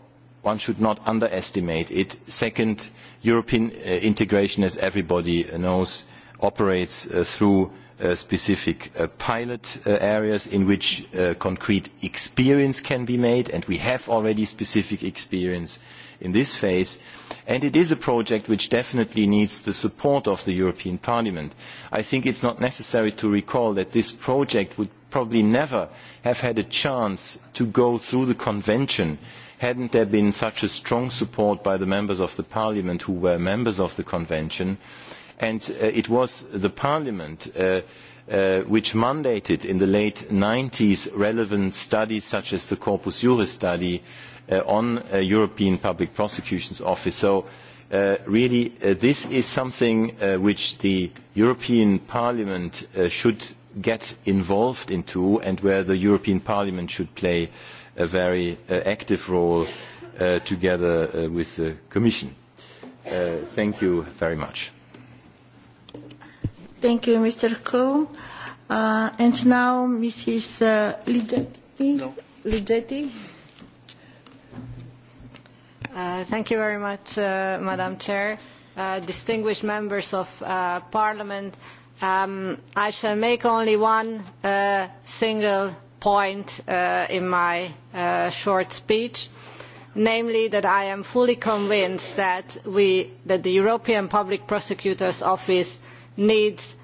one should not underestimate it. Second, European uh, integration, as everybody uh, knows, operates uh, through uh, specific uh, pilot uh, areas in which uh, concrete experience can be made, and we have already specific experience in this phase. And it is a project which definitely needs the support of the European Parliament. I think it's not necessary to recall that this project would probably never have had a chance to go through the convention uh, hadn't there been such a strong support by the members of the parliament who were members of the convention, and uh, it was the parliament uh, uh, which mandated in the late 90s relevant studies such as the Corpus Juris study uh, on a uh, European Public Prosecution's Office. So uh, really uh, this is something uh, which the European Parliament uh, should get involved into and where the European Parliament should play uh, a very uh, active role uh, together uh, with the Commission. Uh, thank you very much. Thank you, Mr. Coe. Uh, and now, Mrs. Uh, Ligetti. No. Ligetti. Uh, thank you very much, uh, Madam Chair. Uh, distinguished members of uh, Parliament, um, I shall make only one uh, single point uh, in my uh, short speech, namely that I am fully convinced that, we, that the European Public Prosecutor's Office needs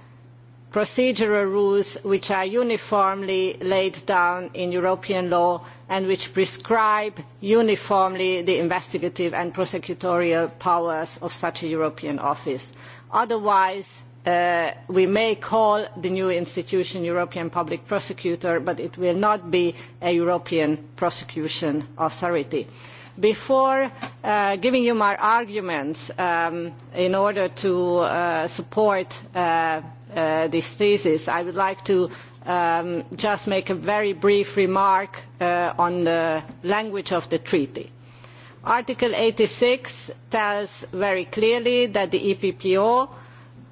procedural rules which are uniformly laid down in European law and which prescribe uniformly the investigative and prosecutorial powers of such a European office. Otherwise, Uh, we may call the new institution European Public Prosecutor, but it will not be a European Prosecution Authority. Before uh, giving you my arguments um, in order to uh, support uh, uh, this thesis, I would like to um, just make a very brief remark uh, on the language of the treaty. Article 86 tells very clearly that the EPPO uh,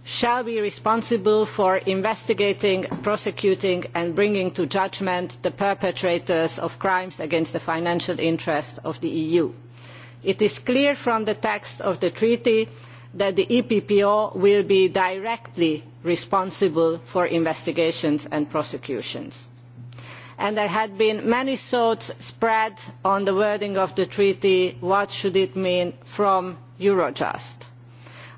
shall be responsible for investigating prosecuting and bringing to judgment the perpetrators of crimes against the financial interests of the eu. it is clear from the text of the treaty that the eppo will be directly responsible for investigations and prosecutions. And there had been many thoughts spread on the wording of the treaty what should it mean from eurojust?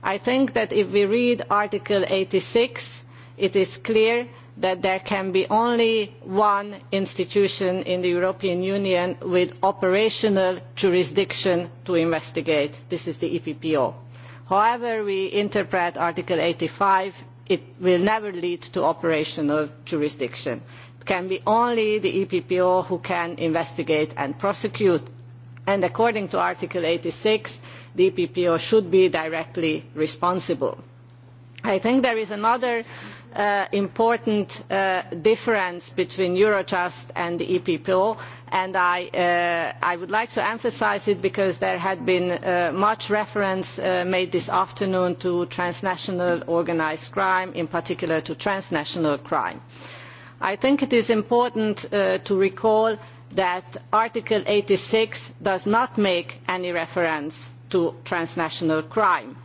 I think that if we read Article 86, it is clear that there can be only one institution in the European Union with operational jurisdiction to investigate. This is the EPPO. However we interpret Article 85, it will never lead to operational jurisdiction. It can be only the EPPO who can investigate and prosecute. And according to Article 86, DPPO should be directly responsible. I think there is another uh, important uh, difference between Eurojust and the EPPO, and I, uh, I would like to emphasize it because there had been uh, much reference uh, made this afternoon to transnational organized crime, in particular to transnational crime. I think it is important uh, to recall that Article 86 does not make any reference to transnational crime.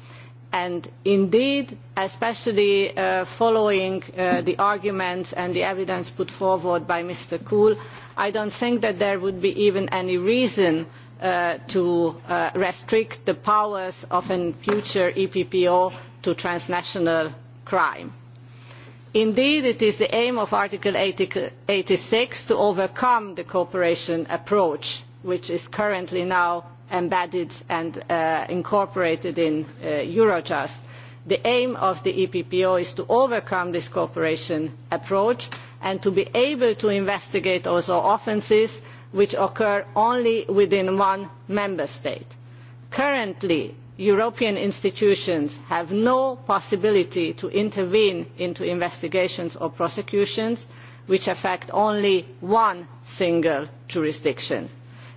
And indeed, especially uh, following uh, the arguments and the evidence put forward by Mr. Kuhl, I don't think that there would be even any reason uh, to uh, restrict the powers of a future EPPO to transnational crime. Indeed, it is the aim of Article 80, 86 to overcome the cooperation approach, which is currently now embedded and uh, incorporated in uh, Eurojust. The aim of the EPPO is to overcome this cooperation approach and to be able to investigate also offences which occur only within one member state. Currently, European institutions have no possibility to intervene into investigations or prosecutions which affect only one single jurisdiction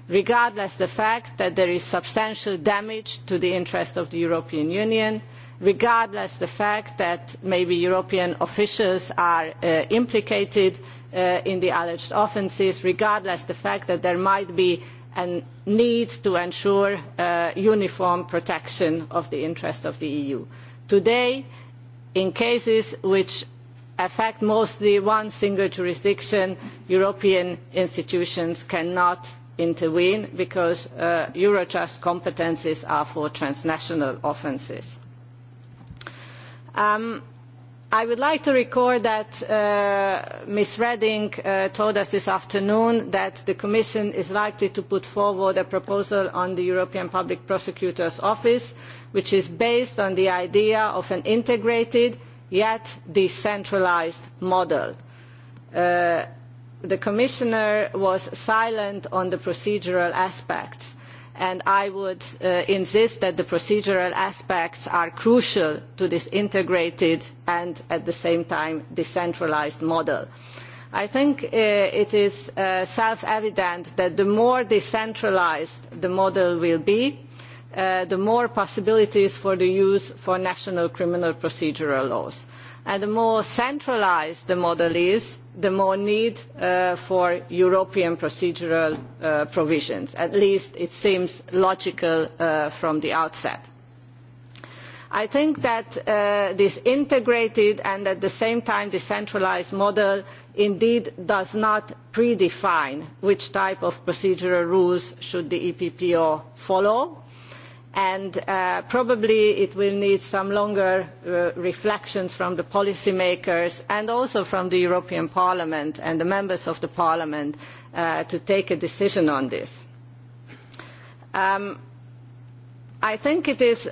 regardless the fact that there is substantial damage to the interest of the European Union, regardless the fact that maybe European officials are uh, implicated uh, in the alleged offences, regardless the fact that there might be a need to ensure uh, uniform protection of the interests of the EU. Today, in cases which affect mostly one single jurisdiction, European institutions cannot intervene because uh, Eurojust competencies are for transnational offences. Um, I would like to record that uh, Ms Reding uh, told us this afternoon that the Commission is likely to put forward a proposal on the European Public Prosecutor's Office, which is based on the idea of an integrated yet decentralised model. Uh, the commissioner was silent on the procedural aspects and i would uh, insist that the procedural aspects are crucial to this integrated and at the same time decentralised model. i think uh, it is uh, self evident that the more decentralised the model will be uh, the more possibilities for the use of national criminal procedural laws and the more centralised the model is the more need uh, for European procedural uh, provisions. At least it seems logical uh, from the outset. I think that uh, this integrated and at the same time decentralized model indeed does not predefine which type of procedural rules should the EPPO follow and uh, probably it will need some longer uh, reflections from the policymakers and also from the European Parliament and the members of the Parliament uh, to take a decision on this. Um, I think it is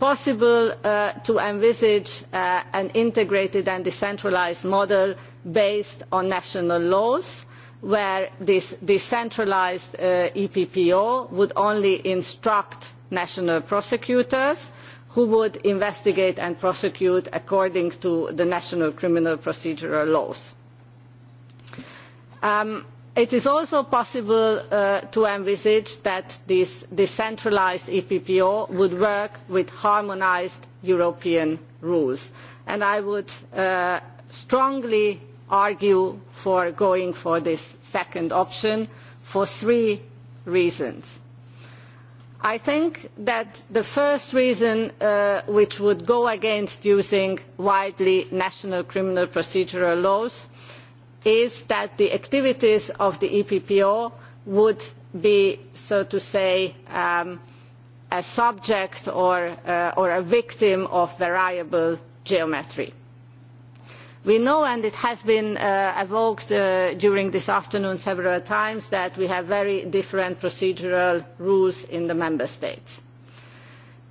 possible uh, to envisage uh, an integrated and decentralised model based on national laws where this decentralised uh, EPPO would only instruct national prosecutors who would investigate and prosecute according to the national criminal procedural laws. Um, it is also possible uh, to envisage that this decentralised eppo would work with harmonised european rules and i would uh, strongly argue for going for this second option for three reasons. I think that the first reason uh, which would go against using widely national criminal procedural laws is that the activities of the EPPO would be, so to say, um, a subject or, uh, or a victim of variable geometry. Uh, We know, and it has been uh, evoked uh, during this afternoon several times, that we have very different procedural rules in the member states.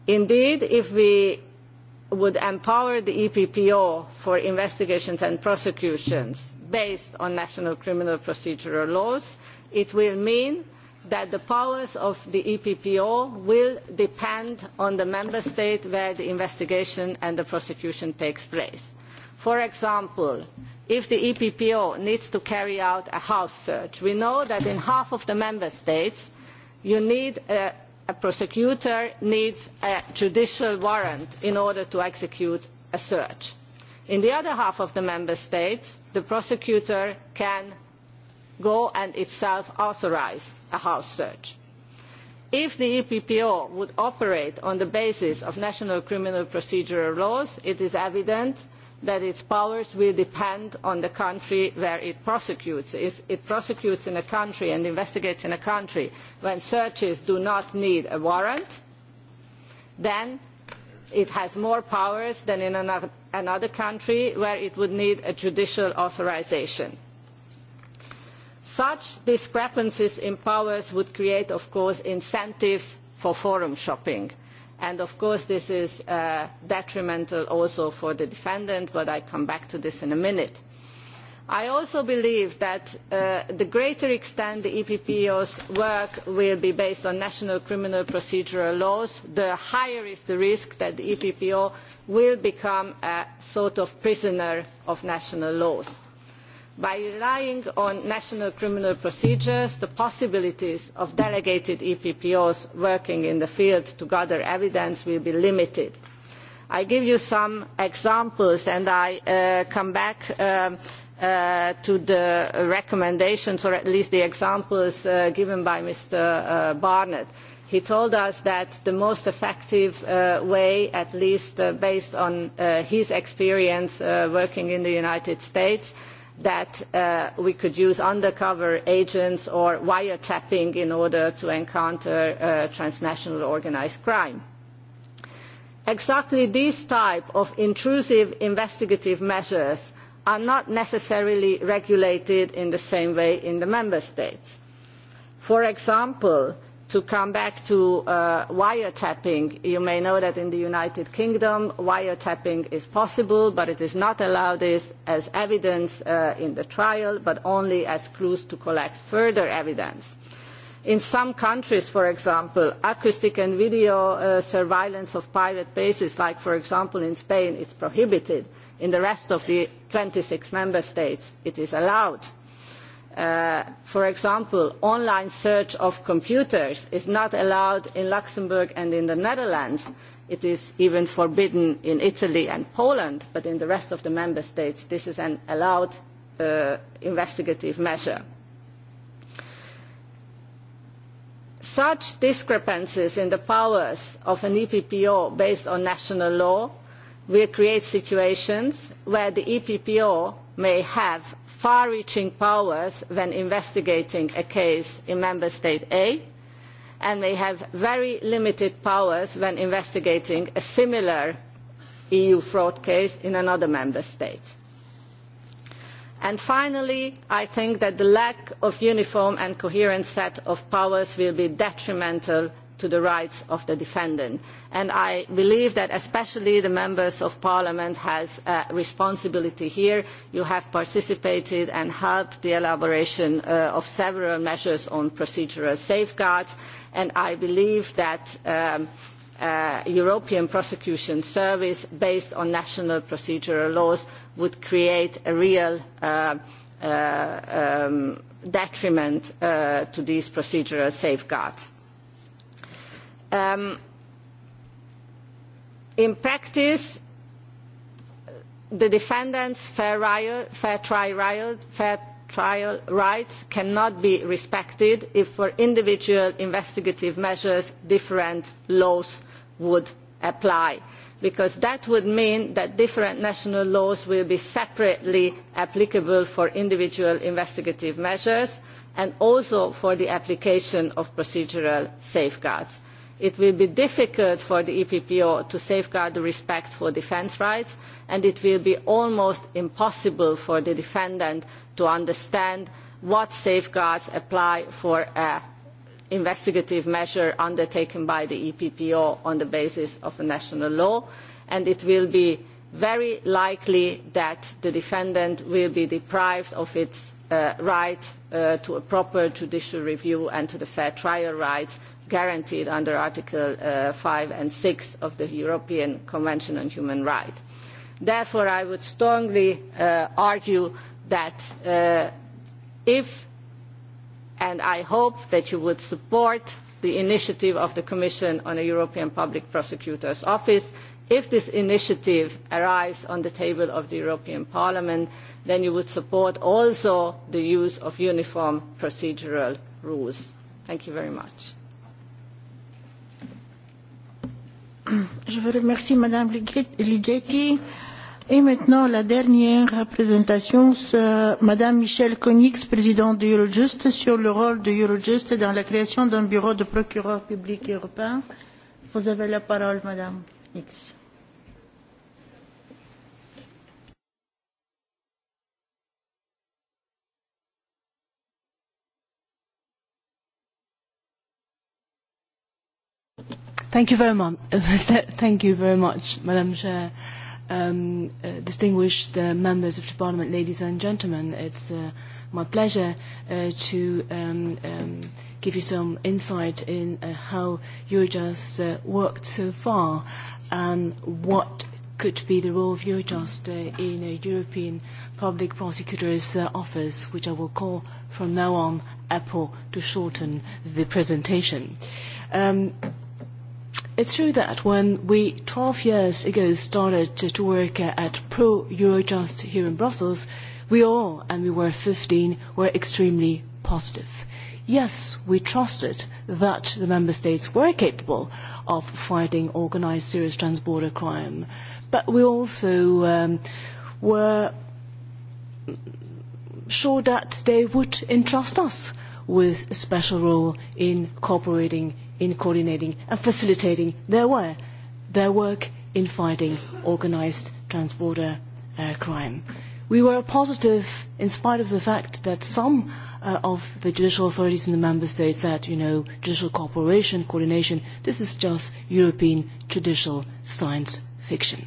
Indeed, if we would empower the EPPO for investigations and prosecutions based on national criminal procedural laws, it will mean that the powers of the EPPO will depend on the member state where the investigation and the prosecution takes place. For example, if the EPPO needs to carry out a house search, we know that in half of the member states, you need a, a prosecutor needs a judicial warrant in order to execute a search. In the other half of the member states, the prosecutor can go and itself authorize a house search. If the EPPO would operate on the basis of national criminal procedural laws, it is evident that its powers will depend on the country where it prosecutes. If it prosecutes in a country and investigates in a country when searches do not need a warrant, then it has more powers than in another, another country where it would need a judicial authorization. Such discrepancies in powers would create, of course, incentives for forum shopping. Uh, and of course this is uh, detrimental also for the defendant but i come back to this in a minute i also believe that uh, the greater extent the eppo's work will be based on national criminal procedural laws the higher is the risk that the eppo will become a sort of prisoner of national laws by relying on national criminal procedures, the possibilities of delegated EPPOs working in the field to gather evidence will be limited. I give you some examples and I uh, come back um, uh, to the recommendations or at least the examples uh, given by Mr. Uh, Barnett. He told us that the most effective uh, way, at least uh, based on uh, his experience uh, working in the United States, uh, that uh, we could use undercover agents or wiretapping in order to encounter uh, transnational organized crime. Exactly these type of intrusive investigative measures are not necessarily regulated in the same way in the member states. For example, to come back to uh, wiretapping, you may know that in the United Kingdom, wiretapping is possible, but it is not allowed as, as evidence uh, in the trial, but only as clues to collect further evidence. In some countries, for example, acoustic and video uh, surveillance of private bases, like for example in Spain, it's prohibited. In the rest of the 26 member states, it is allowed Uh, for example, online search of computers is not allowed in Luxembourg and in the Netherlands. It is even forbidden in Italy and Poland, but in the rest of the member states this is an allowed uh, investigative measure. Such discrepancies in the powers of an EPPO based on national law will create situations where the EPPO may have far-reaching powers when investigating a case in Member State A and may have very limited powers when investigating a similar EU fraud case in another Member State. And finally, I think that the lack of uniform and coherent set of powers will be detrimental to the rights of the defendant. And I believe that especially the members of parliament has a uh, responsibility here. You have participated and helped the elaboration uh, of several measures on procedural safeguards and I believe that um, uh, European prosecution service based on national procedural laws would create a real uh, uh, um, detriment uh, to these procedural safeguards. Um, in practice, the defendants' fair, riot, fair, trial, riot, fair trial rights cannot be respected if for individual investigative measures different laws would apply because that would mean that different national laws will be separately applicable for individual investigative measures and also for the application of procedural safeguards it will be difficult for the eppo to safeguard the respect for defence rights and it will be almost impossible for the defendant to understand what safeguards apply for an investigative measure undertaken by the eppo on the basis of national law and it will be very likely that the defendant will be deprived of its uh, right uh, to a proper judicial review and to the fair trial rights guaranteed under Article uh, 5 and 6 of the European Convention on Human Rights. Therefore, I would strongly uh, argue that uh, if, and I hope that you would support the initiative of the Commission on a European Public Prosecutor's Office, uh, if this initiative arrives on the table of the European Parliament, then you would support also the use of uniform procedural rules. Thank you very much. Je vous remercie, Madame Ligeti. Et maintenant, la dernière présentation, c'est euh, Madame Michelle Konix, présidente de Eurojust, sur le rôle de Eurojust dans la création d'un bureau de procureur public européen. Vous avez la parole, Madame X. Thank you very much. Thank you very much, Madam Chair. Um, uh, distinguished uh, members of the Parliament, ladies and gentlemen, it's uh, my pleasure uh, to um, um, give you some insight in uh, how Eurojust uh, worked so far and what could be the role of Eurojust uh, in a European Public Prosecutor's uh, Office, which I will call from now on EPPO to shorten the presentation. Um, It's true that when we 12 years ago started to, to work at Pro Eurojust here in Brussels, we all, and we were 15, were extremely positive. Yes, we trusted that the member states were capable of fighting organised serious transborder crime, but we also um, were sure that they would entrust us with a special role in cooperating in coordinating and facilitating their work, their work in fighting organized transborder uh, crime. We were positive in spite of the fact that some uh, of the judicial authorities in the member states said, you know, judicial cooperation, coordination, this is just European judicial science fiction.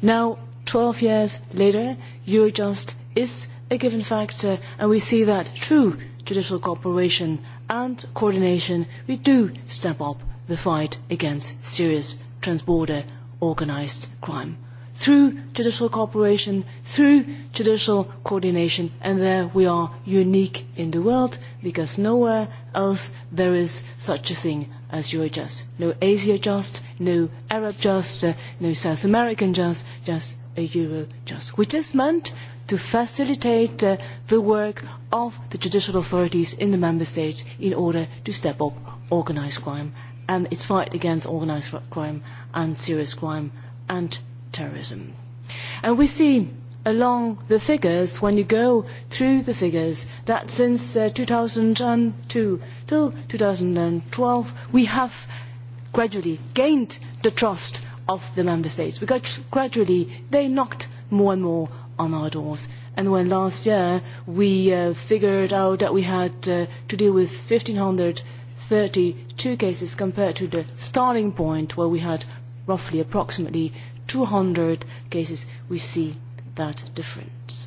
Now, 12 years later, Eurojust is a given factor, and we see that true judicial cooperation and coordination, we do step up the fight against serious transborder organized crime through judicial cooperation, through judicial coordination, and there we are unique in the world because nowhere else there is such a thing as Eurojust. No Asia just, no Arab just, uh, no South American just, just a Eurojust, which is meant to facilitate uh, the work of the judicial authorities in the member states in order to step up organised crime and its fight against organised crime and serious crime and terrorism. And we see along the figures, when you go through the figures, that since uh, 2002 till 2012, we have gradually gained the trust of the member states because gradually they knocked more and more on our doors. And when last year we uh, figured out that we had uh, to deal with 1,532 cases compared to the starting point where we had roughly approximately 200 cases, we see that difference.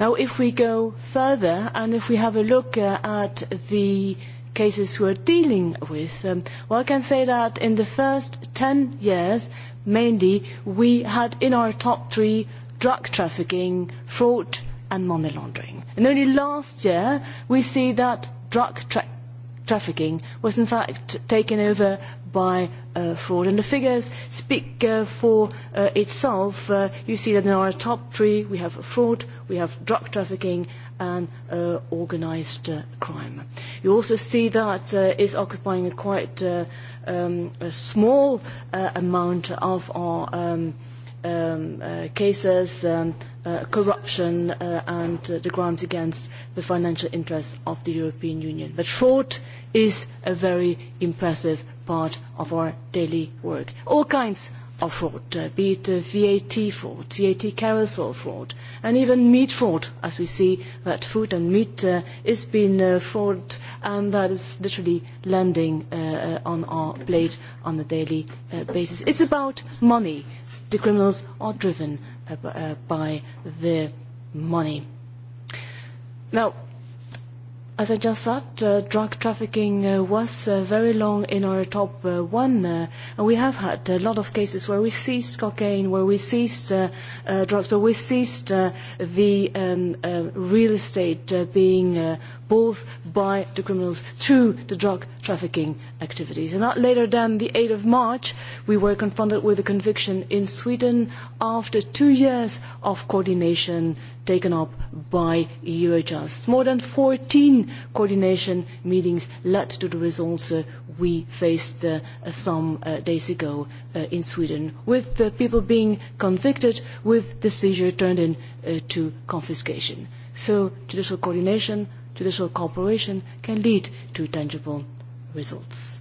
Now, if we go further and if we have a look uh, at the cases we're dealing with, um, well, I can say that in the first 10 years, mainly, we had in our top three drug trafficking, fraud and money laundering. And only last year we see that drug tra- trafficking was in fact taken over by uh, fraud. And the figures speak uh, for uh, itself. Uh, you see that in our top three we have fraud, we have drug trafficking and uh, organised uh, crime. You also see that uh, is occupying a quite uh, um, a small uh, amount of our um, uh, um, uh, cases, um, uh, corruption, uh, and uh, the crimes against the financial interests of the European Union. But fraud is a very impressive part of our daily work. All kinds of fraud, uh, be it uh, VAT fraud, VAT carousel fraud, and even meat fraud, as we see that food and meat uh, is being uh, fraud, and that is literally landing uh, uh on our plate on a daily uh, basis. It's about money the criminals are driven uh, uh, by their money. Now, As I just said, uh, drug trafficking uh, was uh, very long in our top uh, one, uh, and we have had a lot of cases where we seized cocaine, where we seized uh, uh, drugs, where we seized uh, the um, uh, real estate uh, being uh, bought by the criminals through the drug trafficking activities. And not later than the 8th of March, we were confronted with a conviction in Sweden after two years of coordination taken up by Eurojust. More than 14 coordination meetings led to the results uh, we faced uh, some uh, days ago uh, in Sweden, with uh, people being convicted with the seizure turned in uh, to confiscation. So judicial coordination, judicial cooperation can lead to tangible results.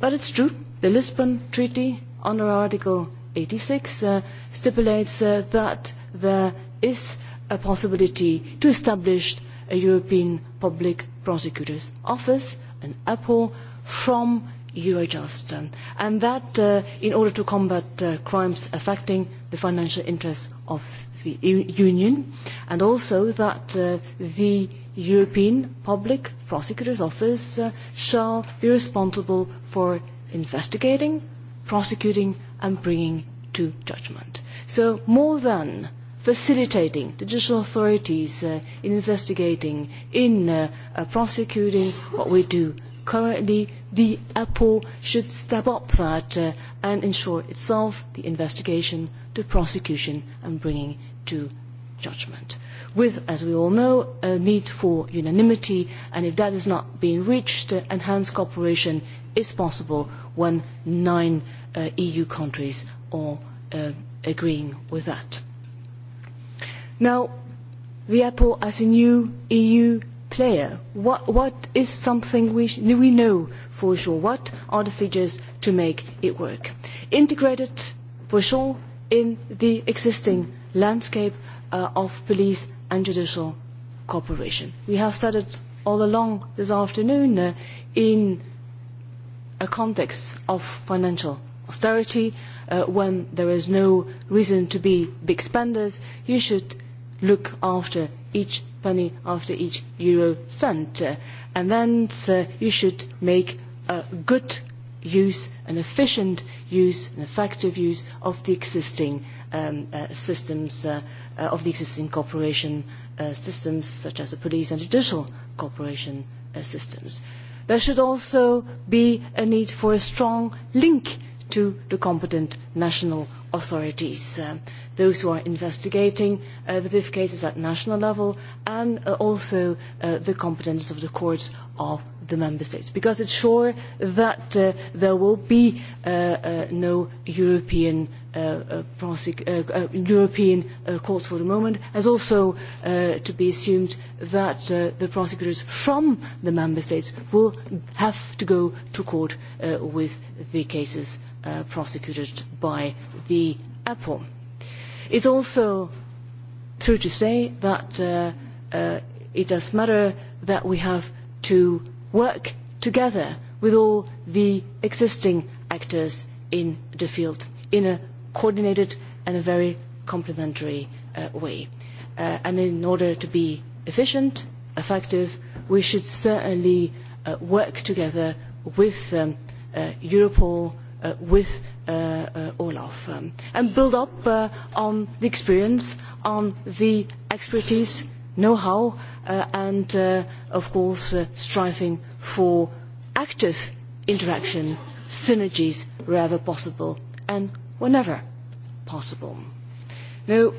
But it's true, the Lisbon Treaty under Article 86 uh, stipulates uh, that there is a possibility to establish a European Public Prosecutor's Office, an EPO, from Eurojust, and that uh, in order to combat uh, crimes affecting the financial interests of the U Union, and also that uh, the European Public Prosecutor's Office uh, shall be responsible for investigating, prosecuting, and bringing to judgment. So more than facilitating the judicial authorities uh, in investigating, in uh, uh, prosecuting what we do. Currently, the APO should step up that uh, and ensure itself the investigation, the prosecution, and bringing to judgment. With, as we all know, a need for unanimity, and if that is not being reached, uh, enhanced cooperation is possible when nine uh, EU countries are uh, agreeing with that. Now, WIAPO as a new EU player, what, what is something we, sh- we know for sure? What are the figures to make it work? Integrated for sure in the existing landscape uh, of police and judicial cooperation. We have said it all along this afternoon uh, in a context of financial austerity, uh, when there is no reason to be big spenders, you should look after each penny, after each euro cent. Uh, and then uh, you should make a good use, an efficient use, an effective use of the existing um, uh, systems, uh, uh, of the existing cooperation uh, systems, such as the police and judicial cooperation uh, systems. There should also be a need for a strong link to the competent national authorities. Uh, those who are investigating uh, the PIF cases at national level and uh, also uh, the competence of the courts of the member states because it's sure that uh, there will be uh, uh, no European uh, uh, prosec- uh, uh, European uh, court for the moment has also uh, to be assumed that uh, the prosecutors from the member states will have to go to court uh, with the cases uh, prosecuted by the Apple. It's also true to say that uh, uh, it does matter that we have to work together with all the existing actors in the field in a coordinated and a very complementary uh, way. Uh, and in order to be efficient, effective, we should certainly uh, work together with um, uh, Europol, uh, with uh, uh, Olaf um, and build up uh, on the experience, on the expertise, know-how uh, and uh, of course uh, striving for active interaction, synergies wherever possible and whenever possible. Now,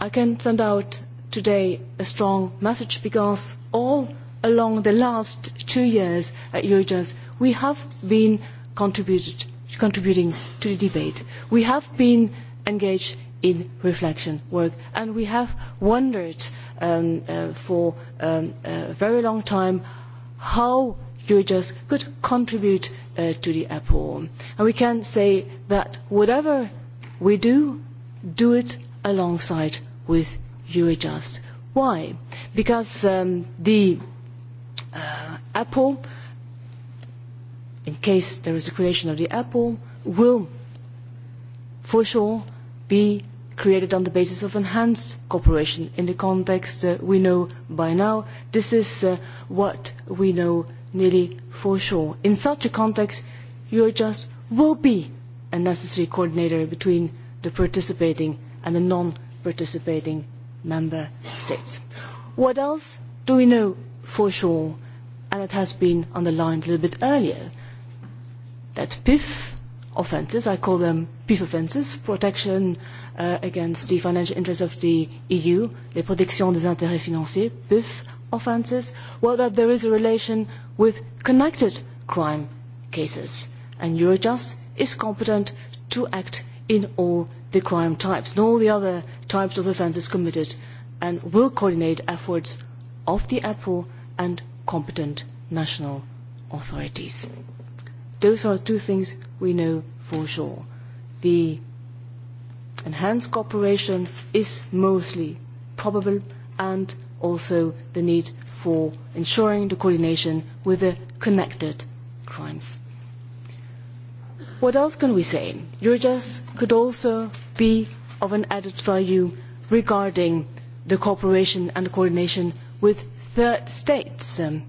I can send out today a strong message because all along the last two years at Eurojust we have been contributed contributing to the debate. We have been engaged in reflection work and we have wondered um, uh, for um, a very long time how Eurojust could contribute uh, to the apple. And we can say that whatever we do, do it alongside with Eurojust. Why? Because um, the uh, apple in case there is a creation of the apple, will for sure be created on the basis of enhanced cooperation in the context uh, we know by now. This is uh, what we know nearly for sure. In such a context, Eurojust will be a necessary coordinator between the participating and the non-participating member states. What else do we know for sure? And it has been underlined a little bit earlier that PIF offences, I call them PIF offences, protection uh, against the financial interests of the EU, les protections des intérêts financiers, PIF offences, well, that there is a relation with connected crime cases. And Eurojust is competent to act in all the crime types and all the other types of offences committed and will coordinate efforts of the EPO and competent national authorities. Those are two things we know for sure. The enhanced cooperation is mostly probable and also the need for ensuring the coordination with the connected crimes. What else can we say? Eurojust could also be of an added value regarding the cooperation and the coordination with third states. Um,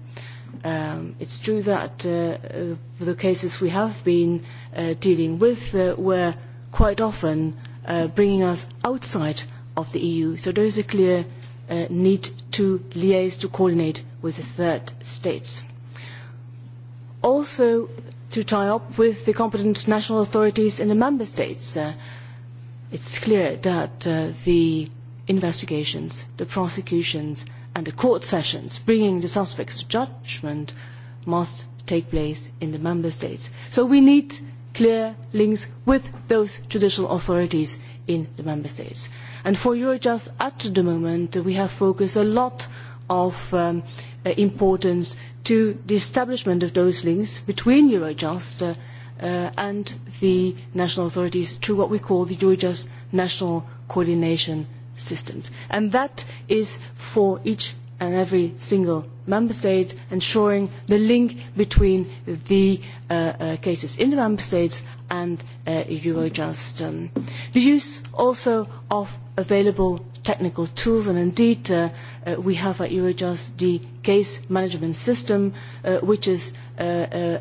Um, it's true that uh, uh, the cases we have been uh, dealing with uh, were quite often uh, bringing us outside of the EU. So there is a clear uh, need to liaise, to coordinate with the third states. Also, to tie up with the competent national authorities in the member states, uh, it's clear that uh, the investigations, the prosecutions, uh, and the court sessions bringing the suspects to judgment must take place in the member states. So we need clear links with those judicial authorities in the member states. And for Eurojust, at the moment, we have focused a lot of um, uh, importance to the establishment of those links between Eurojust uh, uh, and the national authorities through what we call the Eurojust National Coordination systems. And that is for each and every single member state, ensuring the link between the uh, uh, cases in the member states and uh, Eurojust. Um, the use also of available technical tools, and indeed uh, uh, we have at Eurojust the case management system, uh, which is uh, uh,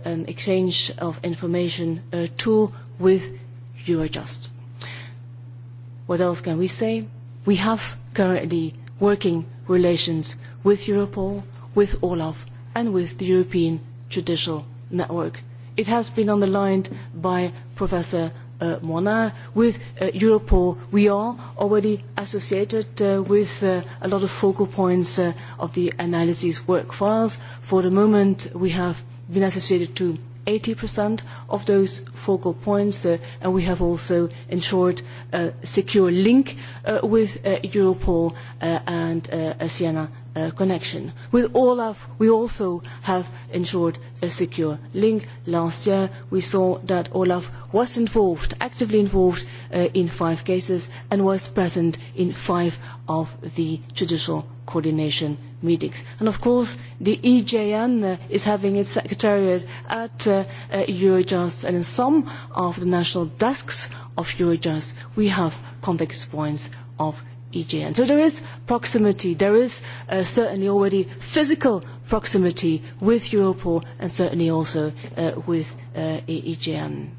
an exchange of information uh, tool with Eurojust. What else can we say? We have currently working relations with Europol, with Olaf, and with the European Judicial Network. It has been underlined by Professor uh, Monin. With uh, Europol, we are already associated uh, with uh, a lot of focal points uh, of the analysis work files. For the moment, we have been associated to 80% of those focal points, uh, and we have also ensured a secure link uh, with uh, Europol uh, and uh, a Siena uh, connection. With Olaf, we also have ensured a secure link. Last year, we saw that Olaf was involved, actively involved, uh, in five cases and was present in five of the judicial coordination meetings. And of course, the EJN uh, is having its secretariat at uh, uh, Eurojust, and in some of the national desks of Eurojust, we have contact points of EJN. So there is proximity. There is uh, certainly already physical proximity with Europol and certainly also uh, with uh, EJN.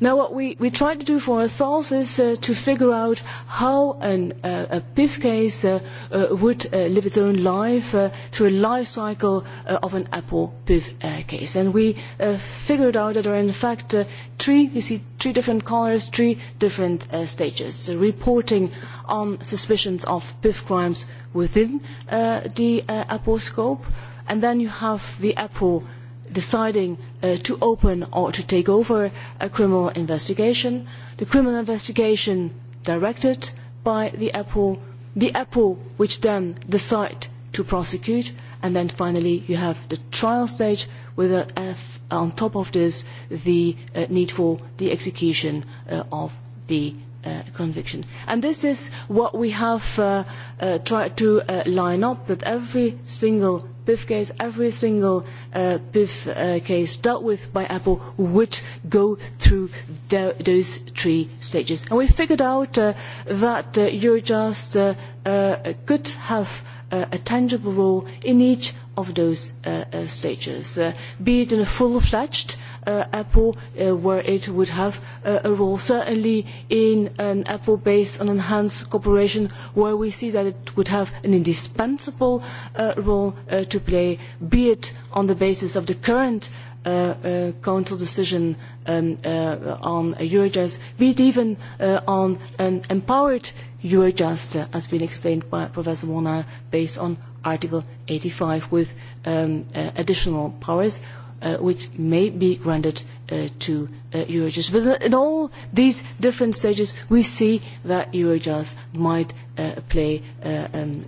Now, what we, we try to do for ourselves is uh, to figure out how an, uh, a PIF case uh, uh, would uh, live its own life uh, through a life cycle uh, of an Apple PIF uh, case. And we uh, figured out that there are, in fact, uh, three, you see, three different colors, three different uh, stages. Uh, reporting on suspicions of PIF crimes within uh, the uh, Apple scope, and then you have the Apple deciding uh, to open or to take over a criminal investigation. The criminal investigation directed by the Apple, the Apple which then decide to prosecute, and then finally you have the trial stage with a, F, on top of this the uh, need for the execution uh, of the uh, conviction. And this is what we have uh, uh, tried to uh, line up, that every single PIF case, every single uh, PIF uh, case dealt with by Apple would go through the, those three stages. And we figured out uh, that uh, Eurojust uh, uh, could have uh, a tangible role in each of those uh, uh, stages, uh, be it in a full-fledged uh, uh, Apple, uh, where it would have uh, a role, certainly in an Apple based on enhanced cooperation, where we see that it would have an indispensable uh, role uh, to play, be it on the basis of the current uh, uh, council decision um, uh, on uh, Eurojust, be it even uh, on an empowered Eurojust, uh, as been explained by Professor Warner, based on Article 85 with um, uh, additional powers, uh, which may be granted uh, to uh, Eurojust. But in all these different stages, we see that Eurojust might uh, play uh, um,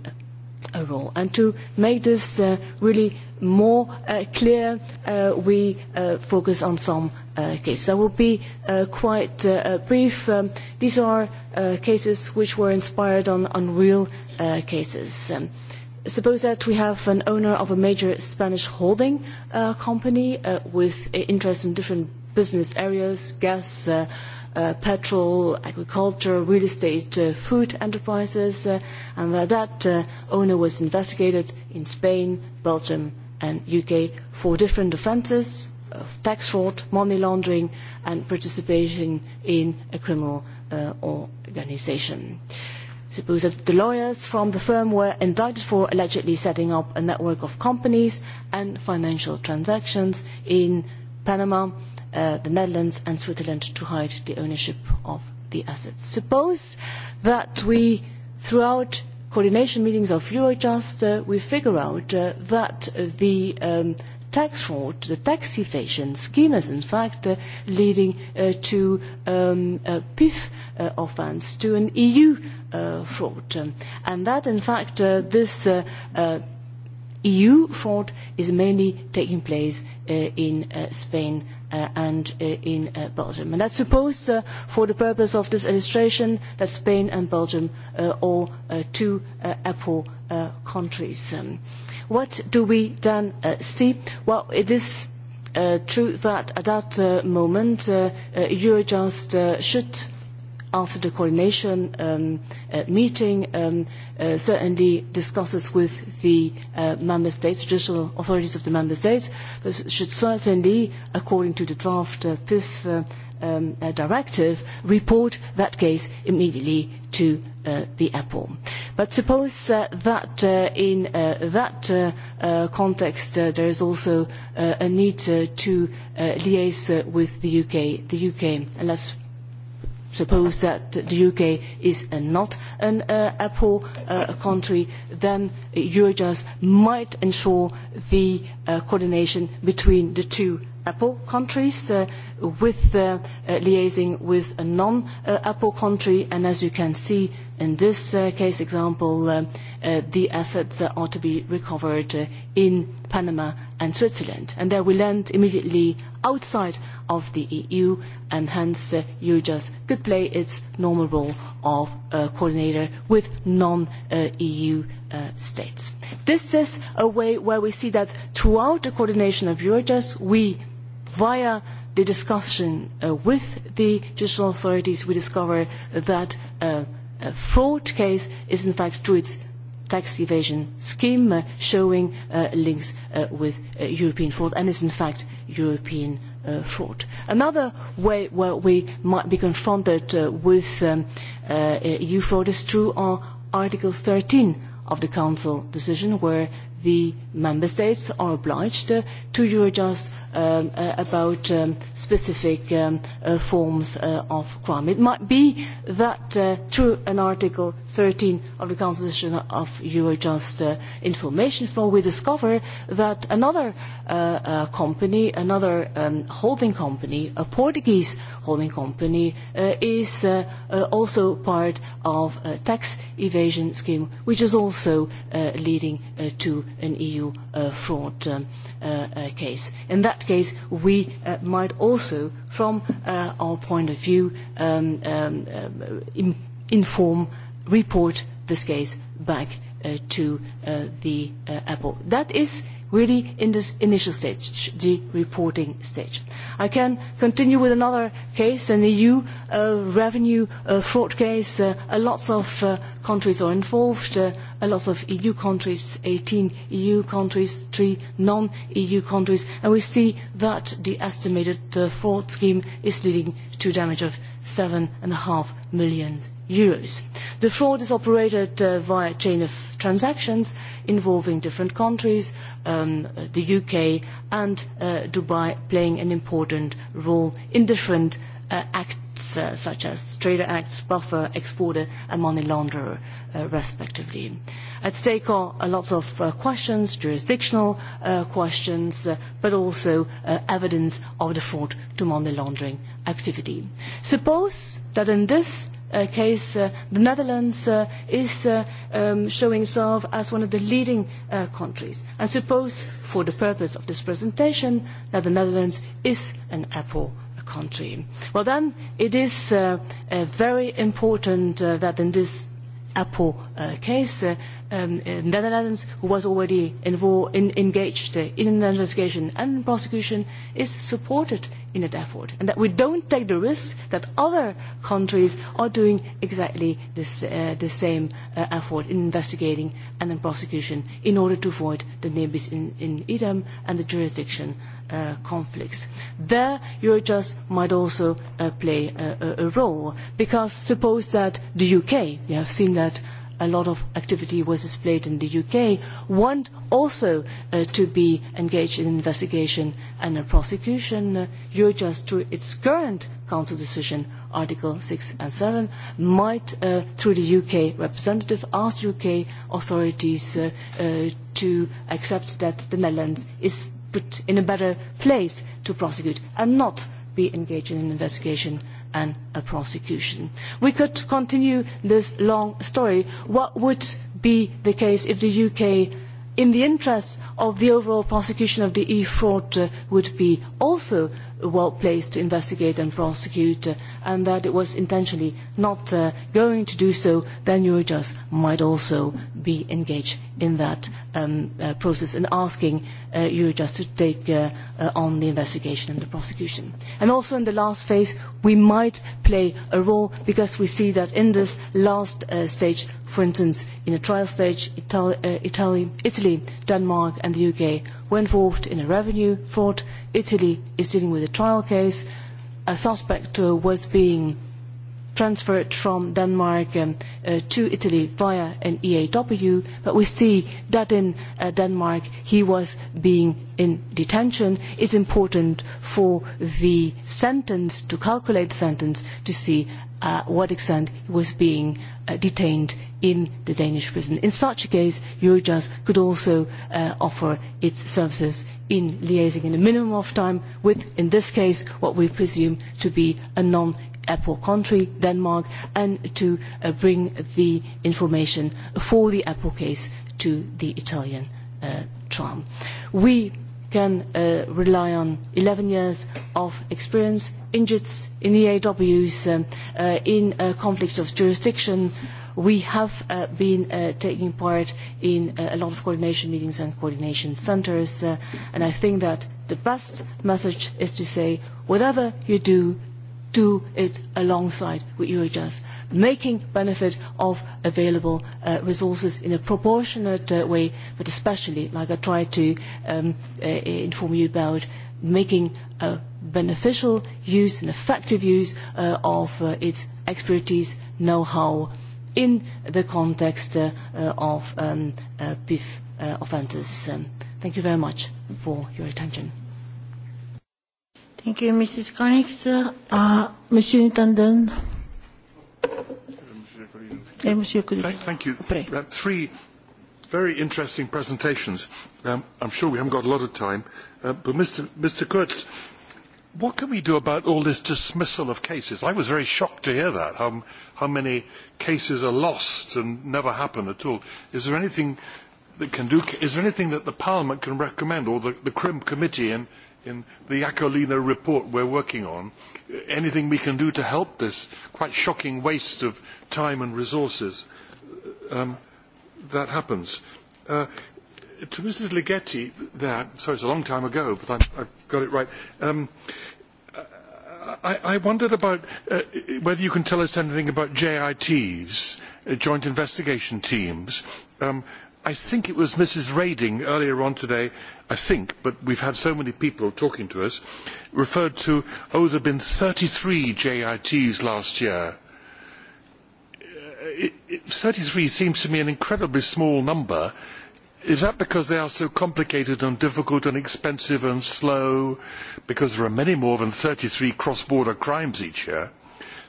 a role. And to make this uh, really more uh, clear, uh, we uh, focus on some uh, cases. I will be uh, quite uh, uh brief. Um, these are uh, cases which were inspired on, on real uh, cases. Um, uh, suppose that we have an owner of a major Spanish holding uh, company uh, with uh, interest in different business areas, gas, uh, uh, petrol, agriculture, real estate, uh, food enterprises, uh, and that, that uh, owner was investigated in Spain, Belgium, and UK for different offences of tax fraud, money laundering, and participation in a criminal uh, organization. Uh, Suppose that the lawyers from the firm were indicted for allegedly setting up a network of companies and financial transactions in Panama, uh, the Netherlands and Switzerland to hide the ownership of the assets. Suppose that we, throughout coordination meetings of Eurojust, uh, we figure out uh, that the um, tax fraud, the tax evasion scheme is in fact uh, leading uh, to um, a PIF uh, offence, to an EU uh, fraud. And that, in fact, uh, this uh, uh, EU fraud is mainly taking place uh, in uh, Spain uh, and uh, in uh, Belgium. And that's supposed, uh, for the purpose of this illustration, that Spain and Belgium uh, are uh, two uh, Apple uh, countries. Um, what do we then uh, see? Well, it is uh, true that at that uh, moment, uh, uh, Eurojust uh, should after the coordination um, uh, meeting um, uh, certainly discusses with the uh, member states, judicial authorities of the member states, but should certainly, according to the draft uh, PIF uh, um, uh, directive, report that case immediately to uh, the Apple. But suppose uh, that uh, in uh, that uh, uh, context uh, there is also uh, a need uh, to uh, liaise uh, with the UK, the UK, and let's suppose that the UK is uh, not an uh, Apple uh, country, then Eurojust might ensure the uh, coordination between the two Apple countries uh, with uh, uh, liaising with a non-Apple uh, country. And as you can see in this uh, case example, uh, uh, the assets uh, are to be recovered uh, in Panama and Switzerland. And there we land immediately outside of the EU, and hence uh, EUJust could play its normal role of uh, coordinator with non-EU uh, uh, states. This is a way where we see that throughout the coordination of Eurojust, we, via the discussion uh, with the judicial authorities, we discover that uh, a uh, fraud case is in fact through its tax evasion scheme uh, showing uh, links uh, with uh, European fraud and is in fact European uh, fraud. Another way where we might be confronted uh, with um, uh, EU fraud is through our Article 13 of the Council decision, where the member states are obliged uh, to Eurojust um, uh, about um, specific um, uh, forms uh, of crime. It might be that uh, through an Article 13 of the Council Decision of Eurojust uh, information flow, we discover that another uh, uh, company, another um, holding company, a Portuguese holding company, uh, is uh, uh, also part of a tax evasion scheme, which is also uh, leading uh, to an EU uh, fraud um, uh, uh, case. In that case, we uh, might also, from uh, our point of view, um, um, uh, in, inform, report this case back uh, to uh, the uh, Apple. That is really in this initial stage, the reporting stage. I can continue with another case, an EU uh, revenue uh, fraud case. Uh, lots of uh, countries are involved. Uh, a lot of EU countries, 18 EU countries, three non-EU countries, and we see that the estimated uh, fraud scheme is leading to damage of 7.5 million euros. The fraud is operated uh, via chain of transactions involving different countries, um, the UK and uh, Dubai playing an important role in different uh, uh, acts uh, such as trader acts, buffer, exporter, and money launderer, uh, respectively. At stake are uh, lots of uh, questions, jurisdictional uh, questions, uh, but also uh, evidence of the fraud to money laundering activity. Suppose that in this uh, case, uh, the Netherlands uh, is uh, um, showing itself as one of the leading uh, countries. And suppose, for the purpose of this presentation, that the Netherlands is an Apple country. Well then, it is uh, uh, very important uh, that in this Apple uh, case, uh, um, in uh, Netherlands, who was already involved, in, engaged uh, in an investigation and prosecution, is supported in that effort, and that we don't take the risk that other countries are doing exactly this, uh, the same uh, effort in investigating and in prosecution in order to avoid the nibis in, in idem and the jurisdiction uh, conflicts. There, Eurojust might also uh, play a, a role, because suppose that the UK, you have seen that a lot of activity was displayed in the UK, want also uh, to be engaged in investigation and a prosecution. Uh, Eurojust, through its current Council decision, Article 6 and 7, might, uh, through the UK representative, ask UK authorities uh, uh, to accept that the Netherlands is put in a better place to prosecute and not be engaged in an investigation and a prosecution. We could continue this long story. What would be the case if the UK, in the interests of the overall prosecution of the e-fraud, uh, would be also well placed to investigate and prosecute uh, and that it was intentionally not uh, going to do so, then Eurojust might also be engaged in that um, uh, process and asking uh, Eurojust to take uh, uh, on the investigation and the prosecution. And also in the last phase, we might play a role because we see that in this last uh, stage, for instance, in a trial stage, Itali uh, Italy, Italy, Denmark and the UK were involved in a revenue fraud. Italy is dealing with a trial case. Uh, a suspect uh, was being transferred from Denmark um, uh, to Italy via an EAW, but we see that in uh, Denmark he was being in detention. It's important for the sentence, to calculate the sentence, to see uh, what extent he was being uh, detained in the Danish prison. In such a case, Eurojust could also uh, offer its services in liaising in a minimum of time with, in this case, what we presume to be a non Apple country, Denmark, and to uh, bring the information for the Apple case to the Italian uh, trial. We can uh, rely on 11 years of experience in JITs, in EAWs, um, uh, in uh, conflicts of jurisdiction. We have uh, been uh, taking part in uh, a lot of coordination meetings and coordination centres, uh, and I think that the best message is to say, whatever you do, do it alongside with UHS e making benefit of available uh, resources in a proportionate uh, way, but especially, like I tried to um, uh, inform you about, making a beneficial use and effective use uh, of uh, its expertise, know-how, in the context uh, uh, of um, uh, PIF uh, offences. Um, thank you very much for your attention. Thank you, Mrs. Koenigs. Uh, Monsieur Nintendon. Thank you. Uh, three very interesting presentations. Um, I'm sure we haven't got a lot of time, uh, but Mr. Mr. Kurtz, what can we do about all this dismissal of cases? I was very shocked to hear that, how, how many cases are lost and never happen at all. Is there anything that can do, is there anything that the Parliament can recommend, or the, the CRIM committee in, in the Acolina report we're working on, uh, anything we can do to help this quite shocking waste of time and resources um, that happens. Uh, to Mrs. Ligeti, there, sorry, it's a long time ago, but I'm, I've got it right. Um, I, I wondered about uh, whether you can tell us anything about JITs, uh, Joint Investigation Teams. Um, I think it was Mrs. Rading earlier on today I think, but we've had so many people talking to us, referred to, oh, there have been 33 JITs last year. Uh, it, it, 33 seems to me an incredibly small number. Is that because they are so complicated and difficult and expensive and slow? Because there are many more than 33 cross-border crimes each year.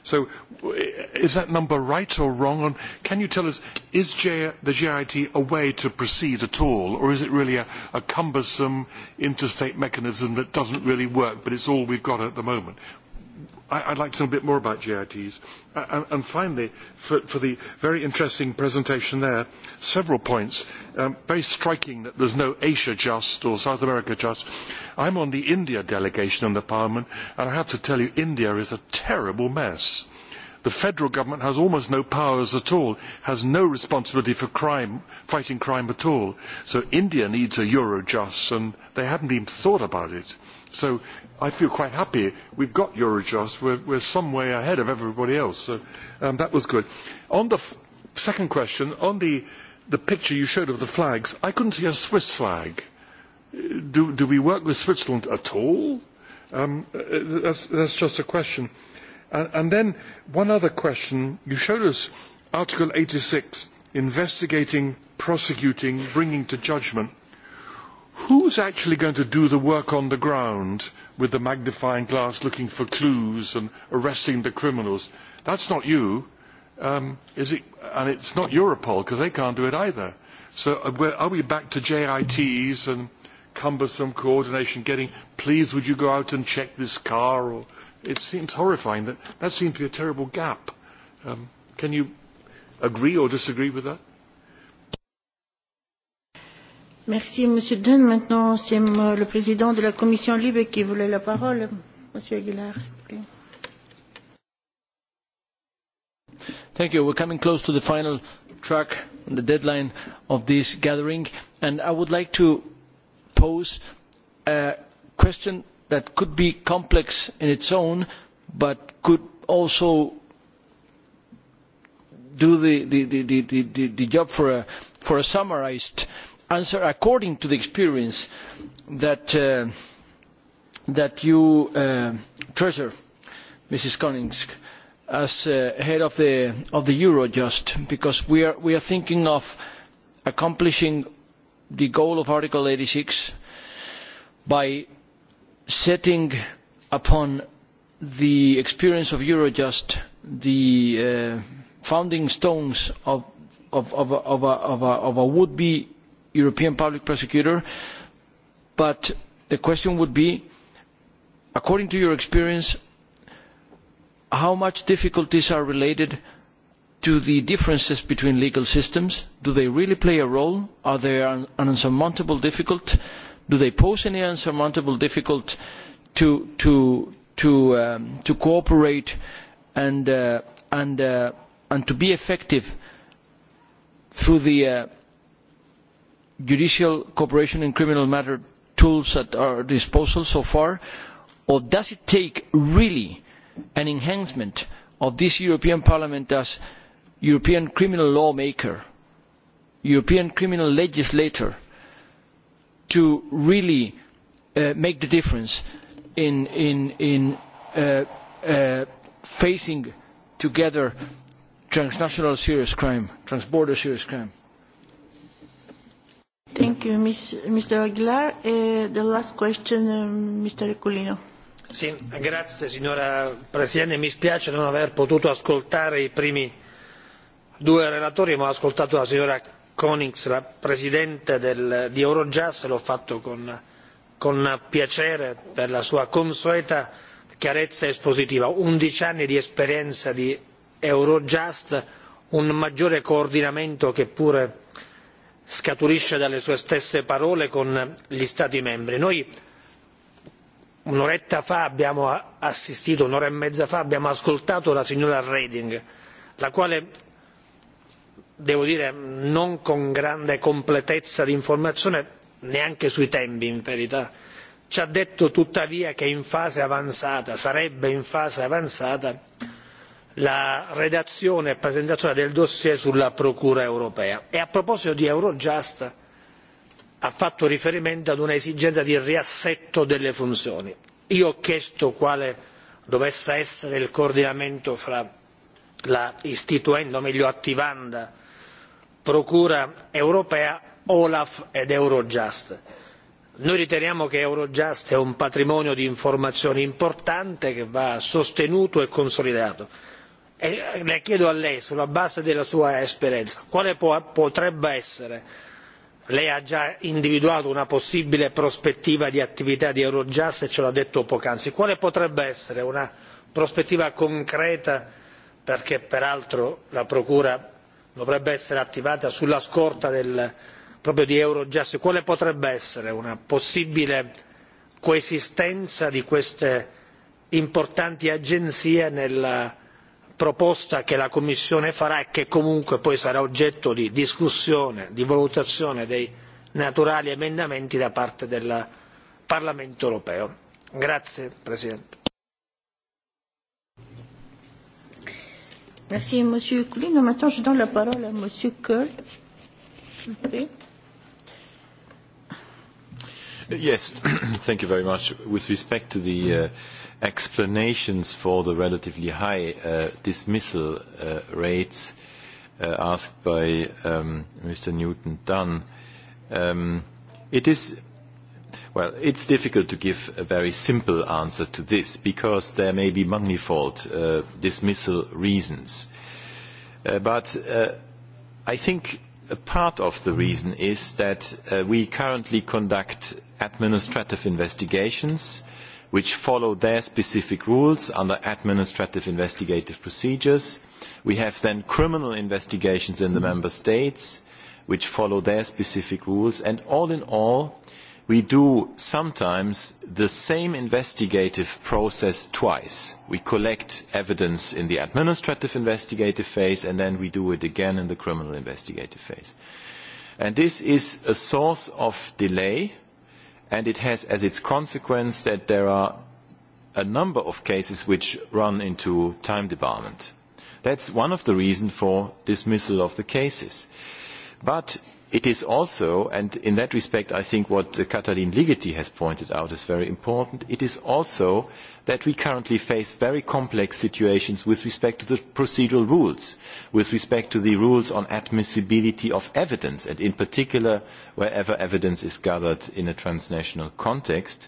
So is that number right or wrong? And can you tell us, is J, the GIT a way to proceed at all, or is it really a, a cumbersome interstate mechanism that doesn't really work, but it's all we've got at the moment? I, I'd like to know a bit more about GITs. Uh, and, and finally, for, for the very interesting presentation there, several points. Um, very striking that there's no Asia Just or South America Just. I'm on the India delegation in the Parliament, and I have to tell you, India is a terrible mess. The federal government has almost no powers at all, has no responsibility for crime, fighting crime at all. So India needs a Eurojust, and they haven't even thought about it. So I feel quite happy we've got Eurojust. We're, we're some way ahead of everybody else. So um, that was good. On the f- second question, on the, the picture you showed of the flags, I couldn't see a Swiss flag. Do, do we work with Switzerland at all? Um, uh, uh, that's, that's just a question. And, and then one other question. You showed us Article 86, investigating, prosecuting, bringing to judgment who's actually going to do the work on the ground with the magnifying glass looking for clues and arresting the criminals? That's not you. Um, is it, and it's not Europol because they can't do it either. So uh, are we back to JITs and cumbersome coordination getting, please would you go out and check this car? Or, it seems horrifying. That, that seems to be a terrible gap. Um, can you agree or disagree with that? Merci, Monsieur Dunn. Maintenant, c'est euh, le président de la commission libre qui voulait la parole. Monsieur Aguilar, s'il vous plaît. Thank you. We're coming close to the final track, the deadline of this gathering, and I would like to pose a question that could be complex in its own, but could also do the, the, the, the, the, the job for a, for a summarized uh, answer according to the experience that, uh, that you uh, treasure, Mrs. Koningsk, as uh, head of the, of the Eurojust, because we are, we are thinking of accomplishing the goal of Article 86 by setting upon the experience of Eurojust the uh, founding stones of, of, of a, of a, of a, of a would-be European Public Prosecutor, but the question would be, according to your experience, how much difficulties are related to the differences between legal systems? Do they really play a role? Are they an unsurmountable difficult? Do they pose any unsurmountable difficult to, to, to, um, to cooperate and, uh, and, uh, and to be effective through the uh, judicial cooperation in criminal matter tools at our disposal so far? Or does it take really an enhancement of this European Parliament as European criminal lawmaker, European criminal legislator, to really uh, make the difference in, in, in uh, uh, facing together transnational serious crime, transborder serious crime? Thank you, Ms. Mr. Aguilar. Eh, the last question, uh, um, Mr. Eculino. Sì, grazie signora Presidente, mi spiace non aver potuto ascoltare i primi due relatori, ma ho ascoltato la signora Konings, la Presidente del, di Eurojust, e l'ho fatto con, con piacere per la sua consueta chiarezza espositiva. 11 anni di esperienza di Eurojust, un maggiore coordinamento che pure scaturisce dalle sue stesse parole con gli stati membri. noi un'oretta fa abbiamo assistito un'ora e mezza fa abbiamo ascoltato la signora reding la quale devo dire non con grande completezza di informazione neanche sui tempi in verità ci ha detto tuttavia che in fase avanzata sarebbe in fase avanzata la redazione e presentazione del dossier sulla procura europea e a proposito di eurojust ha fatto riferimento ad un'esigenza di riassetto delle funzioni. io ho chiesto quale dovesse essere il coordinamento fra la istituenda o meglio attivanda procura europea olaf ed eurojust. noi riteniamo che eurojust è un patrimonio di informazioni importante che va sostenuto e consolidato e eh, le chiedo a lei sulla base della sua esperienza quale può, potrebbe essere lei ha già individuato una possibile prospettiva di attività di eurojust e ce l'ha detto poc'anzi quale potrebbe essere una prospettiva concreta perché peraltro la procura dovrebbe essere attivata sulla scorta del, proprio di eurojust quale potrebbe essere una possibile coesistenza di queste importanti agenzie nella proposta che la Commissione farà e che comunque poi sarà oggetto di discussione, di valutazione dei naturali emendamenti da parte del Parlamento europeo. Grazie Presidente. Merci Monsieur Coulin. Maintenant, je donne la parole à Monsieur Kerr. Okay. Yes, thank you very much. With respect to the uh, explanations for the relatively high uh, dismissal uh, rates uh, asked by um, Mr. Newton Dunn. Um, it is, well, it's difficult to give a very simple answer to this because there may be manifold uh, dismissal reasons. Uh, but uh, I think a part of the reason is that uh, we currently conduct administrative investigations uh, which follow their specific rules under administrative investigative procedures. We have then criminal investigations in the mm-hmm. member states which follow their specific rules and all in all we do sometimes the same investigative process twice. We collect evidence in the administrative investigative phase and then we do it again in the criminal investigative phase. And this is a source of delay and it has as its consequence that there are a number of cases which run into time debarment. That's one of the reasons for dismissal of the cases. But It is also, and in that respect, I think what uh, Katalin Ligeti has pointed out is very important, it is also that we currently face very complex situations with respect to the procedural rules, with respect to the rules on admissibility of evidence, and in particular, wherever evidence is gathered in a transnational context.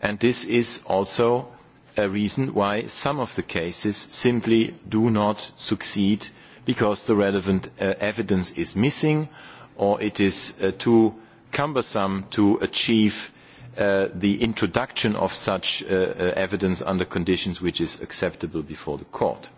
And this is also a reason why some of the cases simply do not succeed because the relevant uh, evidence is missing or it is uh, too cumbersome to achieve uh, the introduction of such uh, uh, evidence under conditions which is acceptable before the court.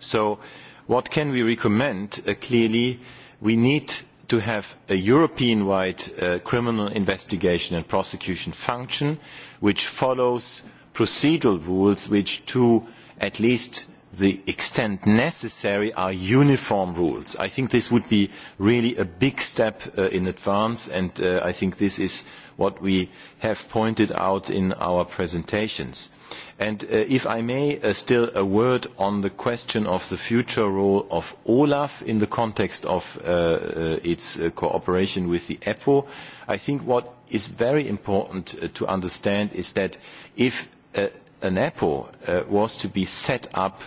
So what can we recommend? Uh, clearly, we need to have a European-wide uh, criminal investigation and prosecution function which follows procedural rules which to at least the extent necessary are uniform rules. I think this would be really a big step uh, in advance and uh, I think this is what we have pointed out in our presentations. And uh, if I may, uh, still a word on the question of the future role of OLAF in the context of uh, uh, its uh, cooperation with the EPO. I think what is very important uh, to understand is that if uh, an EPO uh, was to be set up uh,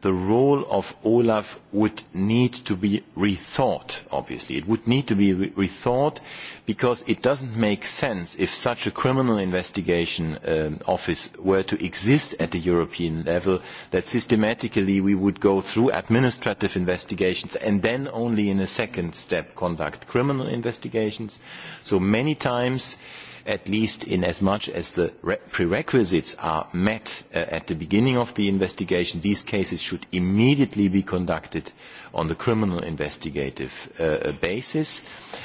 the role of Olaf would need to be rethought, obviously. It would need to be re rethought because it doesn't make sense if such a criminal investigation um, office were to exist at the European level that systematically we would go through administrative investigations and then only in a second step conduct criminal investigations. So many times uh, at least in as much as the re- prerequisites are met uh, at the beginning of the investigation, these cases should immediately be conducted on the criminal investigative uh, basis.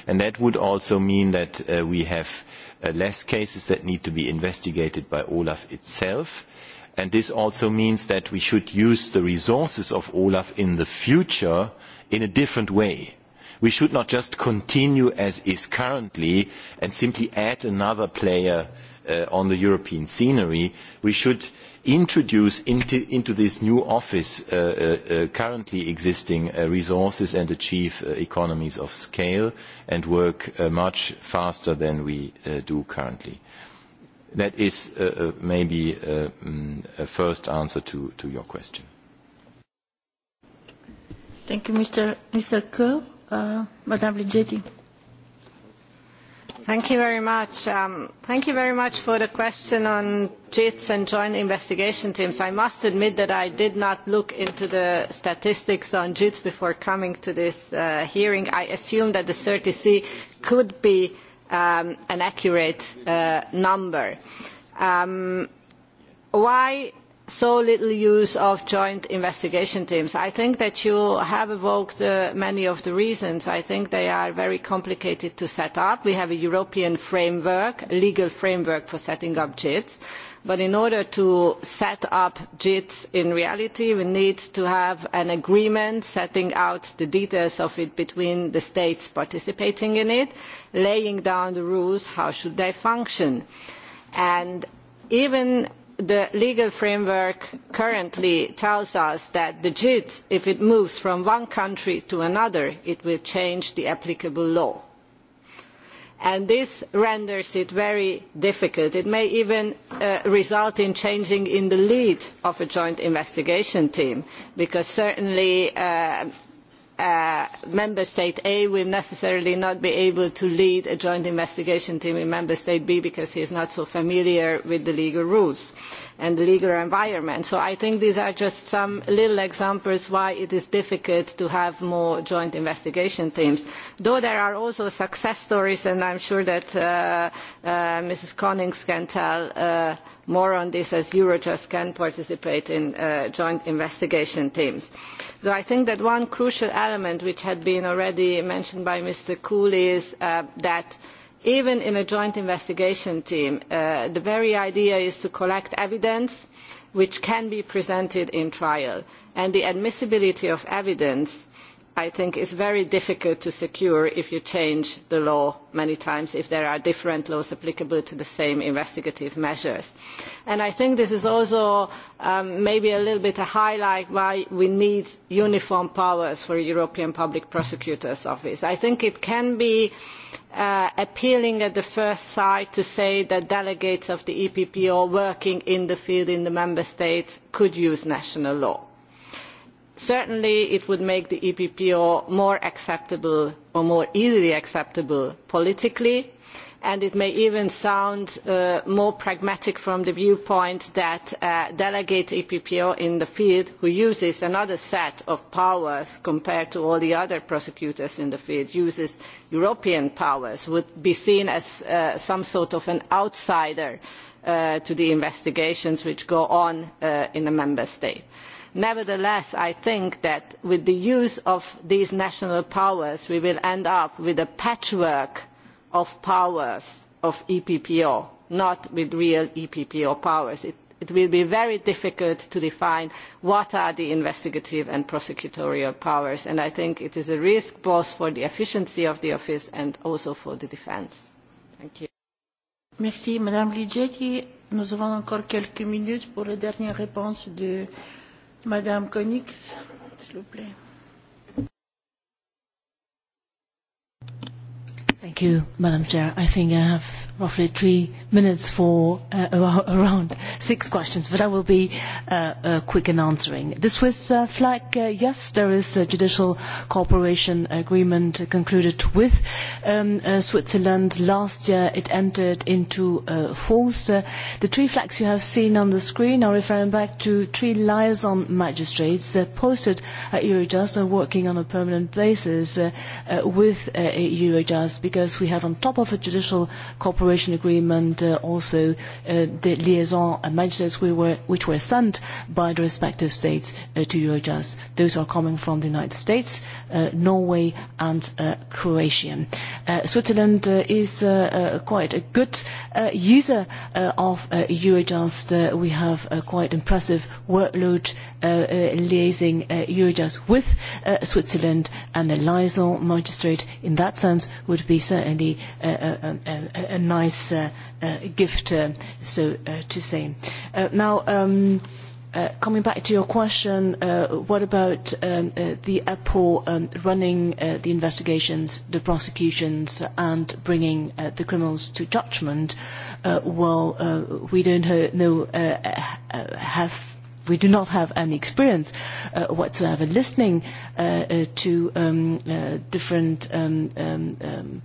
And that would also mean that uh, we have uh, less cases that need to be investigated by Olaf itself. And this also means that we should use the resources of Olaf in the future in a different way we should not just continue as is currently and simply add another player uh, on the European scenery. We should introduce into, into this new office uh, uh, uh currently existing uh, resources and achieve uh, economies of scale and work uh, much faster than we uh, do currently. That is uh, uh, maybe uh, um, a first answer to, to your question. Thank you, Mr. Mr. Kerr. Uh, Madame Ligeti. Thank you very much. Um, thank you very much for the question on JITs and joint investigation teams. I must admit that I did not look into the statistics on JITs before coming to this uh, hearing. I assume that the CERTC e could be um, an accurate uh, number. Um, why so little use of joint investigation teams. I think that you have evoked uh, many of the reasons. I think they are very complicated to set up. We have a European framework, legal framework for setting up JITs. But in order to set up JITs in reality, we need to have an agreement setting out the details of it between the states participating in it, laying down the rules, how should they function. And even the legal framework currently tells us that the jit if it moves from one country to another it will change the applicable law and this renders it very difficult. it may even uh, result in changing in the lead of a joint investigation team because certainly uh, uh, member state A will necessarily not be able to lead a joint investigation team in member state B because he is not so familiar with the legal rules. Uh, and the legal environment. So I think these are just some little examples why it is difficult to have more joint investigation teams. Though there are also success stories, and I'm sure that uh, uh, Mrs. Connings can tell uh, more on this as Eurojust can participate in uh, joint investigation teams. Though I think that one crucial element which had been already mentioned by Mr. Cooley is uh, that uh, even in a joint investigation team, uh, the very idea is to collect evidence which can be presented in trial. And the admissibility of evidence, I think, is very difficult to secure if you change the law many times, if there are different laws applicable to the same investigative measures. And I think this is also um, maybe a little bit a highlight why we need uniform powers for European Public Prosecutor's Office. I think it can be uh, appealing at the first sight to say that delegates of the EPPO working in the field in the member states could use national law. Certainly it would make the EPPO more acceptable or more easily acceptable politically and it may even sound uh, more pragmatic from the viewpoint that uh, delegate EPPO in the field, who uses another set of powers compared to all the other prosecutors in the field, uses European powers, would be seen as uh, some sort of an outsider uh, to the investigations which go on uh, in a member state nevertheless i think that with the use of these national powers we will end up with a patchwork of powers of EPPO, not with real EPPO powers. It, it will be very difficult to define what are the investigative and prosecutorial powers, and I think it is a risk both for the efficiency of the office and also for the defense. Thank you. Merci, Madame Ligeti. Nous avons encore quelques minutes pour la dernière réponse de Madame Konix, s'il vous plaît. Thank you, Madam Chair. I think I have roughly three minutes for uh, around six questions, but I will be uh, uh, quick in answering. The Swiss uh, flag, uh, yes, there is a judicial cooperation agreement concluded with um, uh, Switzerland. Last year it entered into uh, force. Uh, the three flags you have seen on the screen are referring back to three liaison magistrates uh, posted at Eurojust and working on a permanent basis uh, uh, with uh, Eurojust because we have on top of a judicial cooperation agreement uh, also uh, the liaison magistrates we were, which were sent by the respective states uh, to Eurojust. Those are coming from the United States, uh, Norway and uh, Croatia. Uh, Switzerland uh, is uh, uh, quite a good uh, user uh, of uh, Eurojust. Uh, we have a quite impressive workload uh, uh, liaising uh, Eurojust with uh, Switzerland and a liaison magistrate in that sense would be certainly a, a, a, a nice uh, uh, gift, uh, so uh, to say. Uh, now, um, uh, coming back to your question, uh, what about um, uh, the EPO um, running uh, the investigations, the prosecutions, and bringing uh, the criminals to judgment? Uh, well, uh, we don't know, uh, uh, have we do not have any experience uh, whatsoever listening uh, uh, to um, uh, different um, um, um,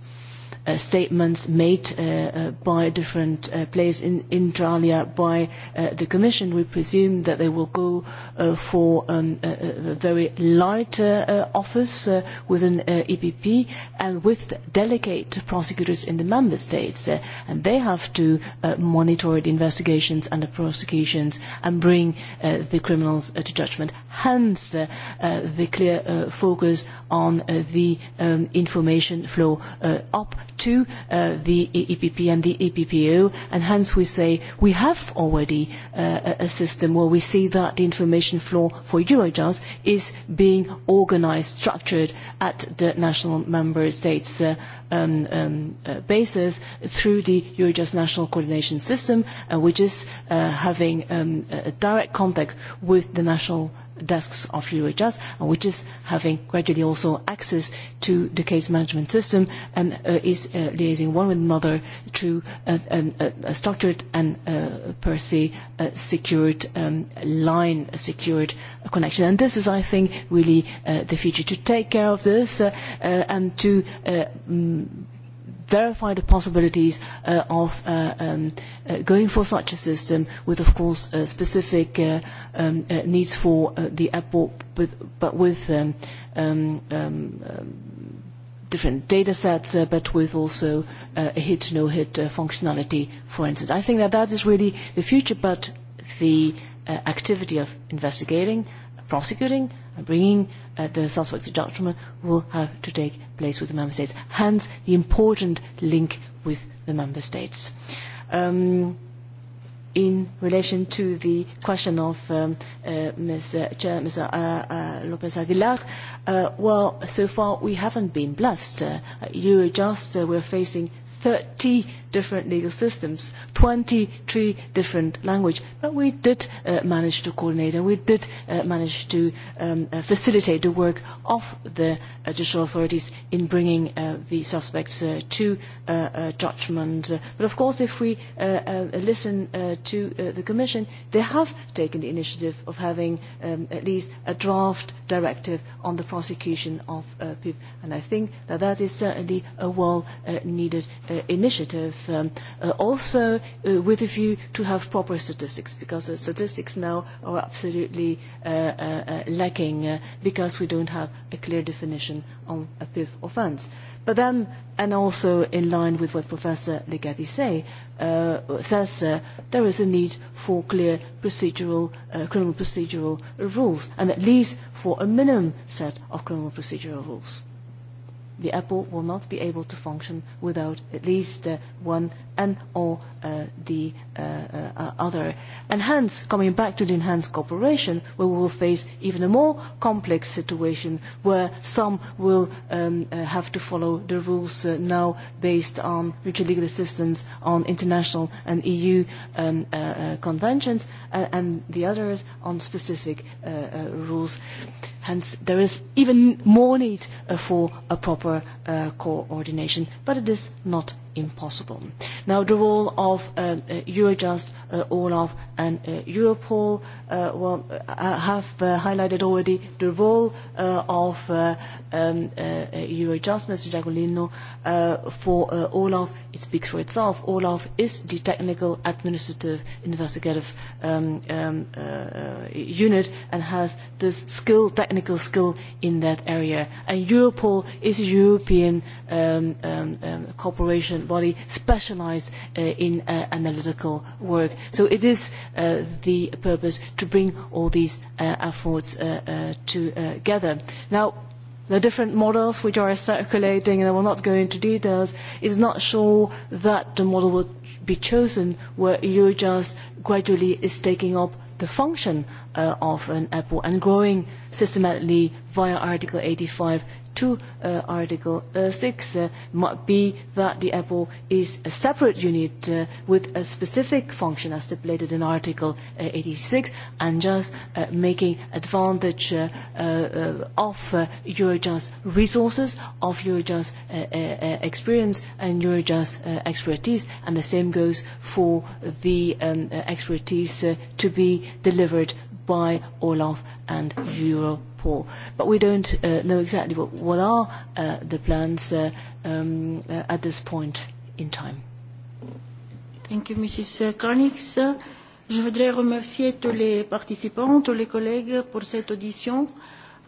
uh, statements made uh, uh, by different uh, players in Intralia by uh, the Commission. We presume that they will go uh, for um, a, a very light uh, uh, office uh, within uh, EPP and with delegate prosecutors in the member states. Uh, and they have to uh, monitor the investigations and the prosecutions and bring uh, the criminals uh, to judgment hence uh, uh, the clear uh, focus on uh, the um, information flow uh, up to uh, the EPP e and the EPPO, and hence we say we have already uh, a system where we see that the information flow for Eurojust is being organized, structured at the national member states uh, um, um, uh, basis through the Eurojust National Coordination System, uh, which is uh, having um, a direct contact with the national uh, desks of EUHS, and which is having gradually also access to the case management system and uh, is uh, liaising one with another through a, a, a structured and uh, per se uh, secured um, line, a secured uh, connection. And this is, I think, really uh, the future to take care of this uh, uh, and to uh, mm, verify the possibilities uh, of uh, um, uh, going for such a system with, of course, uh, specific uh, um, uh, needs for uh, the airport, but, but with um, um, um, um, different data sets, uh, but with also uh, a hit, no hit uh, functionality, for instance. I think that that is really the future, but the uh, activity of investigating, prosecuting, and bringing uh, the South Wales document will have to take place with the member states. Hence, the important link with the member states. Um, in relation to the question of um, uh, Ms. Uh, Chair, Ms. Uh, uh, Lopez Aguilar, uh, well, so far we haven't been blessed. Uh, Eurojust, uh, we're facing 30 different legal systems, 23 different language. But we did uh, manage to coordinate and we did uh, manage to um, uh, facilitate the work of the uh, judicial authorities in bringing uh, the suspects uh, to uh, uh, judgment. Uh, but of course, if we uh, uh, listen uh, to uh, the Commission, they have taken the initiative of having um, at least a draft directive on the prosecution of uh, people. And I think that that is certainly a well-needed uh, uh, initiative with, um, uh, also uh, with a view to have proper statistics, because the statistics now are absolutely uh, uh, uh lacking uh, because we don't have a clear definition on a PIV offence. But then, and also in line with what Professor Legati say, uh, says, uh, there is a need for clear procedural, uh, criminal procedural rules, and at least for a minimum set of criminal procedural rules the airport will not be able to function without at least uh, one and all uh, the uh, uh, uh, other. And hence, coming back to the enhanced cooperation, we will face even a more complex situation where some will um, uh, have to follow the rules uh, now based on mutual legal assistance on international and EU um, uh, uh, conventions uh, and the others on specific uh, uh, rules. Hence, there is even more need uh, for a proper uh, coordination, but it is not impossible. Now, the role of um, uh, Eurojust, uh, Olaf, and uh, Europol uh, well, uh, have uh, highlighted already the role uh, of uh, um, uh, Eurojust, Mr. Giacolino, uh, for uh, Olaf. It speaks for itself. Olaf is the technical, administrative, investigative um, um, uh, unit and has this skill, technical skill in that area. And Europol is a European um, um, um, corporation body specialized uh, in uh, analytical work. So it is uh, uh, the purpose to bring all these uh, efforts uh, uh, together. Now, the different models which are circulating, and I will not go into details, is not sure that the model will be chosen where Eurojust gradually is taking up the function uh, of an Apple and growing systematically via Article 85 to uh, Article uh, 6 uh, might be that the EPO is a separate unit uh, with a specific function as stipulated in Article uh, 86 and just uh, making advantage uh, uh, uh, of uh, Eurojust resources, of Eurojust uh, uh, uh, experience and Eurojust uh, expertise and the same goes for the um, uh, expertise uh, to be delivered by Olaf and Euro rapport. But we don't uh, know exactly what, what are uh, the plans uh, um, uh, at this point in time. Thank you, Mrs. Konix. Je voudrais remercier tous les participants, tous les collègues pour cette audition.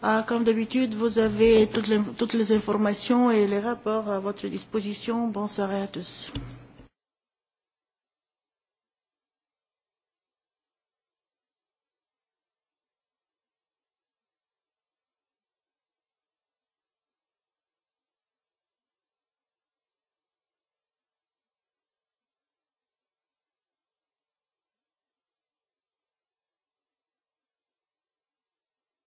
Uh, comme d'habitude, vous avez toutes les, toutes les informations et les rapports à votre disposition. Bonne soirée à tous.